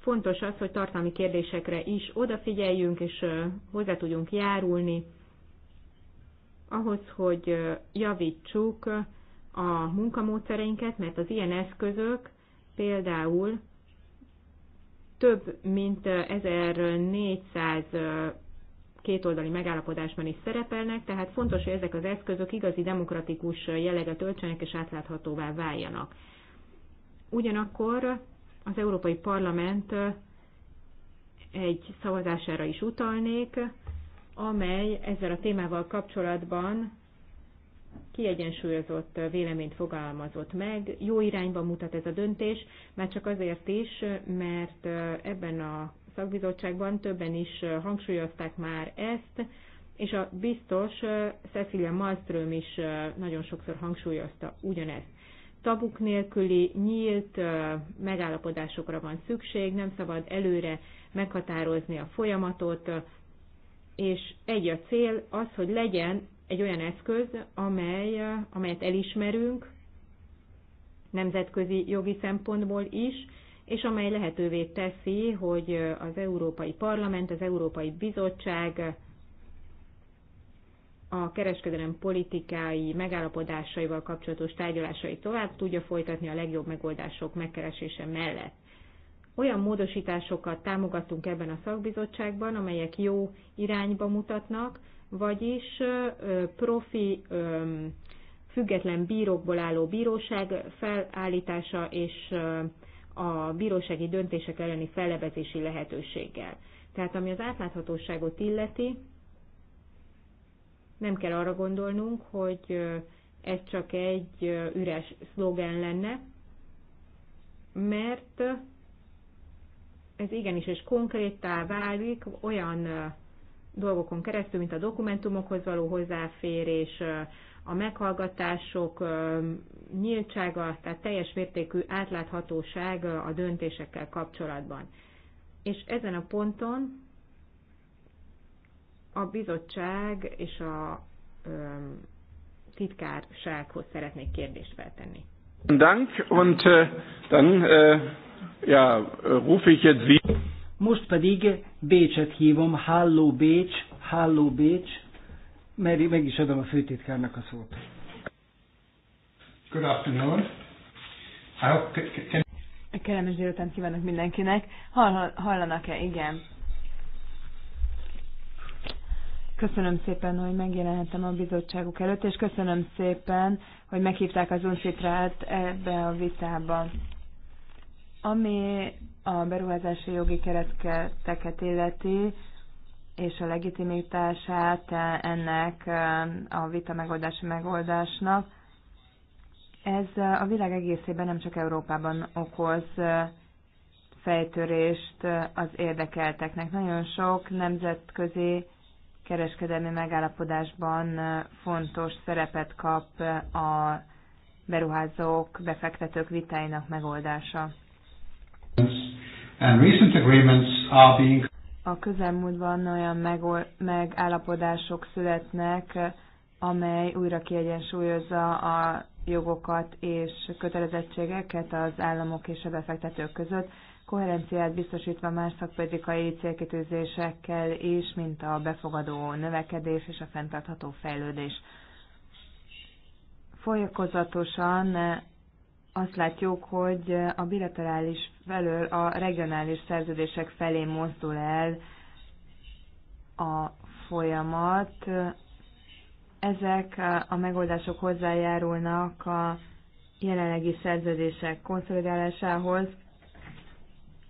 fontos az, hogy tartalmi kérdésekre is odafigyeljünk, és hozzá tudjunk járulni ahhoz, hogy javítsuk a munkamódszereinket, mert az ilyen eszközök például több mint 1400 kétoldali megállapodásban is szerepelnek, tehát fontos, hogy ezek az eszközök igazi demokratikus jelleget öltsenek és átláthatóvá váljanak. Ugyanakkor az Európai Parlament egy szavazására is utalnék, amely ezzel a témával kapcsolatban kiegyensúlyozott véleményt fogalmazott meg. Jó irányba mutat ez a döntés, már csak azért is, mert ebben a szakbizottságban többen is hangsúlyozták már ezt, és a biztos Cecilia Malmström is nagyon sokszor hangsúlyozta ugyanezt. Tabuk nélküli nyílt megállapodásokra van szükség, nem szabad előre meghatározni a folyamatot, és egy a cél az, hogy legyen egy olyan eszköz, amely, amelyet elismerünk nemzetközi jogi szempontból is, és amely lehetővé teszi, hogy az Európai Parlament, az Európai Bizottság a kereskedelem politikai megállapodásaival kapcsolatos tárgyalásait tovább tudja folytatni a legjobb megoldások megkeresése mellett. Olyan módosításokat támogattunk ebben a szakbizottságban, amelyek jó irányba mutatnak, vagyis profi független bírókból álló bíróság felállítása és a bírósági döntések elleni fellebezési lehetőséggel. Tehát ami az átláthatóságot illeti, nem kell arra gondolnunk, hogy ez csak egy üres szlogen lenne, mert ez igenis és konkrétá válik olyan dolgokon keresztül, mint a dokumentumokhoz való hozzáférés, a meghallgatások nyíltsága, tehát teljes mértékű átláthatóság a döntésekkel kapcsolatban. És ezen a ponton a bizottság és a titkársághoz szeretnék kérdést feltenni. Dank, und dann, ja, rufe ich jetzt Sie. Most pedig Bécset hívom, Halló Bécs, Halló Bécs, mert meg is adom a főtitkárnak a szót. Good afternoon. I hope, can... Kellemes délután kívánok mindenkinek. Hall, hallanak-e? Igen. Köszönöm szépen, hogy megjelenhettem a bizottságuk előtt, és köszönöm szépen, hogy meghívták az UNCITRÁT ebbe a vitába. Ami a beruházási jogi kereteket illeti, és a legitimitását ennek eh, a vita megoldási megoldásnak. Ez eh, a világ egészében, nem csak Európában okoz eh, fejtörést az érdekelteknek. Nagyon sok nemzetközi kereskedelmi megállapodásban fontos szerepet kap a beruházók, befektetők vitáinak megoldása and recent agreements are being a közelmúltban olyan megol, megállapodások születnek, amely újra kiegyensúlyozza a jogokat és kötelezettségeket az államok és a befektetők között, koherenciát biztosítva más szakpolitikai célkitűzésekkel is, mint a befogadó növekedés és a fenntartható fejlődés. Folyakozatosan azt látjuk, hogy a bilaterális felől a regionális szerződések felé mozdul el a folyamat. Ezek a megoldások hozzájárulnak a jelenlegi szerződések konszolidálásához,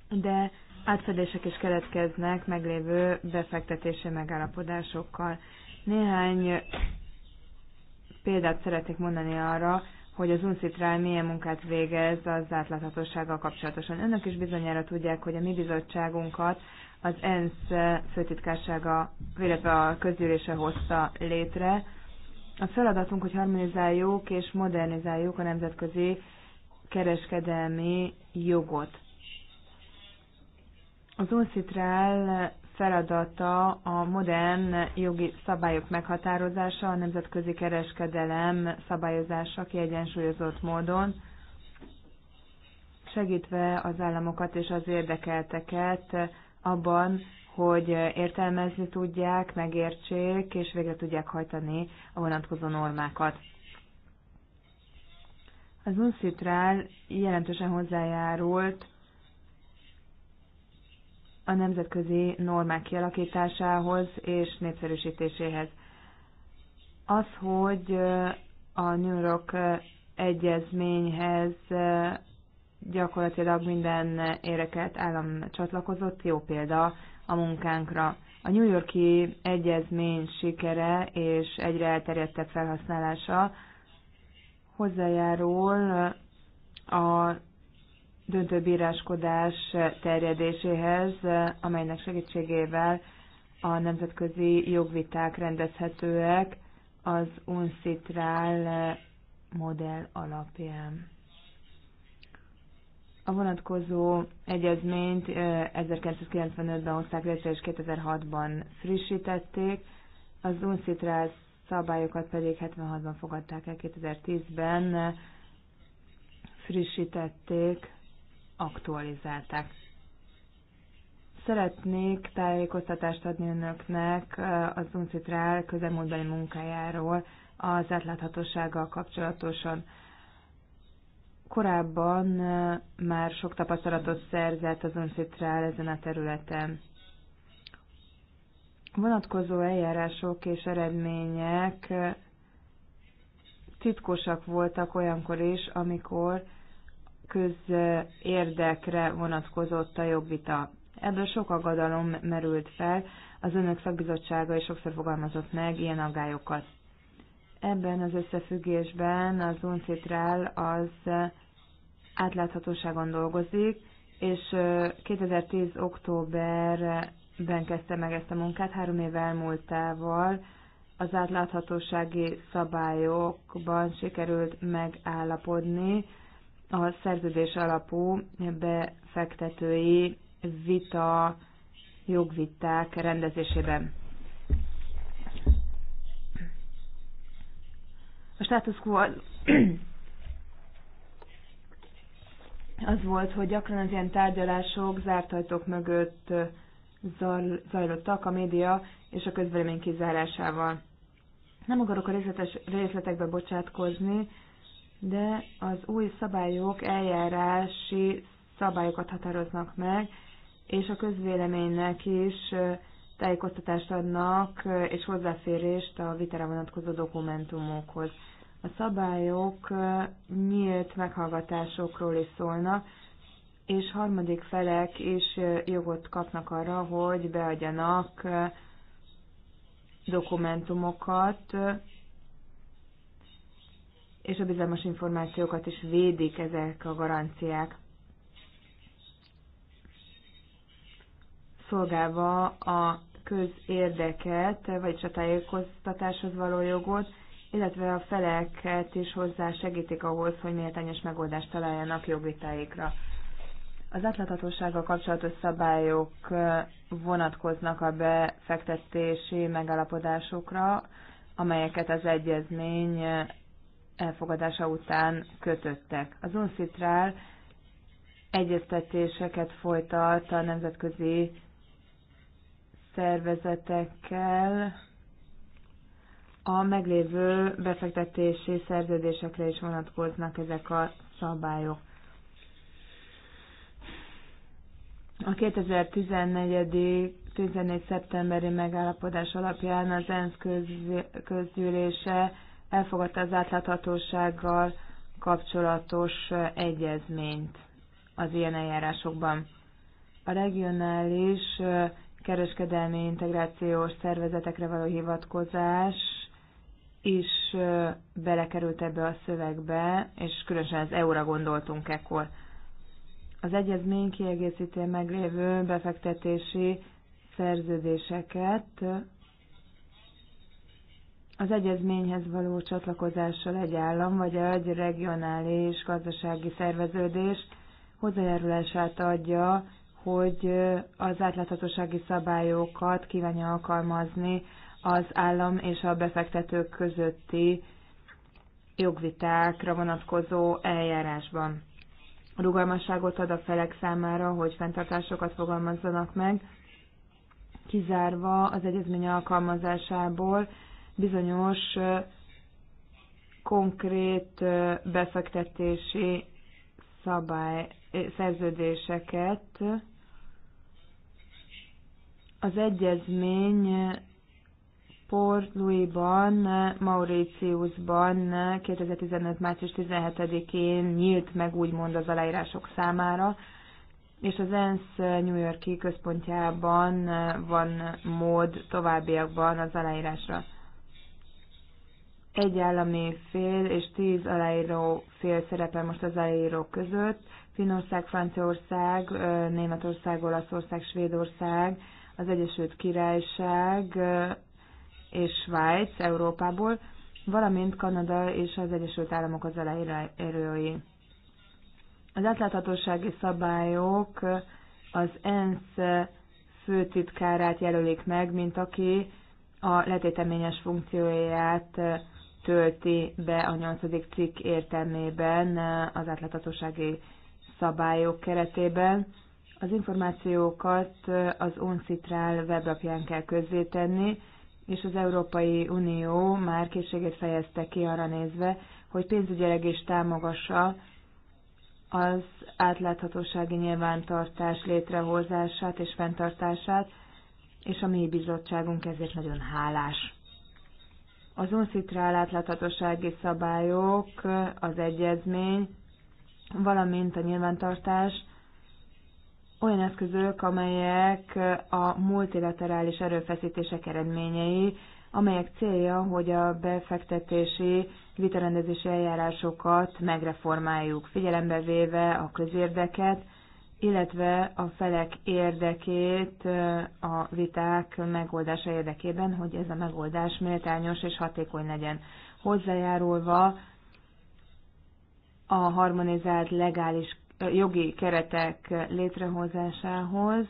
de átfedések is keletkeznek meglévő befektetési megállapodásokkal. Néhány példát szeretnék mondani arra, hogy az UNCITRAL milyen munkát végez az átláthatósággal kapcsolatosan. Önök is bizonyára tudják, hogy a mi bizottságunkat az ENSZ főtitkársága, illetve a közgyűlése hozta létre. A feladatunk, hogy harmonizáljuk és modernizáljuk a nemzetközi kereskedelmi jogot. Az UNCITRAL feladata a modern jogi szabályok meghatározása, a nemzetközi kereskedelem szabályozása kiegyensúlyozott módon, segítve az államokat és az érdekelteket abban, hogy értelmezni tudják, megértsék és végre tudják hajtani a vonatkozó normákat. Az UNCITRAL jelentősen hozzájárult a nemzetközi normák kialakításához és népszerűsítéséhez. Az, hogy a New York egyezményhez gyakorlatilag minden érekelt állam csatlakozott, jó példa a munkánkra. A New Yorki egyezmény sikere és egyre elterjedtebb felhasználása hozzájárul a döntőbíráskodás terjedéséhez, amelynek segítségével a nemzetközi jogviták rendezhetőek az UNCITRAL modell alapján. A vonatkozó egyezményt 1995-ben hozták létre és 2006-ban frissítették, az UNCITRAL szabályokat pedig 76-ban fogadták el, 2010-ben frissítették aktualizálták. Szeretnék tájékoztatást adni önöknek eh, az UNCITRAL közelmúltbeli munkájáról az átláthatósággal kapcsolatosan. Korábban eh, már sok tapasztalatot szerzett az UNCITRAL ezen a területen vonatkozó eljárások és eredmények eh, titkosak voltak olyankor is, amikor közérdekre vonatkozott a jogvita. Ebből sok aggodalom merült fel, az önök szakbizottsága is sokszor fogalmazott meg ilyen aggályokat. Ebben az összefüggésben az UNCITRAL az átláthatóságon dolgozik, és 2010. októberben kezdte meg ezt a munkát, három év elmúltával az átláthatósági szabályokban sikerült megállapodni, a szerződés alapú befektetői vita jogviták rendezésében. A status quo az volt, hogy gyakran az ilyen tárgyalások zárt ajtók mögött zajlottak a média és a közvélemény kizárásával. Nem akarok a részletes részletekbe bocsátkozni, de az új szabályok eljárási szabályokat határoznak meg, és a közvéleménynek is tájékoztatást adnak és hozzáférést a vitára vonatkozó dokumentumokhoz. A szabályok nyílt meghallgatásokról is szólnak, és harmadik felek is jogot kapnak arra, hogy beadjanak dokumentumokat, és a bizalmas információkat is védik ezek a garanciák. Szolgálva a közérdeket, vagyis a tájékoztatáshoz való jogot, illetve a feleket is hozzá segítik ahhoz, hogy méltányos megoldást találjanak jogvitáikra. Az átláthatósággal kapcsolatos szabályok vonatkoznak a befektetési megállapodásokra, amelyeket az egyezmény elfogadása után kötöttek. Az UNCITRAL egyeztetéseket folytat a nemzetközi szervezetekkel, a meglévő befektetési szerződésekre is vonatkoznak ezek a szabályok. A 2014. 14. szeptemberi megállapodás alapján az ENSZ közgyűlése elfogadta az átláthatósággal kapcsolatos egyezményt az ilyen eljárásokban. A regionális kereskedelmi integrációs szervezetekre való hivatkozás is belekerült ebbe a szövegbe, és különösen az EU-ra gondoltunk ekkor. Az egyezmény kiegészíti a meglévő befektetési szerződéseket, az egyezményhez való csatlakozással egy állam vagy egy regionális gazdasági szerveződés hozzájárulását adja, hogy az átláthatósági szabályokat kívánja alkalmazni az állam és a befektetők közötti jogvitákra vonatkozó eljárásban. Rugalmasságot ad a felek számára, hogy fenntartásokat fogalmazzanak meg, kizárva az egyezmény alkalmazásából bizonyos konkrét befektetési szabály, szerződéseket. Az egyezmény Port Louisban, Mauritiusban 2015. március 17-én nyílt meg úgymond az aláírások számára, és az ENSZ New Yorki központjában van mód továbbiakban az aláírásra. Egy állami fél és tíz aláíró fél szerepel most az aláírók között. Finország, Franciaország, Németország, Olaszország, Svédország, az Egyesült Királyság és Svájc Európából, valamint Kanada és az Egyesült Államok az aláírói. Az átláthatósági szabályok az ENSZ főtitkárát jelölik meg, mint aki a letéteményes funkcióját tölti be a nyolcadik cikk értelmében az átláthatósági szabályok keretében. Az információkat az UNCITRAL weblapján kell közzétenni, és az Európai Unió már készséget fejezte ki arra nézve, hogy pénzügyileg is támogassa az átláthatósági nyilvántartás létrehozását és fenntartását, és a mi bizottságunk ezért nagyon hálás. Az UNCITRAL átláthatósági szabályok, az egyezmény, valamint a nyilvántartás olyan eszközök, amelyek a multilaterális erőfeszítések eredményei, amelyek célja, hogy a befektetési vitarendezési eljárásokat megreformáljuk, figyelembe véve a közérdeket, illetve a felek érdekét a viták megoldása érdekében, hogy ez a megoldás méltányos és hatékony legyen. Hozzájárulva a harmonizált legális jogi keretek létrehozásához,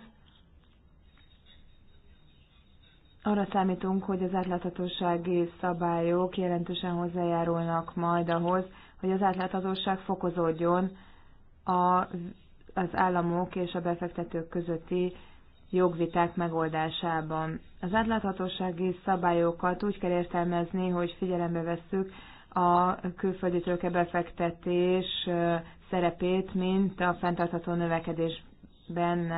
arra számítunk, hogy az átláthatósági szabályok jelentősen hozzájárulnak majd ahhoz, hogy az átláthatóság fokozódjon a az államok és a befektetők közötti jogviták megoldásában. Az átláthatósági szabályokat úgy kell értelmezni, hogy figyelembe vesszük a külföldi befektetés szerepét, mint a fenntartható növekedésben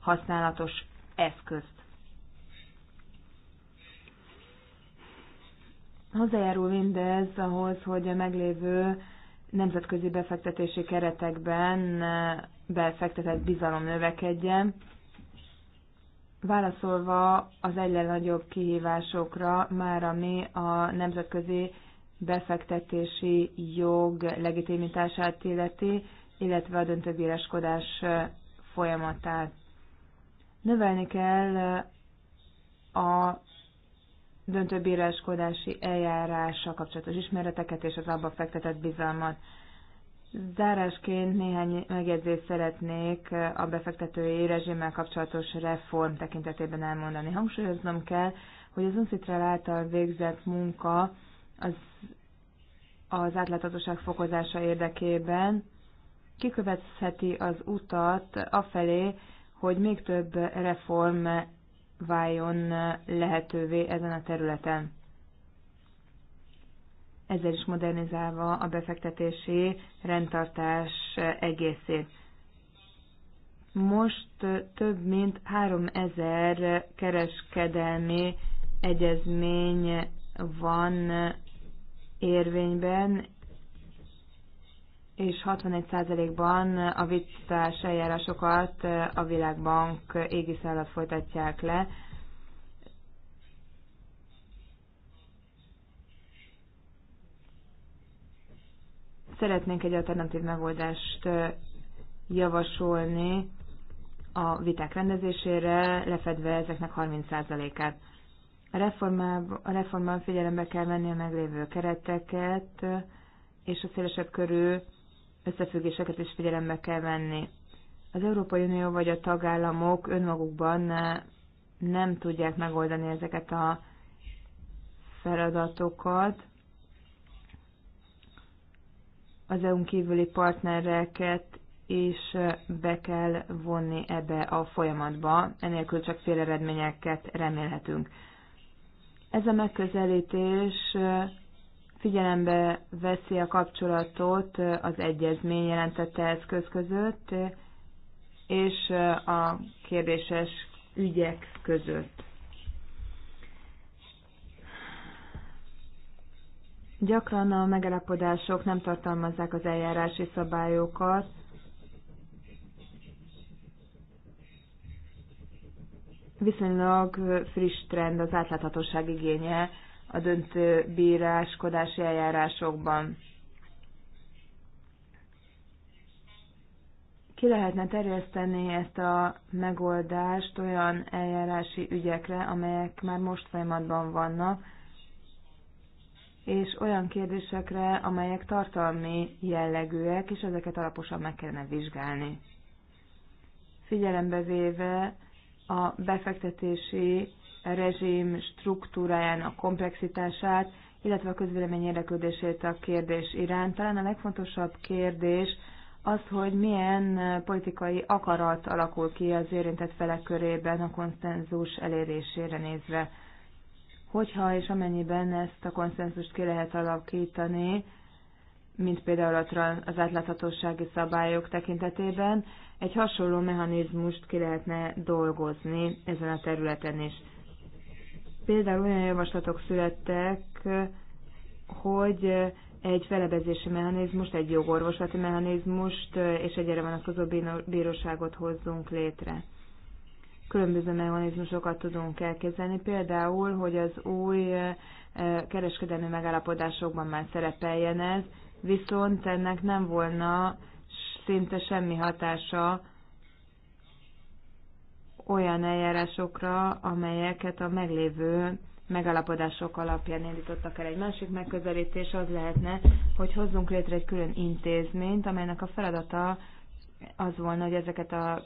használatos eszközt. Hozzájárul mindez ahhoz, hogy a meglévő nemzetközi befektetési keretekben befektetett bizalom növekedjen. Válaszolva az egyre nagyobb kihívásokra, már ami a nemzetközi befektetési jog legitimitását illeti, illetve a döntőbíráskodás folyamatát. Növelni kell a döntőbíráskodási eljárással kapcsolatos ismereteket és az abba fektetett bizalmat. Zárásként néhány megjegyzést szeretnék a befektetői rezsimmel kapcsolatos reform tekintetében elmondani. Hangsúlyoznom kell, hogy az UNCITRAL által végzett munka az, az átláthatóság fokozása érdekében kikövetheti az utat afelé, hogy még több reform váljon lehetővé ezen a területen ezzel is modernizálva a befektetési rendtartás egészét. Most több mint 3000 kereskedelmi egyezmény van érvényben, és 61%-ban a vicces eljárásokat a Világbank égiszállat folytatják le. szeretnénk egy alternatív megoldást javasolni a viták rendezésére, lefedve ezeknek 30%-át. A, a reformban figyelembe kell venni a meglévő kereteket, és a szélesebb körű összefüggéseket is figyelembe kell venni. Az Európai Unió vagy a tagállamok önmagukban nem tudják megoldani ezeket a feladatokat, az EU-n kívüli partnereket is be kell vonni ebbe a folyamatba, enélkül csak fél eredményeket remélhetünk. Ez a megközelítés figyelembe veszi a kapcsolatot az egyezmény jelentette eszköz között és a kérdéses ügyek között. Gyakran a megállapodások nem tartalmazzák az eljárási szabályokat, viszonylag friss trend az átláthatóság igénye a döntő bíráskodási eljárásokban. Ki lehetne terjeszteni ezt a megoldást olyan eljárási ügyekre, amelyek már most folyamatban vannak, és olyan kérdésekre, amelyek tartalmi jellegűek, és ezeket alaposan meg kellene vizsgálni. Figyelembe véve a befektetési rezsim struktúrájának komplexitását, illetve a közvélemény érdeklődését a kérdés iránt. Talán a legfontosabb kérdés az, hogy milyen politikai akarat alakul ki az érintett felek körében a konszenzus elérésére nézve hogyha és amennyiben ezt a konszenzust ki lehet alakítani, mint például az átláthatósági szabályok tekintetében, egy hasonló mechanizmust ki lehetne dolgozni ezen a területen is. Például olyan javaslatok születtek, hogy egy felebezési mechanizmust, egy jogorvoslati mechanizmust és egyre van a bíróságot hozzunk létre különböző mechanizmusokat tudunk elképzelni, például, hogy az új eh, kereskedelmi megállapodásokban már szerepeljen ez, viszont ennek nem volna szinte semmi hatása olyan eljárásokra, amelyeket a meglévő megalapodások alapján indítottak el. Egy másik megközelítés az lehetne, hogy hozzunk létre egy külön intézményt, amelynek a feladata az volna, hogy ezeket a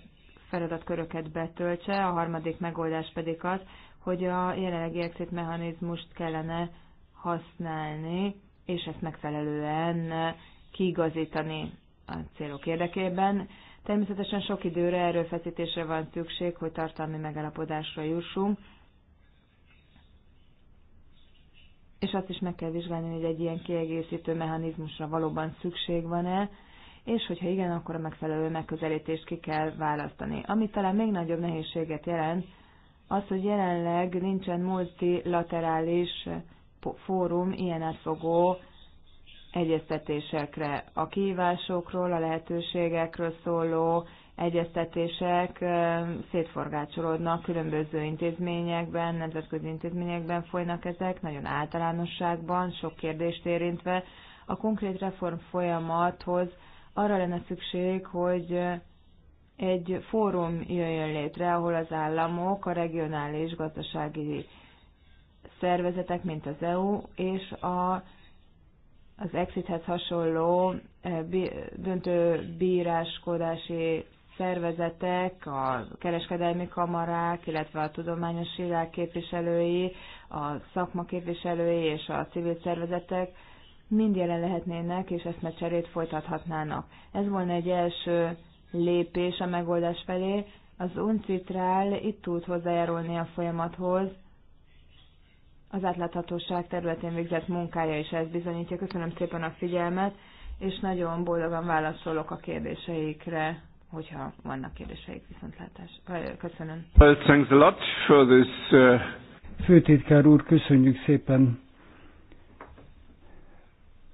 feladatköröket betöltse, a harmadik megoldás pedig az, hogy a jelenlegi exit mechanizmust kellene használni, és ezt megfelelően kiigazítani a célok érdekében. Természetesen sok időre, erőfeszítésre van szükség, hogy tartalmi megalapodásra jussunk, és azt is meg kell vizsgálni, hogy egy ilyen kiegészítő mechanizmusra valóban szükség van-e, és hogyha igen, akkor a megfelelő megközelítést ki kell választani. Ami talán még nagyobb nehézséget jelent, az, hogy jelenleg nincsen multilaterális fórum ilyen átfogó egyeztetésekre. A kihívásokról, a lehetőségekről szóló egyeztetések szétforgácsolódnak különböző intézményekben, nemzetközi intézményekben folynak ezek, nagyon általánosságban, sok kérdést érintve. A konkrét reform folyamathoz arra lenne szükség, hogy egy fórum jöjjön létre, ahol az államok, a regionális gazdasági szervezetek, mint az EU, és a, az Exithez hasonló eh, döntő bíráskodási szervezetek, a kereskedelmi kamarák, illetve a tudományos világ képviselői, a szakma képviselői és a civil szervezetek mind jelen lehetnének, és ezt cserét folytathatnának. Ez volna egy első lépés a megoldás felé. Az uncitrál itt tud hozzájárulni a folyamathoz, az átláthatóság területén végzett munkája is ezt bizonyítja. Köszönöm szépen a figyelmet, és nagyon boldogan válaszolok a kérdéseikre, hogyha vannak kérdéseik viszontlátás. Köszönöm. Well, thanks a lot for this, uh... Főtétkár úr, köszönjük szépen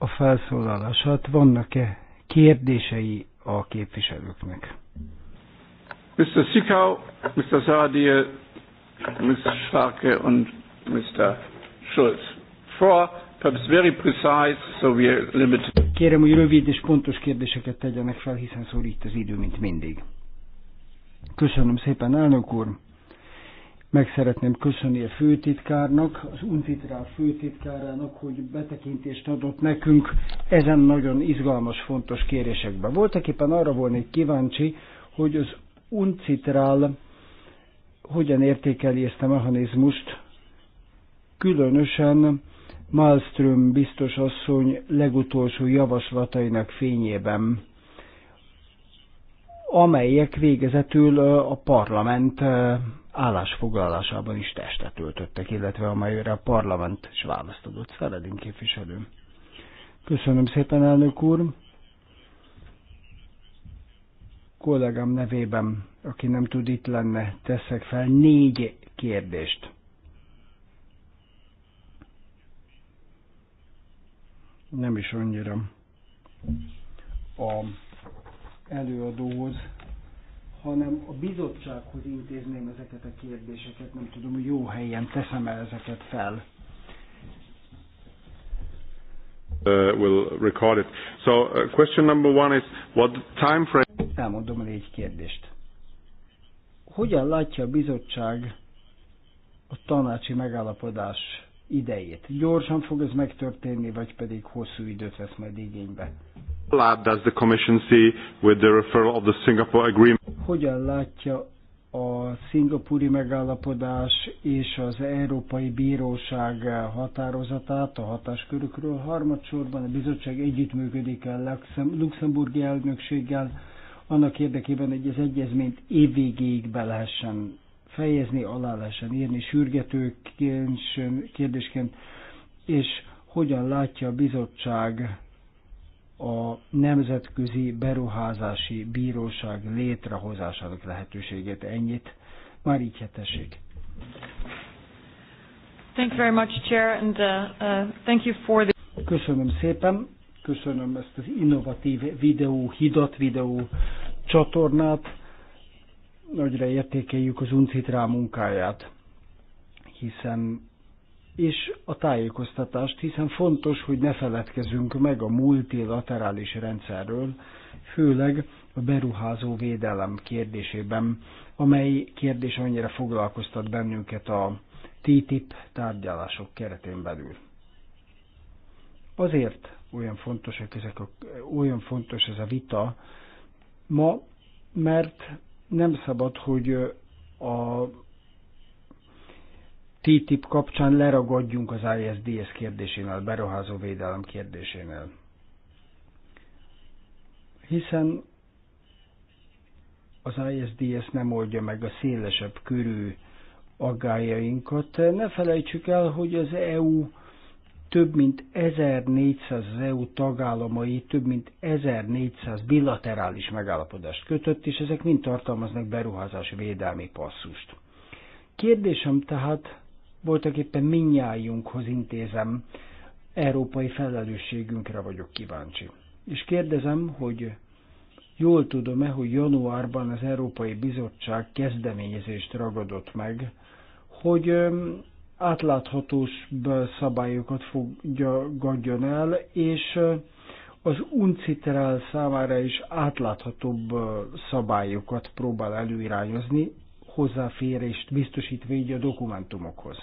a felszólalását. Vannak-e kérdései a képviselőknek? Mr. Sikau, Mr. Sardier, Mr. Schwarke und Mr. Schulz. For perhaps very precise, so we are limited. Kérem, hogy rövid és pontos kérdéseket tegyenek fel, hiszen szorít az idő, mint mindig. Köszönöm szépen, elnök úr! Meg szeretném köszönni a főtitkárnak, az UNCITRÁL főtitkárának, hogy betekintést adott nekünk ezen nagyon izgalmas, fontos kérésekbe. Voltak éppen arra volnék kíváncsi, hogy az UNCITRÁL hogyan értékeli ezt a mechanizmust, különösen Malmström biztos asszony legutolsó javaslatainak fényében, amelyek végezetül a parlament állásfoglalásában is testet öltöttek, illetve amelyre a parlament is választ adott. Feledin képviselő. Köszönöm szépen, elnök úr! Kollégám nevében, aki nem tud itt lenne, teszek fel négy kérdést. Nem is annyira. A előadóhoz hanem a bizottsághoz intézném ezeket a kérdéseket, nem tudom, hogy jó helyen teszem-e ezeket fel. Uh, we'll record it. So uh, question number one is what time frame... Elmondom egy kérdést. Hogyan látja a bizottság a tanácsi megállapodás idejét? Gyorsan fog ez megtörténni, vagy pedig hosszú időt vesz majd igénybe? Hogyan látja a szingapúri megállapodás és az Európai Bíróság határozatát a hatáskörükről. Harmadsorban a bizottság együttműködik a luxemburgi elnökséggel, annak érdekében, hogy az egyezményt évvégéig be lehessen fejezni, alá lehessen írni sürgetőként, kérdésként, és hogyan látja a bizottság a Nemzetközi Beruházási Bíróság létrehozásának lehetőségét. Ennyit. Már így hetessék. Hát thank you very much, Chair, and uh, uh, thank you for the... Köszönöm szépen, köszönöm ezt az innovatív videó, hidat videó csatornát. Nagyra értékeljük az UNCITRÁ munkáját, hiszen és a tájékoztatást, hiszen fontos, hogy ne feledkezünk meg a multilaterális rendszerről, főleg a beruházó védelem kérdésében, amely kérdés annyira foglalkoztat bennünket a TTIP tárgyalások keretén belül. Azért olyan fontos ezek a, olyan fontos ez a vita ma, mert nem szabad, hogy a TTIP kapcsán leragadjunk az ISDS kérdésénél, a beruházó védelem kérdésénél. Hiszen az ISDS nem oldja meg a szélesebb körű aggájainkat. Ne felejtsük el, hogy az EU több mint 1400 az EU tagállamai több mint 1400 bilaterális megállapodást kötött, és ezek mind tartalmaznak beruházás védelmi passzust. Kérdésem tehát voltak éppen minnyájunkhoz intézem, európai felelősségünkre vagyok kíváncsi. És kérdezem, hogy jól tudom-e, hogy januárban az Európai Bizottság kezdeményezést ragadott meg, hogy átláthatós szabályokat fogadjon el, és az UNCITRAL számára is átláthatóbb szabályokat próbál előirányozni, hozzáférést biztosít így a dokumentumokhoz.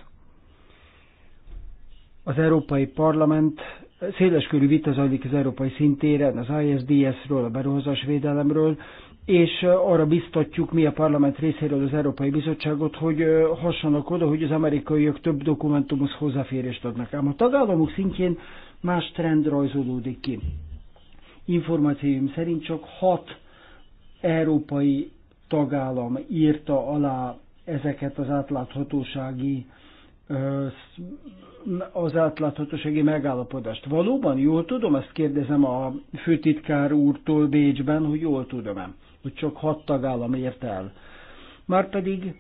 Az Európai Parlament széleskörű vita zajlik az európai szintéren, az ISDS-ről, a beruházás védelemről, és arra biztatjuk mi a parlament részéről az Európai Bizottságot, hogy hassanak oda, hogy az amerikaiak több dokumentumhoz hozzáférést adnak. Ám a tagállamok szintjén más trend rajzolódik ki. Információim szerint csak hat európai tagállam írta alá ezeket az átláthatósági az átláthatósági megállapodást. Valóban jól tudom, ezt kérdezem a főtitkár úrtól Bécsben, hogy jól tudom-e, hogy csak hat tagállam ért el. Márpedig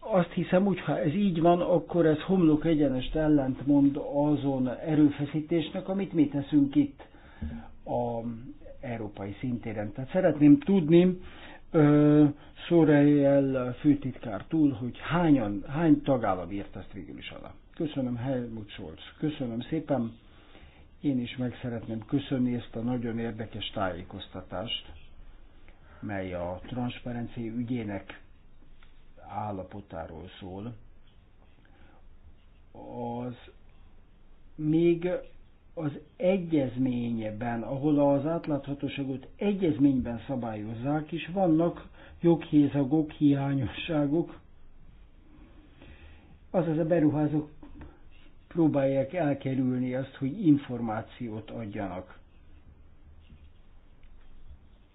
azt hiszem, hogy ha ez így van, akkor ez homlok egyenest mond azon erőfeszítésnek, amit mi teszünk itt a európai szintéren. Tehát szeretném tudni, Szórejjel főtitkár túl, hogy hányan, hány tagállam írt ezt végül is alá. Köszönöm Helmut Scholz, köszönöm szépen. Én is meg szeretném köszönni ezt a nagyon érdekes tájékoztatást, mely a transzparenci ügyének állapotáról szól. Az még az egyezményben, ahol az átláthatóságot egyezményben szabályozzák, és vannak joghézagok, hiányosságok, azaz a beruházók próbálják elkerülni azt, hogy információt adjanak.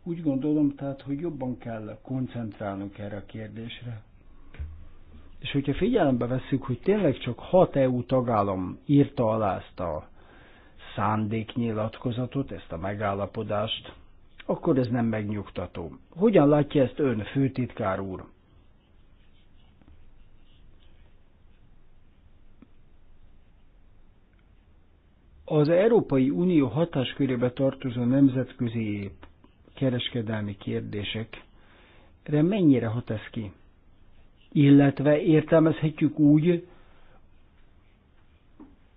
Úgy gondolom tehát, hogy jobban kell koncentrálnunk erre a kérdésre. És hogyha figyelembe veszük, hogy tényleg csak hat EU tagállam írta alá ezt a szándéknyilatkozatot, ezt a megállapodást, akkor ez nem megnyugtató. Hogyan látja ezt ön, főtitkár úr? Az Európai Unió hatáskörébe tartozó nemzetközi kereskedelmi kérdésekre mennyire hat ez ki? Illetve értelmezhetjük úgy,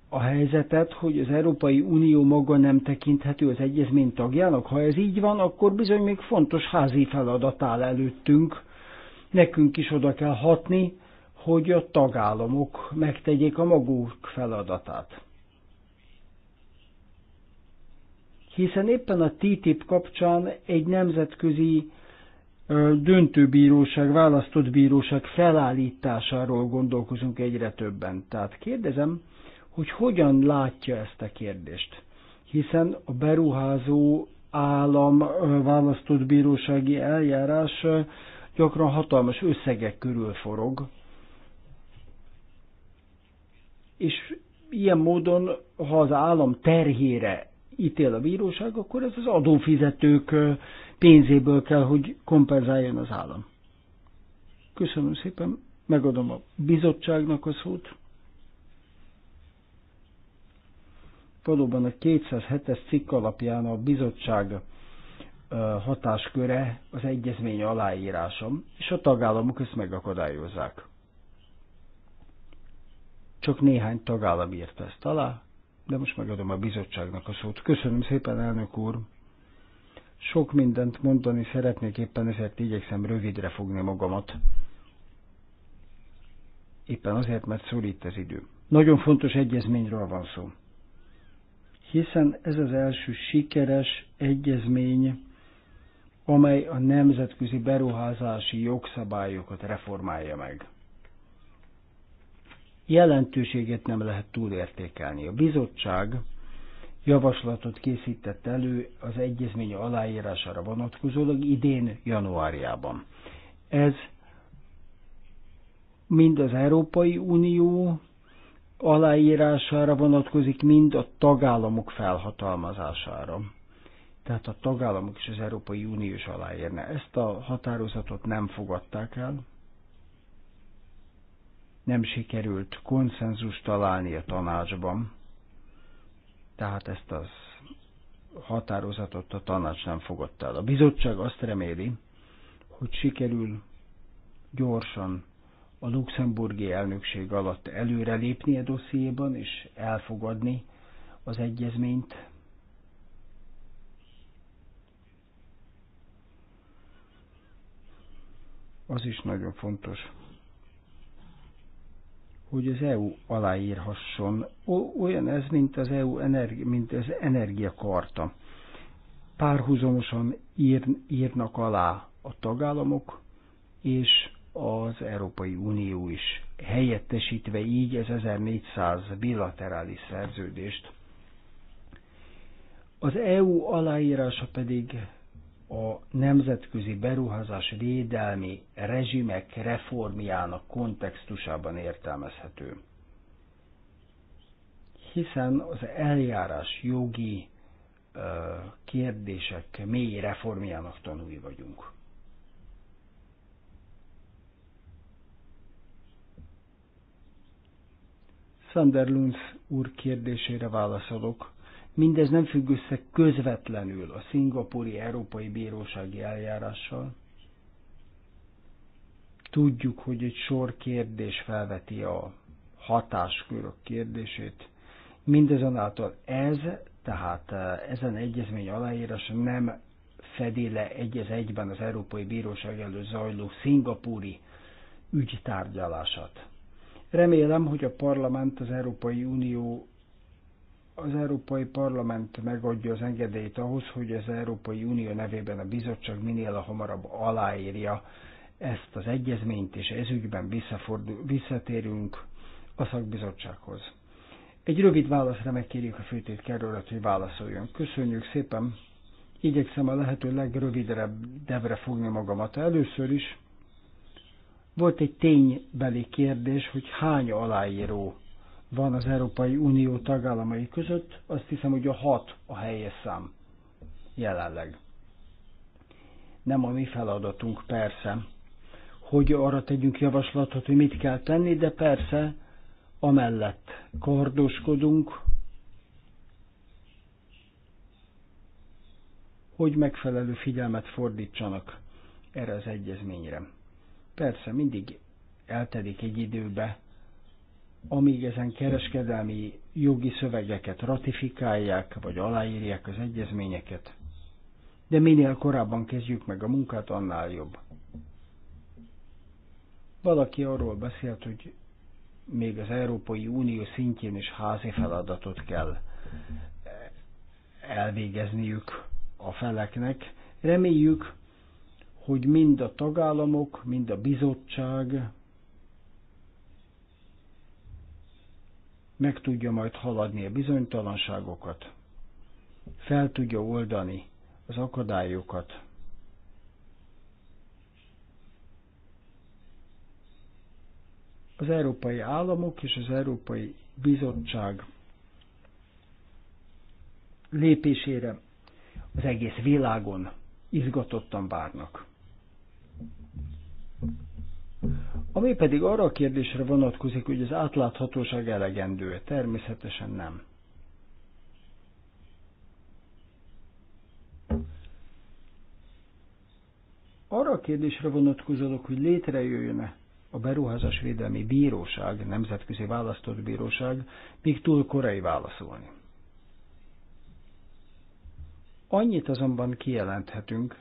a helyzetet, hogy az Európai Unió maga nem tekinthető az egyezmény tagjának? Ha ez így van, akkor bizony még fontos házi feladat áll előttünk. Nekünk is oda kell hatni, hogy a tagállamok megtegyék a maguk feladatát. Hiszen éppen a TTIP kapcsán egy nemzetközi döntőbíróság, választott bíróság felállításáról gondolkozunk egyre többen. Tehát kérdezem, hogy hogyan látja ezt a kérdést. Hiszen a beruházó állam választott bírósági eljárás gyakran hatalmas összegek körül forog, és ilyen módon, ha az állam terhére ítél a bíróság, akkor ez az adófizetők pénzéből kell, hogy kompenzáljon az állam. Köszönöm szépen, megadom a bizottságnak a szót. valóban a 207-es cikk alapján a bizottság hatásköre az egyezmény aláírásom és a tagállamok ezt megakadályozzák. Csak néhány tagállam írta ezt alá, de most megadom a bizottságnak a szót. Köszönöm szépen, elnök úr! Sok mindent mondani szeretnék, éppen ezért igyekszem rövidre fogni magamat. Éppen azért, mert szorít az idő. Nagyon fontos egyezményről van szó hiszen ez az első sikeres egyezmény, amely a nemzetközi beruházási jogszabályokat reformálja meg. Jelentőségét nem lehet túlértékelni. A bizottság javaslatot készített elő az egyezmény aláírására vonatkozólag idén januárjában. Ez mind az Európai Unió, aláírására vonatkozik, mind a tagállamok felhatalmazására. Tehát a tagállamok is az Európai Unió is aláírna. Ezt a határozatot nem fogadták el, nem sikerült konszenzus találni a tanácsban, tehát ezt az határozatot a tanács nem fogadta el. A bizottság azt reméli, hogy sikerül gyorsan a luxemburgi elnökség alatt előrelépni a e dossziéban és elfogadni az egyezményt. Az is nagyon fontos, hogy az EU aláírhasson. Olyan ez, mint az EU energi, mint az energiakarta. Párhuzamosan ír, írnak alá a tagállamok, és az Európai Unió is, helyettesítve így az 1400 bilaterális szerződést. Az EU aláírása pedig a nemzetközi beruházás védelmi rezsimek reformjának kontextusában értelmezhető. Hiszen az eljárás jogi kérdések mély reformjának tanúi vagyunk. Sanderlunds úr kérdésére válaszolok. Mindez nem függ össze közvetlenül a szingapúri Európai Bírósági eljárással. Tudjuk, hogy egy sor kérdés felveti a hatáskörök kérdését. Mindezonáltal ez, tehát eh, ezen egyezmény aláírása nem fedi le egy az egyben az Európai Bíróság előtt zajló szingapúri ügytárgyalását. Remélem, hogy a parlament, az Európai Unió, az Európai Parlament megadja az engedélyt ahhoz, hogy az Európai Unió nevében a bizottság minél a hamarabb aláírja ezt az egyezményt, és ez ügyben visszatérünk a szakbizottsághoz. Egy rövid válaszra megkérjük a főtétkerület, hogy válaszoljon. Köszönjük szépen! Igyekszem a lehető devre fogni magamat. Először is volt egy ténybeli kérdés, hogy hány aláíró van az Európai Unió tagállamai között, azt hiszem, hogy a hat a helyes szám jelenleg. Nem a mi feladatunk, persze, hogy arra tegyünk javaslatot, hogy mit kell tenni, de persze amellett kardoskodunk, hogy megfelelő figyelmet fordítsanak erre az egyezményre. Persze, mindig eltelik egy időbe, amíg ezen kereskedelmi jogi szövegeket ratifikálják, vagy aláírják az egyezményeket. De minél korábban kezdjük meg a munkát, annál jobb. Valaki arról beszélt, hogy még az Európai Unió szintjén is házi feladatot kell elvégezniük a feleknek. Reméljük, hogy mind a tagállamok, mind a bizottság meg tudja majd haladni a bizonytalanságokat, fel tudja oldani az akadályokat. Az európai államok és az Európai Bizottság lépésére az egész világon izgatottan várnak. Ami pedig arra a kérdésre vonatkozik, hogy az átláthatóság elegendő, természetesen nem. Arra a kérdésre vonatkozolok, hogy létrejöjjön-e a Beruházás Védelmi Bíróság, Nemzetközi Választott Bíróság, még túl korai válaszolni. Annyit azonban kijelenthetünk,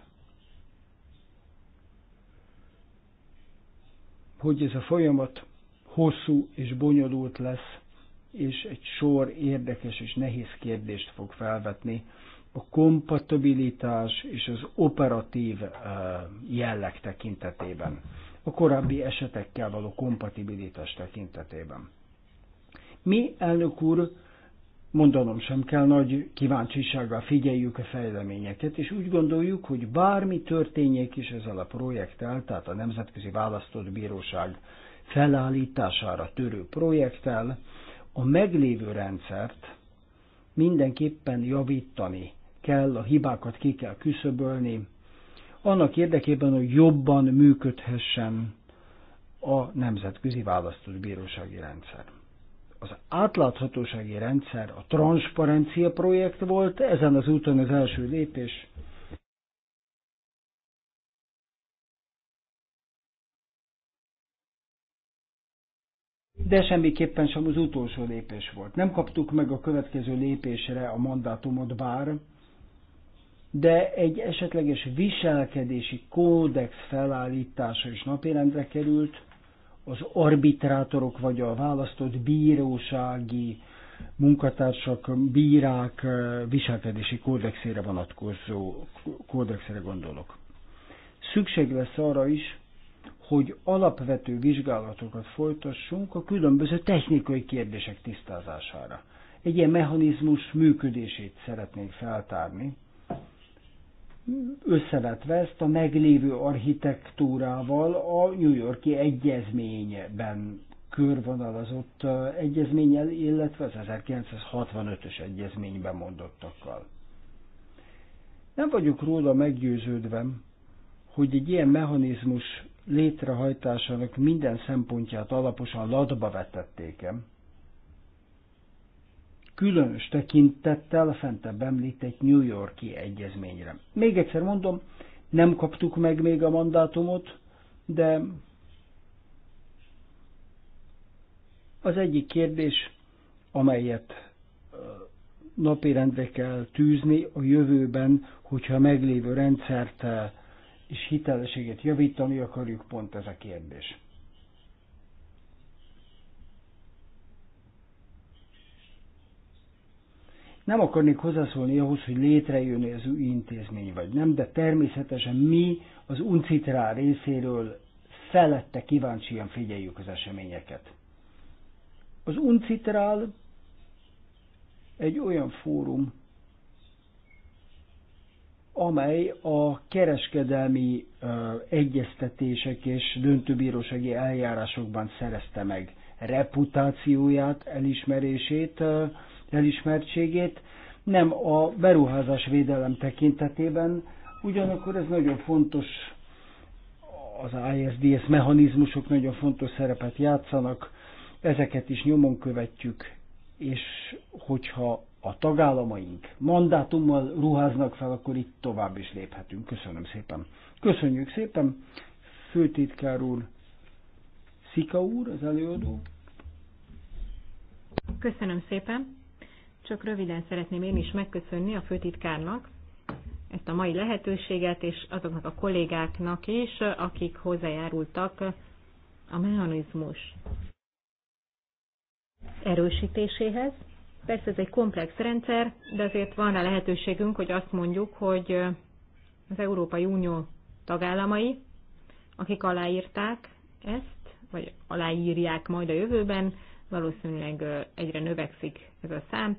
hogy ez a folyamat hosszú és bonyolult lesz, és egy sor érdekes és nehéz kérdést fog felvetni. A kompatibilitás és az operatív jelleg tekintetében, a korábbi esetekkel való kompatibilitás tekintetében. Mi, elnök úr, mondanom sem kell, nagy kíváncsisággal figyeljük a fejleményeket, és úgy gondoljuk, hogy bármi történjék is ezzel a projekttel, tehát a Nemzetközi Választott Bíróság felállítására törő projekttel, a meglévő rendszert mindenképpen javítani kell, a hibákat ki kell küszöbölni, annak érdekében, hogy jobban működhessen a Nemzetközi Választott Bírósági Rendszer. Az átláthatósági rendszer a transzparencia projekt volt, ezen az úton az első lépés. De semmiképpen sem az utolsó lépés volt. Nem kaptuk meg a következő lépésre a mandátumot bár, de egy esetleges viselkedési kódex felállítása is napirendre került, az arbitrátorok vagy a választott bírósági munkatársak, bírák eh, viselkedési kódexére vonatkozó kódexre gondolok. Szükség lesz arra is, hogy alapvető vizsgálatokat folytassunk a különböző technikai kérdések tisztázására. Egy ilyen mechanizmus működését szeretnénk feltárni, összevetve ezt a meglévő architektúrával a New Yorki egyezményben körvonalazott egyezménnyel, illetve az 1965-ös egyezményben mondottakkal. Nem vagyok róla meggyőződve, hogy egy ilyen mechanizmus létrehajtásának minden szempontját alaposan latba vetették -e, különös tekintettel a fentebb említett New Yorki egyezményre. Még egyszer mondom, nem kaptuk meg még a mandátumot, de az egyik kérdés, amelyet rendre kell tűzni a jövőben, hogyha a meglévő rendszert és hitelességet javítani akarjuk, pont ez a kérdés. Nem akarnék hozzászólni ahhoz, hogy létrejön az új intézmény vagy nem, de természetesen mi az UNCITRÁ részéről felette kíváncsian figyeljük az eseményeket. Az UNCITRÁL egy olyan fórum, amely a kereskedelmi uh, egyeztetések és döntőbírósági eljárásokban szerezte meg reputációját, elismerését, uh, elismertségét, nem a beruházás védelem tekintetében, ugyanakkor ez nagyon fontos, az ISDS mechanizmusok nagyon fontos szerepet játszanak, ezeket is nyomon követjük, és hogyha a tagállamaink mandátummal ruháznak fel, akkor itt tovább is léphetünk. Köszönöm szépen. Köszönjük szépen, főtitkár úr, Szika úr, az előadó. Köszönöm szépen. Csak röviden szeretném én is megköszönni a főtitkárnak ezt a mai lehetőséget, és azoknak a kollégáknak is, akik hozzájárultak a mechanizmus erősítéséhez. Persze ez egy komplex rendszer, de azért van rá lehetőségünk, hogy azt mondjuk, hogy az Európai Unió tagállamai, akik aláírták ezt, vagy aláírják majd a jövőben, valószínűleg egyre növekszik ez a szám,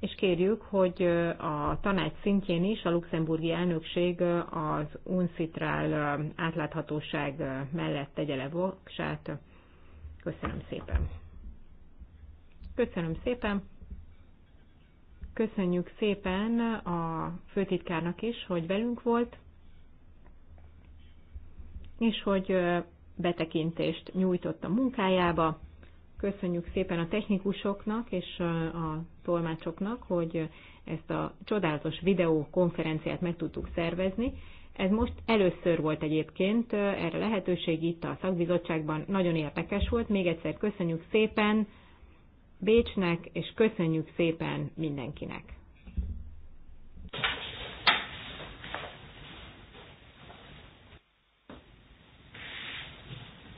és kérjük, hogy a tanács szintjén is a luxemburgi elnökség az uncitrál átláthatóság mellett tegye le voksát. Köszönöm szépen. Köszönöm szépen. Köszönjük szépen a főtitkárnak is, hogy velünk volt, és hogy betekintést nyújtott a munkájába. Köszönjük szépen a technikusoknak és a tolmácsoknak, hogy ezt a csodálatos videókonferenciát meg tudtuk szervezni. Ez most először volt egyébként eh, erre lehetőség itt a szakbizottságban, nagyon érdekes volt. Még egyszer köszönjük szépen Bécsnek, és köszönjük szépen mindenkinek.